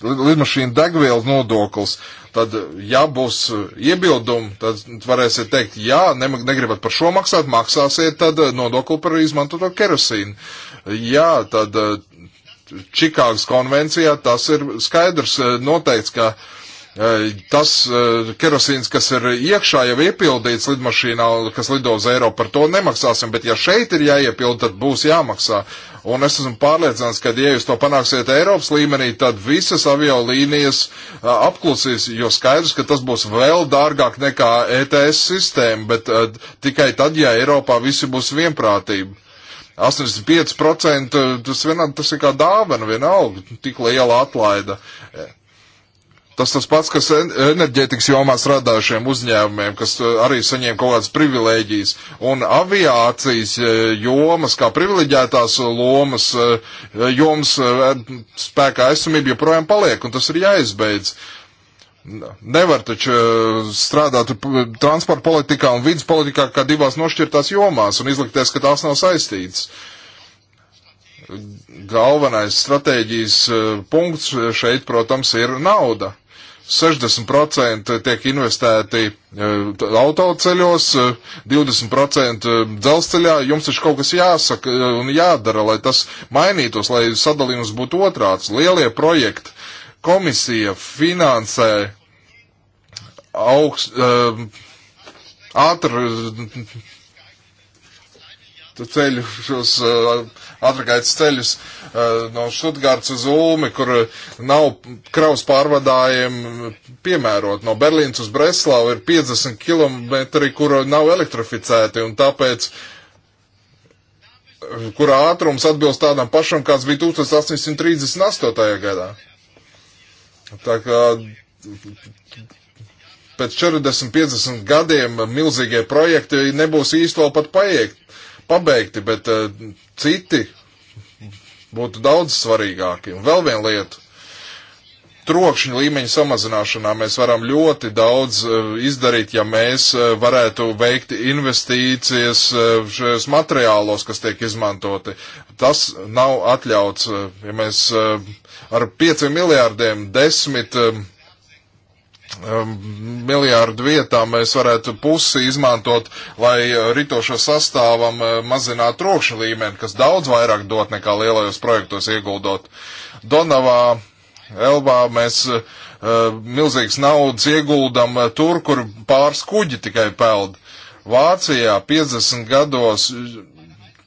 S2: lidmašīna degvielas nodoklis. Tad, ja būs uh, iebildumi, tad varēsiet teikt, jā, ne, negribat par šo maksāt, maksāsiet tad uh, nodokli par izmantoto kerosīnu. Jā, tad uh, Čikāgas konvencijā tas ir skaidrs noteikts, ka uh, Eh, tas eh, kerosīns, kas ir iekšā jau iepildīts lidmašīnā, kas lido uz Eiropu, par to nemaksāsim, bet ja šeit ir jāiepild, tad būs jāmaksā. Un es esmu pārliecināts, ka, ja jūs to panāksiet Eiropas līmenī, tad visas aviolīnijas eh, apklusīs, jo skaidrs, ka tas būs vēl dārgāk nekā ETS sistēma, bet uh, tikai tad, ja Eiropā visi būs vienprātība. 85% tas, vienā, tas ir kā dāvana vienalga, tik liela atlaida. Uh, Tas tas pats, kas enerģētikas jomās radāšiem uzņēmumiem, kas eh, arī saņem kaut kādas privilēģijas, un aviācijas eh, jomas, kā privileģētās eh, lomas, jomas spēkā esamība joprojām paliek, un tas ir jāizbeidz. Nevar taču strādāt transporta politikā un vidas politikā kā divās nošķirtās jomās un izlikties, ka tās nav saistītas galvenais stratēģijas punkts šeit, protams, ir nauda. 60% tiek investēti eh, autoceļos, 20% eh, eh, dzelzceļā. Jums taču kaut kas jāsaka un jādara, lai tas mainītos, lai sadalījums būtu otrāds. Lielie projekti komisija finansē augst, ātri ceļu, šos uh, atragaitas ceļus uh, no Štutgārds uz Ulmi, kur nav kraus pārvadājiem piemērot. No Berlīnas uz Breslavu ir 50 km, kur nav elektrificēti, un tāpēc kurā ātrums atbilst tādam pašam, kāds bija 1838. gadā. Tā kā pēc 40-50 gadiem milzīgie projekti nebūs īsti vēl pat paiet, pabeigti, bet uh, citi būtu daudz svarīgāki. Un vēl viena lieta. Trokšņa līmeņa samazināšanā mēs varam ļoti daudz uh, izdarīt, ja mēs uh, varētu veikt investīcijas šajos materiālos, kas tiek izmantoti. Tas nav atļauts, ja mēs ar pieciem miljārdiem desmit 10 Um, miljārdu vietā mēs varētu pusi izmantot, lai uh, ritošo sastāvam uh, mazinātu trokšņa līmeni, kas daudz vairāk dot nekā lielajos projektos ieguldot. Donavā, Elbā mēs uh, milzīgas naudas ieguldam uh, tur, kur pāris kuģi tikai peld. Vācijā 50 gados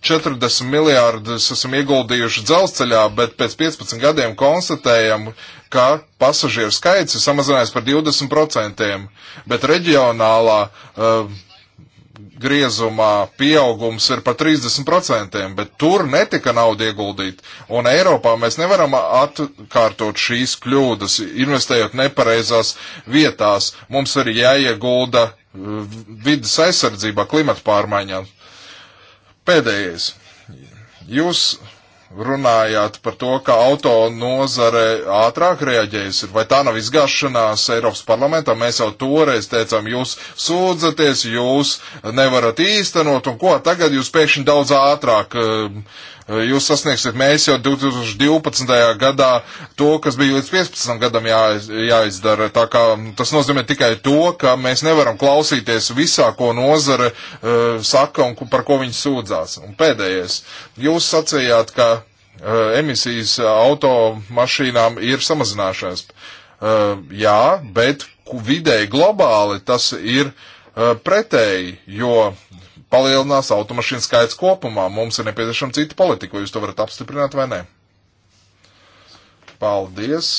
S2: 40 miljārdus esam ieguldījuši dzelzceļā, bet pēc 15 gadiem konstatējam, ka pasažieru skaits ir samazinājies par 20%, bet reģionālā uh, griezumā pieaugums ir par 30%, bet tur netika nauda ieguldīta. Un Eiropā mēs nevaram atkārtot šīs kļūdas, investējot nepareizās vietās. Mums ir jāiegulda eh, vidas aizsardzībā, klimata pārmaiņām. Pēdējais. Jūs runājāt par to, ka auto nozare ātrāk reaģējusi. Vai tā nav izgāšanās Eiropas parlamentā? Mēs jau toreiz teicām, jūs sūdzaties, jūs nevarat īstenot, un ko tagad jūs pēkšņi daudz ātrāk uh, Eh, jūs sasniegsiet mēs jau 2012. gadā to, kas bija līdz 15 gadam jā, jāizdara. Tā kā mm, tas nozīmē tikai to, ka mēs nevaram klausīties visā, ko nozare uh, saka un par ko viņi sūdzās. Un pēdējais, jūs sacījāt, ka uh, emisijas automašīnām ir samazināšanās. Uh, jā, bet vidēji globāli tas ir uh, pretēji, jo palielinās automašīnu skaits kopumā. Mums ir nepieciešama cita politika, vai jūs to varat apstiprināt vai nē? Paldies!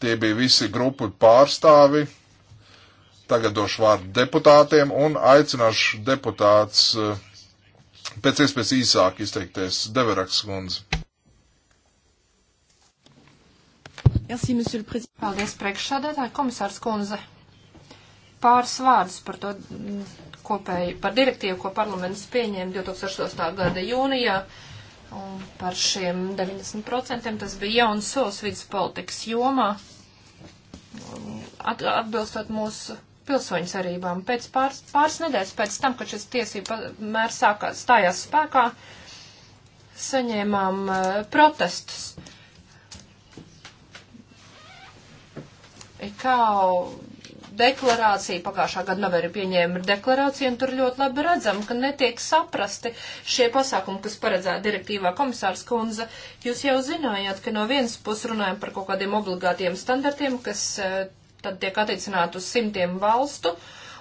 S2: Tie bija visi grupu pārstāvi. Tagad došu vārdu deputātiem un aicināšu deputāts eh, pēc iespējas īsāk izteikties. Deveraks kundze.
S1: Merci, monsieur le président. Paldies, priekšsādētāji, komisārs kundze. Pāris vārdus par to kopēju, par direktīvu, ko parlaments pieņēma 2008. gada jūnijā. Un par šiem 90% tas bija jauns solis vidas politikas jomā, at, atbilstot mūsu pilsoņu cerībām. Pēc pāris, pāris nedēļas pēc tam, kad šis tiesība mērs sākās stājās spēkā, saņēmām uh, protestus. Ikau deklarāciju, pagājušā gada novembrī pieņēma deklarāciju, un tur ļoti labi redzam, ka netiek saprasti šie pasākumi, kas paredzēta direktīvā komisārs Kunze. Jūs jau zinājāt, ka no vienas puses runājam par kaut kādiem obligātiem standartiem, kas eh, tad tiek attiecināti uz simtiem valstu.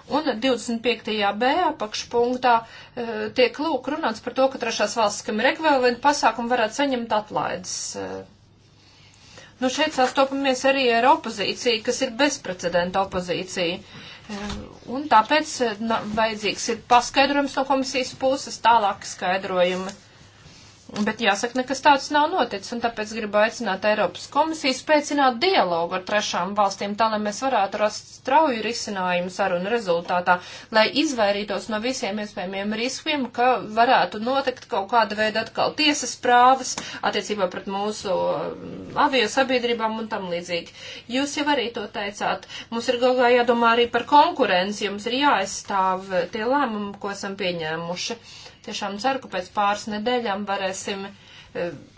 S1: Un 25. b apakšpunktā e, tiek lūk runāts par to, ka trešās valsts, kam ir ekvivalenti pasākumi, varētu saņemt atlaides. E, Nu, šeit sastopamies arī ar opozīciju, kas ir bezprecedenta opozīcija. Eh, un tāpēc eh, na, vajadzīgs ir paskaidrojums no komisijas puses, tālāk skaidrojumi. Bet jāsaka, nekas tāds nav noticis, un tāpēc gribu aicināt Eiropas komisiju spēcināt dialogu ar trešām valstīm, tā lai mēs varētu rast strauju risinājumu sarunu rezultātā, lai izvairītos no visiem iespējamiem riskiem, ka varētu notikt kaut kāda veida atkal tiesas prāvas attiecībā pret mūsu um, avio sabiedrībām un tam līdzīgi. Jūs jau arī to teicāt. Mums ir galvā jādomā arī par konkurenci, jums ir jāaizstāv tie lēmumi, ko esam pieņēmuši Tiešām ceru, ka pēc pāris nedēļām varēsim e,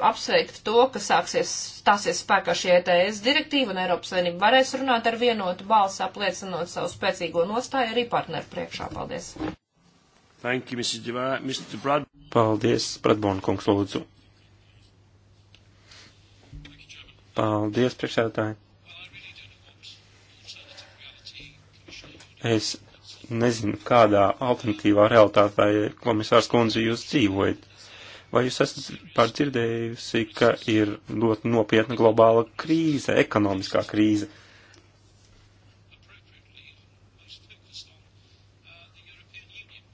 S1: apsveikt to, ka sāksies, stāsies spēkā šī ETS direktīva un Eiropas Savienība varēs runāt ar vienotu balsu, apliecinot savu spēcīgo nostāju arī partneru priekšā.
S3: Paldies! Thank you, Mrs. Divā. Mr. Brad. Paldies, Bradbona kungs, lūdzu. Paldies, priekšsēdētāji. Es nezinu, kādā alternatīvā realitātē, komisārs kundze, jūs dzīvojat. Vai jūs esat pārdzirdējusi, ka ir ļoti nopietna globāla krīze, ekonomiskā krīze?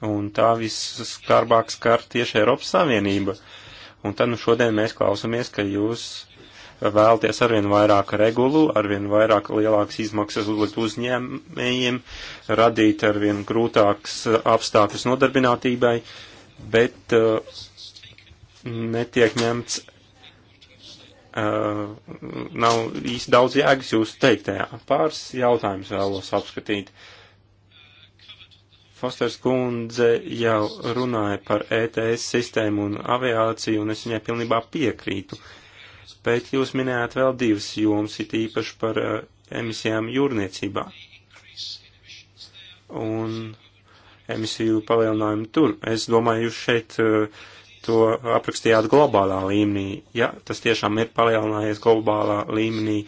S3: Un tā visskarbāk skar tieši Eiropas Savienība. Un tad nu šodien mēs klausamies, ka jūs vēlties arvien vairāk regulu, arvien vairāk lielākas izmaksas uzlikt uzņēmējiem, radīt arvien grūtāks uh, apstākļus nodarbinātībai, bet uh, netiek ņemts, uh, nav īsti daudz jēgas jūsu teiktajā. Pāris jautājums vēlos apskatīt. Fosters kundze jau runāja par ETS sistēmu un aviāciju, un es viņai pilnībā piekrītu. Uh, bet jūs minējāt vēl divas jomas, it īpaši par uh, emisijām jūrniecībā un emisiju palielinājumu tur. Es domāju, jūs šeit uh, to aprakstījāt globālā līmenī. Ja tas tiešām ir palielinājies globālā līmenī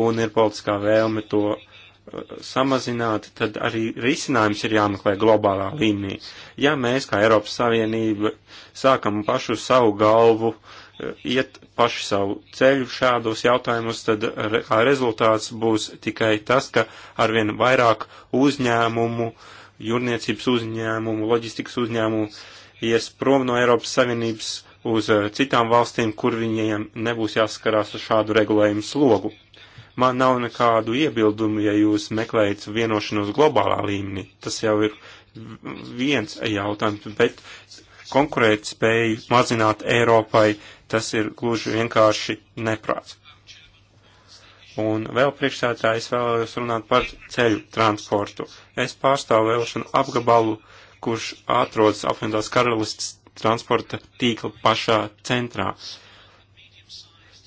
S3: un ir politiskā vēlme to eh, samazināt, tad arī risinājums ir jāmeklē globālā līmenī. Ja mēs, kā Eiropas Savienība, sākam pašu savu galvu uh, Eh, iet paši savu ceļu šādos jautājumos, tad re, kā rezultāts būs tikai tas, ka arvien vairāk uzņēmumu, jūrniecības uzņēmumu, loģistikas uzņēmumu ies prom no Eiropas Savienības uz eh, citām valstīm, kur viņiem nebūs jāskarās ar šādu regulējumu slogu. Man nav nekādu iebildumu, ja jūs meklējat vienošanos globālā līmenī. Tas jau ir viens jautājums, bet konkurētspēju mazināt Eiropai Tas ir gluži vienkārši neprāts. Un vēl priekšsētā es vēlējos runāt par ceļu transportu. Es pārstāvu vēlšanu apgabalu, kurš atrodas apvienotās karalistas transporta tīkla pašā centrā.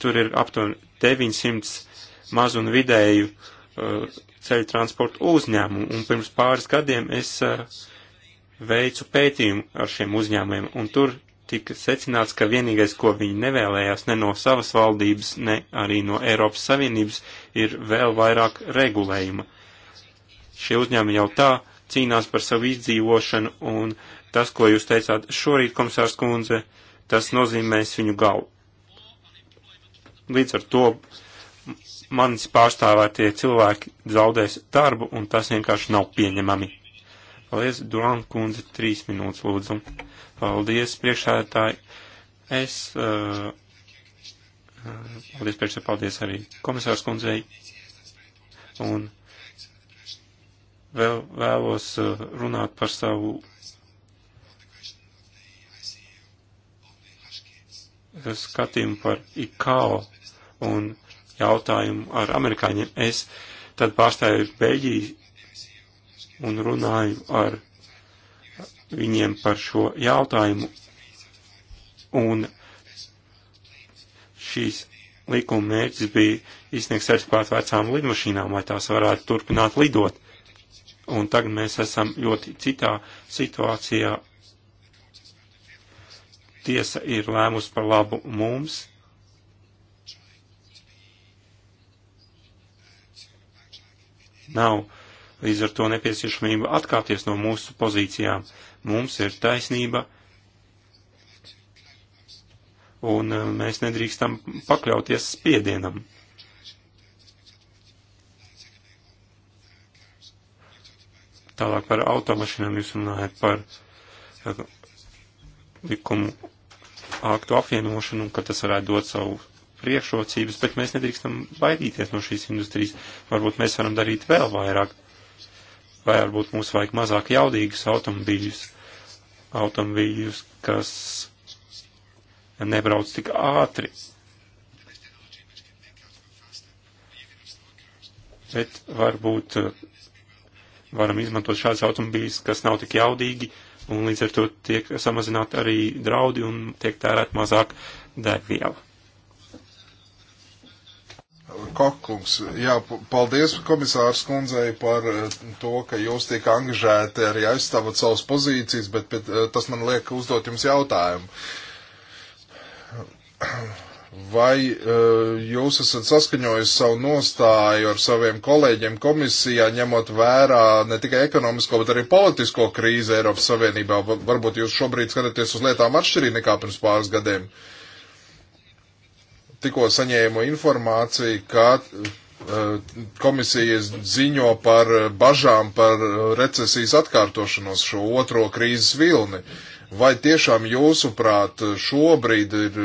S3: Tur ir aptuveni 900 mazu un vidēju uh, ceļu transportu uzņēmumu, un pirms pāris gadiem es uh, veicu pētījumu ar šiem uzņēmumiem, un tur tika secināts, ka vienīgais, ko viņi nevēlējās ne no savas valdības, ne arī no Eiropas Savienības, ir vēl vairāk regulējuma. Šie uzņēmumi jau tā cīnās par savu izdzīvošanu, un tas, ko jūs teicāt šorīt, komisārs kundze, tas nozīmēs viņu galvu. Līdz ar to manis pārstāvētie cilvēki zaudēs darbu, un tas vienkārši nav pieņemami. Paldies, Duan kundze, trīs minūtes lūdzu. Paldies, priekšsēdētāji. Es, uh, uh paldies, priekšsēdētāji, paldies arī komisārs kundzei. Un vēl, vēlos uh, runāt par savu uh, skatījumu par IKO un jautājumu ar amerikāņiem. Es tad pārstāju Beļģiju un runāju ar viņiem par šo jautājumu. Un šīs likuma mērķis bija izsniegt certifikātu vecām lidmašīnām, lai tās varētu turpināt lidot. Un tagad mēs esam ļoti citā situācijā. Tiesa ir lēmusi par labu mums. Nav līdz ar to nepieciešamība atkāpties no mūsu pozīcijām. Mums ir taisnība, un eh, mēs nedrīkstam pakļauties spiedienam. Tālāk par automašīnām jūs runājat par eh, likumu aktu apvienošanu, ka tas varētu dot savu priekšrocības, bet mēs nedrīkstam baidīties no šīs industrijas. Varbūt mēs varam darīt vēl vairāk vai varbūt mums vajag mazāk jaudīgus automobīļus, automobīļus, kas nebrauc tik ātri. Bet varbūt eh, varam izmantot šādus automobīļus, kas nav tik jaudīgi, un līdz ar to tiek samazināt arī draudi un tiek tērēt mazāk degviela. Kokungs, jā,
S2: paldies komisārs kundzei par eh, to, ka jūs tiek angažēti arī aizstāvot savas pozīcijas, bet, bet eh, tas man liek uzdot jums jautājumu. Vai eh, jūs esat saskaņojis savu nostāju ar saviem kolēģiem komisijā, ņemot vērā ne tikai ekonomisko, bet arī politisko krīzi Eiropas Savienībā? Varbūt jūs šobrīd skatāties uz lietām atšķirīgi nekā pirms pāris gadiem. Uh, tikko saņēmu informāciju, ka eh, komisijas ziņo par bažām par recesijas atkārtošanos šo otro krīzes vilni. Vai tiešām jūsuprāt šobrīd ir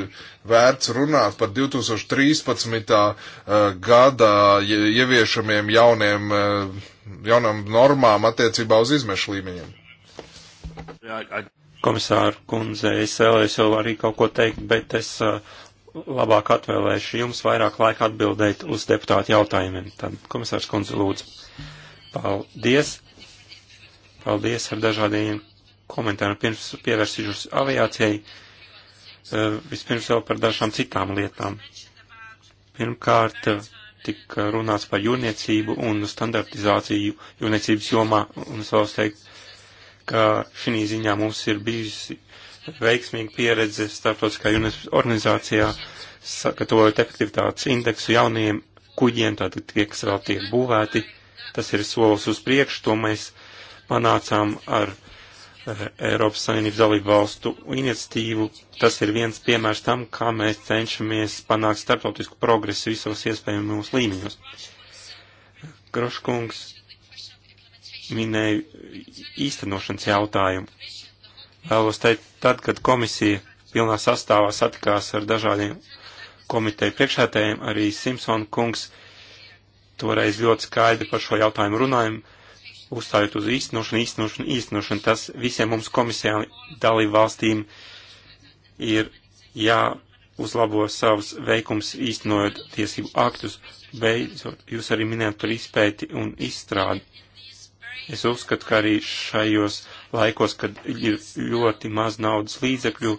S2: vērts runāt par 2013. Eh, gadā ieviešamiem jauniem, eh, jaunam normām attiecībā uz izmešu līmeņiem?
S3: Komisāra kundze, es vēlēšu arī kaut ko teikt, bet es uh, labāk atvēlēšu jums vairāk laika atbildēt uz deputātu jautājumiem. Tad komisārs Kundze lūdzu. Paldies. Paldies ar dažādiem komentāriem. Pirms pievērsīšos aviācijai, eh, vispirms vēl par dažām citām lietām. Pirmkārt, tika runāts par jūrniecību un standartizāciju jūrniecības jomā, un es vēlos teikt, ka šī ziņā mums ir bijusi veiksmīga pieredze starptautiskā UNESCO organizācijā, sagatavojot efektivitātes indeksu jaunajiem kuģiem, tātad tie, kas vēl tiek būvēti. Tas ir solis uz priekšu, to mēs panācām ar eh, Eiropas Savienības dalību valstu iniciatīvu. Tas ir viens piemērs tam, kā mēs cenšamies panākt starptautisku progresu visos iespējamos līmeņos. Groškungs minēja īstenošanas jautājumu. Vēlos teikt, tad, kad komisija pilnā sastāvā satikās ar dažādiem komiteju priekšētējiem, arī Simpson kungs toreiz ļoti skaidri par šo jautājumu runājumu, uzstājot uz īstenošanu, īstenošanu, īstenošanu. Tas visiem mums komisijām dalību valstīm ir jāuzlabo savus veikums īstenojot tiesību aktus. Beidzot, jūs arī minējat par izpēti un izstrādi. Es uzskatu, ka arī šajos laikos, kad ir ļoti maz naudas līdzekļu,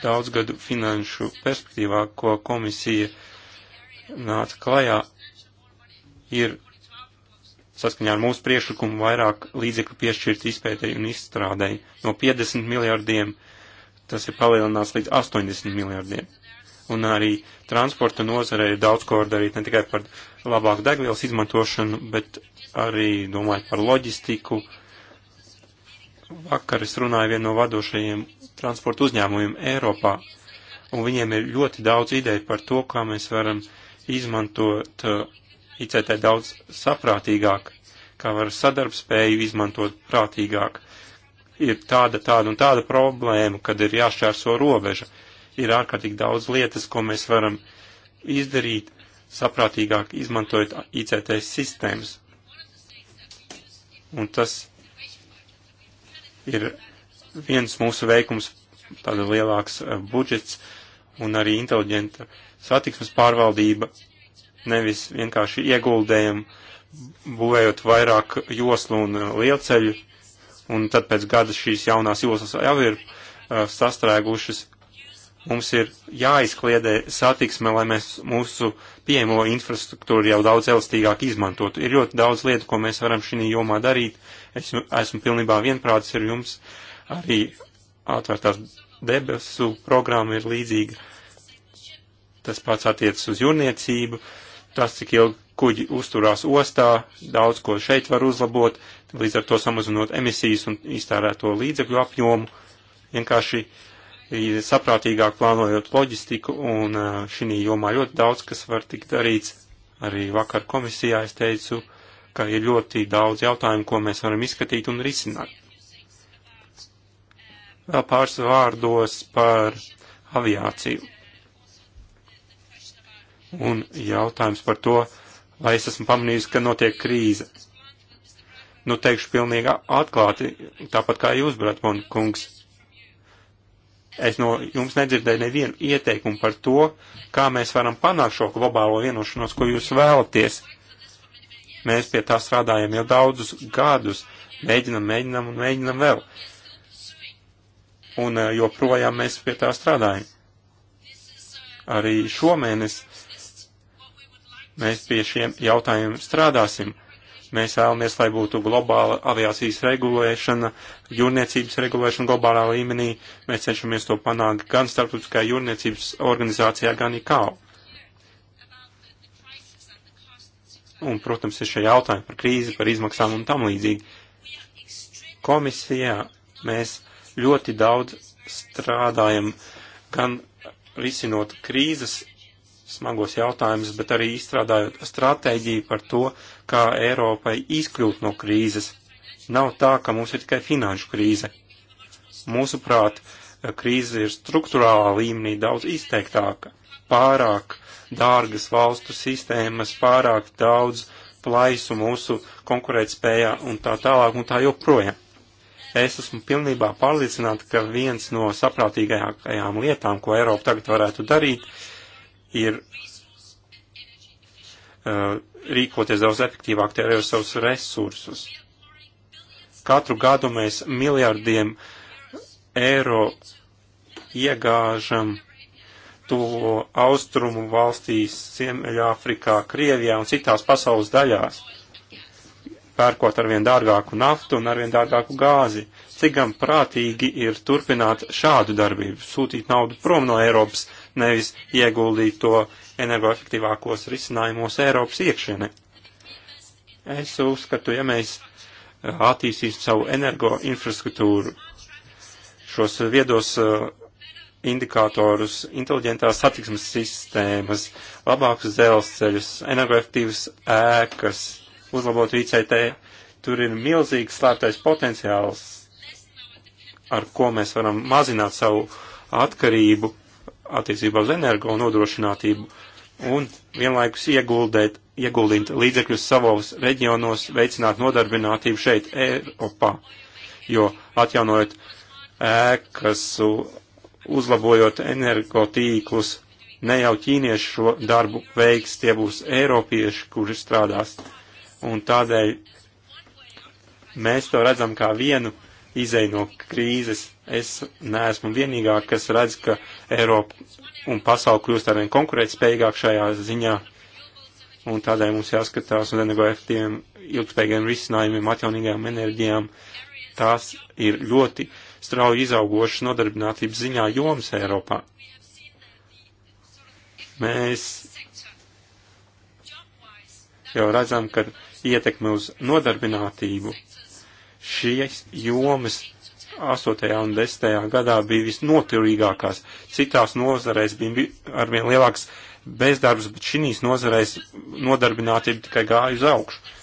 S3: daudzgadu finanšu perspektīvā, ko komisija nāca klajā, ir saskaņā ar mūsu priešlikumu vairāk līdzekļu piešķirt izpētēji un izstrādēji. No 50 miljardiem tas ir palielināts līdz 80 miljardiem. Un arī transporta nozarē ir daudz ko var darīt, ne tikai par labāku degvielas izmantošanu, bet arī domājot par loģistiku. Vakar es runāju vienu no vadošajiem transporta uzņēmumiem Eiropā, un viņiem ir ļoti daudz ideju par to, kā mēs varam izmantot eh, ICT daudz saprātīgāk, kā var sadarbspēju izmantot prātīgāk. Ir tāda, tāda un tāda problēma, kad ir jāšķērso robeža. Ir ārkārtīgi daudz lietas, ko mēs varam izdarīt saprātīgāk izmantojot ICT sistēmas. Un tas ir viens mūsu veikums, tāda lielāks eh, budžets un arī inteliģenta satiksmes pārvaldība, nevis vienkārši ieguldējam, būvējot vairāk joslu un eh, lielceļu, un tad pēc gada šīs jaunās joslas jau ir uh, sastrēgušas. Mums ir jāizkliedē satiksme, lai mēs mūsu pieejamo infrastruktūru jau daudz elastīgāk izmantot. Ir ļoti daudz lietu, ko mēs varam šī jomā darīt. Es nu, esmu pilnībā vienprātis ar jums. Arī atvērtās debesu programma ir līdzīga. Tas pats attiecas uz jūrniecību, tas, cik ilgi kuģi uzturās ostā, daudz ko šeit var uzlabot, līdz ar to samazinot emisijas un iztērēto līdzekļu apjomu. Vienkārši uh, ir saprātīgāk plānojot loģistiku un šī jomā ļoti daudz, kas var tikt darīts. Arī vakar komisijā es teicu, ka ir ļoti daudz jautājumu, ko mēs varam izskatīt un risināt. Vēl pāris vārdos par aviāciju. Un jautājums par to, vai es esmu pamanījis, ka notiek krīze. Nu, teikšu pilnīgi atklāti, tāpat kā jūs, Bratmon kungs, Es no jums nedzirdēju nevienu ieteikumu par to, kā mēs varam panākt šo globālo vienošanos, ko jūs vēlaties. Mēs pie tā strādājam jau daudzus gadus. Mēģinam, mēģinam un mēģinam vēl. Un eh, joprojām mēs pie tā strādājam. Arī šomēnes mēs pie šiem jautājumiem strādāsim. Mēs vēlamies, lai būtu globāla aviācijas regulēšana, jūrniecības regulēšana globālā līmenī. Mēs cenšamies to panākt gan starptautiskajā jūrniecības organizācijā, gan IKAU. Un, protams, ir šie jautājumi par krīzi, par izmaksām un tam līdzīgi. Komisijā mēs ļoti daudz strādājam gan risinot krīzes smagos jautājumus, bet arī izstrādājot stratēģiju par to, kā Eiropai izkļūt no krīzes. Nav tā, ka mums ir tikai finanšu krīze. Mūsuprāt, krīze ir struktūrālā līmenī daudz izteiktāka, pārāk dārgas valstu sistēmas, pārāk daudz plaisu mūsu konkurētspējā un tā tālāk un tā joprojām. Es esmu pilnībā pārliecināta, ka viens no saprātīgākajām lietām, ko Eiropa tagad varētu darīt, uh, ir uh, rīkoties daudz efektīvāk, tērējot savus resursus. Katru gadu mēs miljardiem eiro iegāžam tuvo austrumu valstīs, Ziemeļāfrikā, Krievijā un citās pasaules daļās, pērkot arvien dārgāku naftu un arvien dārgāku gāzi. Cik gan prātīgi ir turpināt šādu darbību, sūtīt naudu prom no Eiropas nevis ieguldīt to energoefektīvākos risinājumos Eiropas iekšienē. Es uzskatu, ja mēs eh, attīstīsim savu energo infrastruktūru, šos viedos eh, indikātorus, inteliģentās satiksmes sistēmas, labākus dzelzceļus, energoefektīvas ēkas, uzlabotu ICT, tur ir milzīgs slēptais potenciāls, ar ko mēs varam mazināt savu atkarību attiecībā uz energo nodrošinātību un vienlaikus ieguldēt, ieguldīt līdzekļus savos reģionos, veicināt nodarbinātību šeit, Eiropā, jo atjaunojot ēkas, uzlabojot energotīklus, ne jau ķīnieši šo darbu veiks, tie būs eiropieši, kuri strādās. Un tādēļ mēs to redzam kā vienu izēju no krīzes, es neesmu vienīgā, kas redz, ka Eiropa un pasauli kļūst arvien konkurētspējīgāk šajā ziņā, un tādēļ mums jāskatās uz energoefektiem, ilgspējīgiem risinājumiem, atjaunīgām enerģijām. Tās ir ļoti strauji izaugošas nodarbinātības ziņā jomas Eiropā. Mēs jau redzam, ka ietekme uz nodarbinātību Šīs jomas 8. un 10. gadā bija visnoturīgākās. Citās nozarēs bija arvien lielāks bezdarbs, bet šīs nozarēs nodarbinātība tikai gāja uz augšu.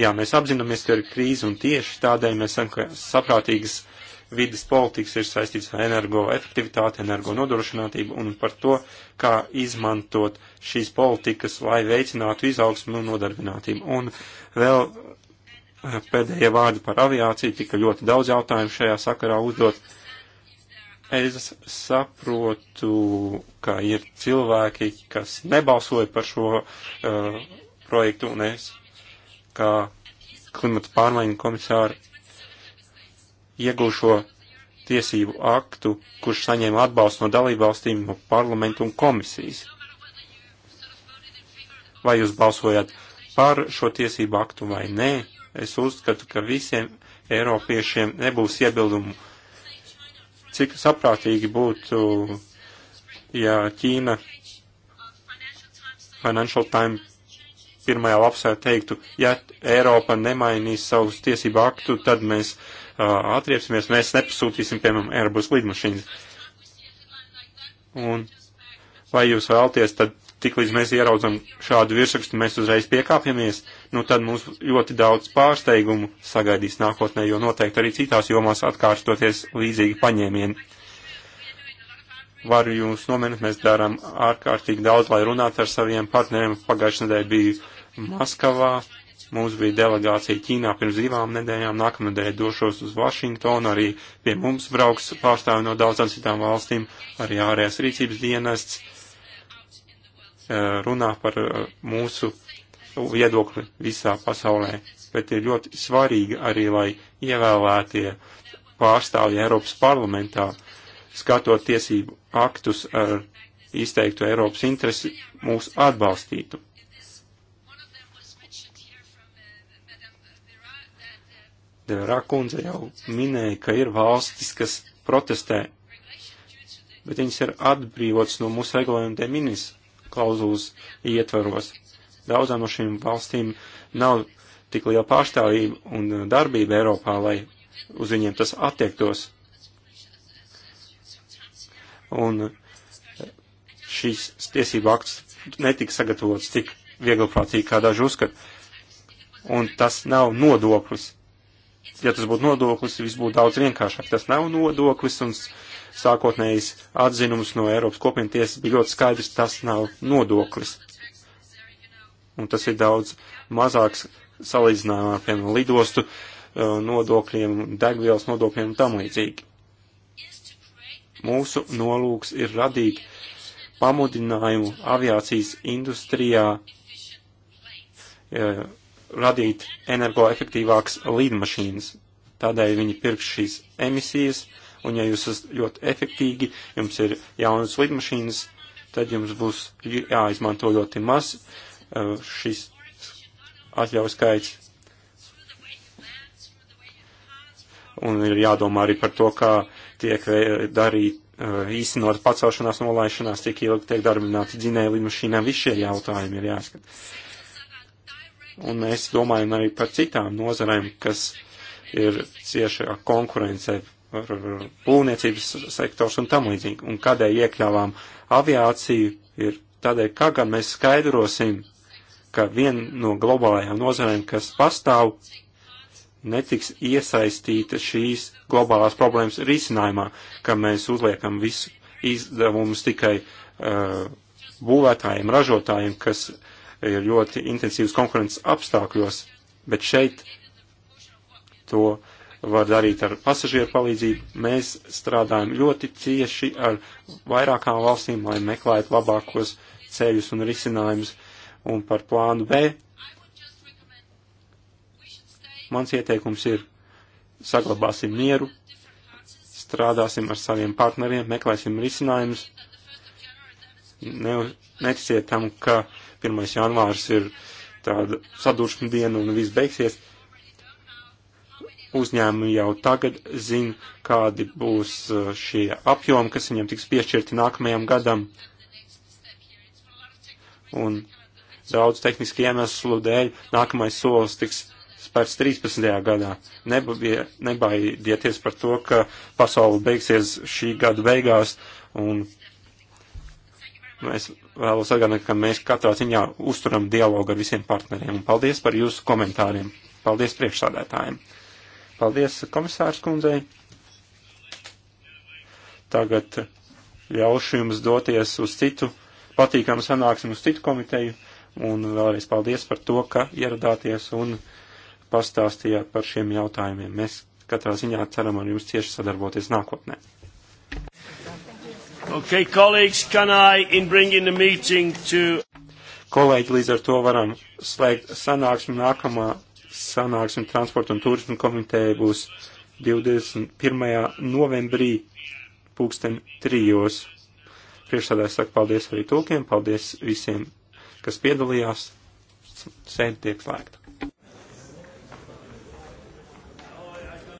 S3: Jā, mēs apzināmies, ka ir krīze un tieši tādēļ mēs esam, ka saprātīgas vidas politikas ir saistīts ar energoefektivitāti, energo nodrošinātību un par to, kā izmantot šīs politikas, lai veicinātu izaugsmu un nodarbinātību. Un vēl Eh, pēdējie vārdi par aviāciju, tika ļoti daudz jautājumu šajā sakarā uzdot. Es saprotu, ka ir cilvēki, kas nebalsoja par šo uh, projektu, un es, kā klimata pārmaiņu komisāri, iegūšo tiesību aktu, kurš saņēma atbalstu no dalībvalstīm, no parlamentu un komisijas. Vai jūs balsojat par šo tiesību aktu vai nē? Es uzskatu, ka visiem Eiropiešiem nebūs iebildumu. Cik saprātīgi būtu, ja Ķīna Financial Times pirmajā lapsē teiktu, ja Eiropa nemainīs savus tiesību aktu, tad mēs uh, atriepsimies, mēs nepasūtīsim, piemēram, Airbus lidmašīnas. Un vai jūs vēlties, tad tik līdz mēs ieraudzam šādu virsrakstu, mēs uzreiz piekāpjamies. Uh, nu tad mums ļoti daudz pārsteigumu sagaidīs nākotnē, jo noteikti arī citās jomās atkārtoties līdzīgi paņēmieni. Varu jūs nomenīt, mēs darām ārkārtīgi daudz, lai runātu ar saviem partneriem. Pagājušajā nedēļā biju Maskavā, mums bija delegācija Ķīnā pirms divām nedēļām, nākamnedēļ došos uz Vašingtonu, arī pie mums brauks pārstāvi no daudzām citām valstīm, arī ārējās rīcības dienests eh, runā par eh, mūsu Nu, viedokli visā pasaulē, bet ir ļoti svarīgi arī, lai ievēlētie pārstāvji Eiropas parlamentā, skatot tiesību aktus ar izteiktu Eiropas interesi, mūs atbalstītu. Deverā kundze jau minēja, ka ir valstis, kas protestē, bet viņas ir atbrīvotas no mūsu regulējuma deminis klauzulas ietvaros daudzām no šīm valstīm nav tik liela pārstāvība un uh, darbība Eiropā, lai uz viņiem tas attiektos. Un uh, šīs tiesība akts netika sagatavots tik viegliprātīgi, kā daži uzskata. Un tas nav nodoklis. Ja tas būtu nodoklis, viss būtu daudz vienkāršāk. Tas nav nodoklis un sākotnējs atzinums no Eiropas kopienties bija ļoti skaidrs, tas nav nodoklis un tas ir daudz mazāks salīdzinājumā, piemēram, lidostu uh, nodokļiem, degvielas nodokļiem un tam līdzīgi. Mūsu nolūks ir radīt pamudinājumu aviācijas industrijā uh, radīt energoefektīvākas līdmašīnas. Tādēļ viņi pirks šīs emisijas, un ja jūs esat ļoti efektīgi, jums ir jaunas lidmašīnas, tad jums būs jāizmanto ļoti maz šis atļauju skaits. Un ir jādomā arī par to, kā tiek darīt īstenot pacelšanās, nolaišanās, cik ilgi tiek darbināti dzinēji lidmašīnām, visi šie jautājumi ir jāskat. Un mēs domājam arī par citām nozarēm, kas ir ciešā konkurencē ar būvniecības sektors un tam līdzīgi. Un kādēļ iekļāvām aviāciju ir tādēļ, kā gan mēs skaidrosim ka viena no globālajām nozarēm, kas pastāv, netiks iesaistīta šīs globālās problēmas risinājumā, ka mēs uzliekam visu izdevumus tikai uh, būvētājiem, ražotājiem, kas ir ļoti intensīvas konkurences apstākļos, bet šeit to var darīt ar pasažieru palīdzību. Mēs strādājam ļoti cieši ar vairākām valstīm, lai meklētu labākos ceļus un risinājumus uh, un par plānu B. Mans ieteikums ir saglabāsim mieru, strādāsim ar saviem partneriem, meklēsim risinājumus. Ne, neticiet tam, ka 1. janvārs ir tāda sadūršana diena un viss beigsies. Uzņēmumi jau tagad zina, kādi būs uh, šie apjomi, kas viņam tiks piešķirti nākamajam gadam. Un daudz tehniski iemeslu dēļ nākamais solis tiks spērts 13. gadā. Nebija, nebaidieties par to, ka pasauli beigsies šī gada beigās, un mēs vēlos atgādināt, ka mēs katrā ziņā uzturam dialogu ar visiem partneriem, un paldies par jūsu komentāriem. Paldies priekšsādētājiem. Paldies komisārs kundzei. Tagad ļaušu jums doties uz citu patīkamu sanāksmi, uz citu komiteju un vēlreiz paldies par to, ka ieradāties un pastāstījāt par šiem jautājumiem. Mēs katrā ziņā ceram ar jums cieši sadarboties nākotnē. Okay, colleagues, can I in bringing the meeting to... Kolēģi, līdz ar to varam slēgt sanāksmi. Nākamā sanāksmi transporta un turismu komiteja būs 21. novembrī pūksteni trijos. Priekšsādājs saka paldies arī tūkiem, paldies visiem kas piedalījās, sēde tiek slēgta.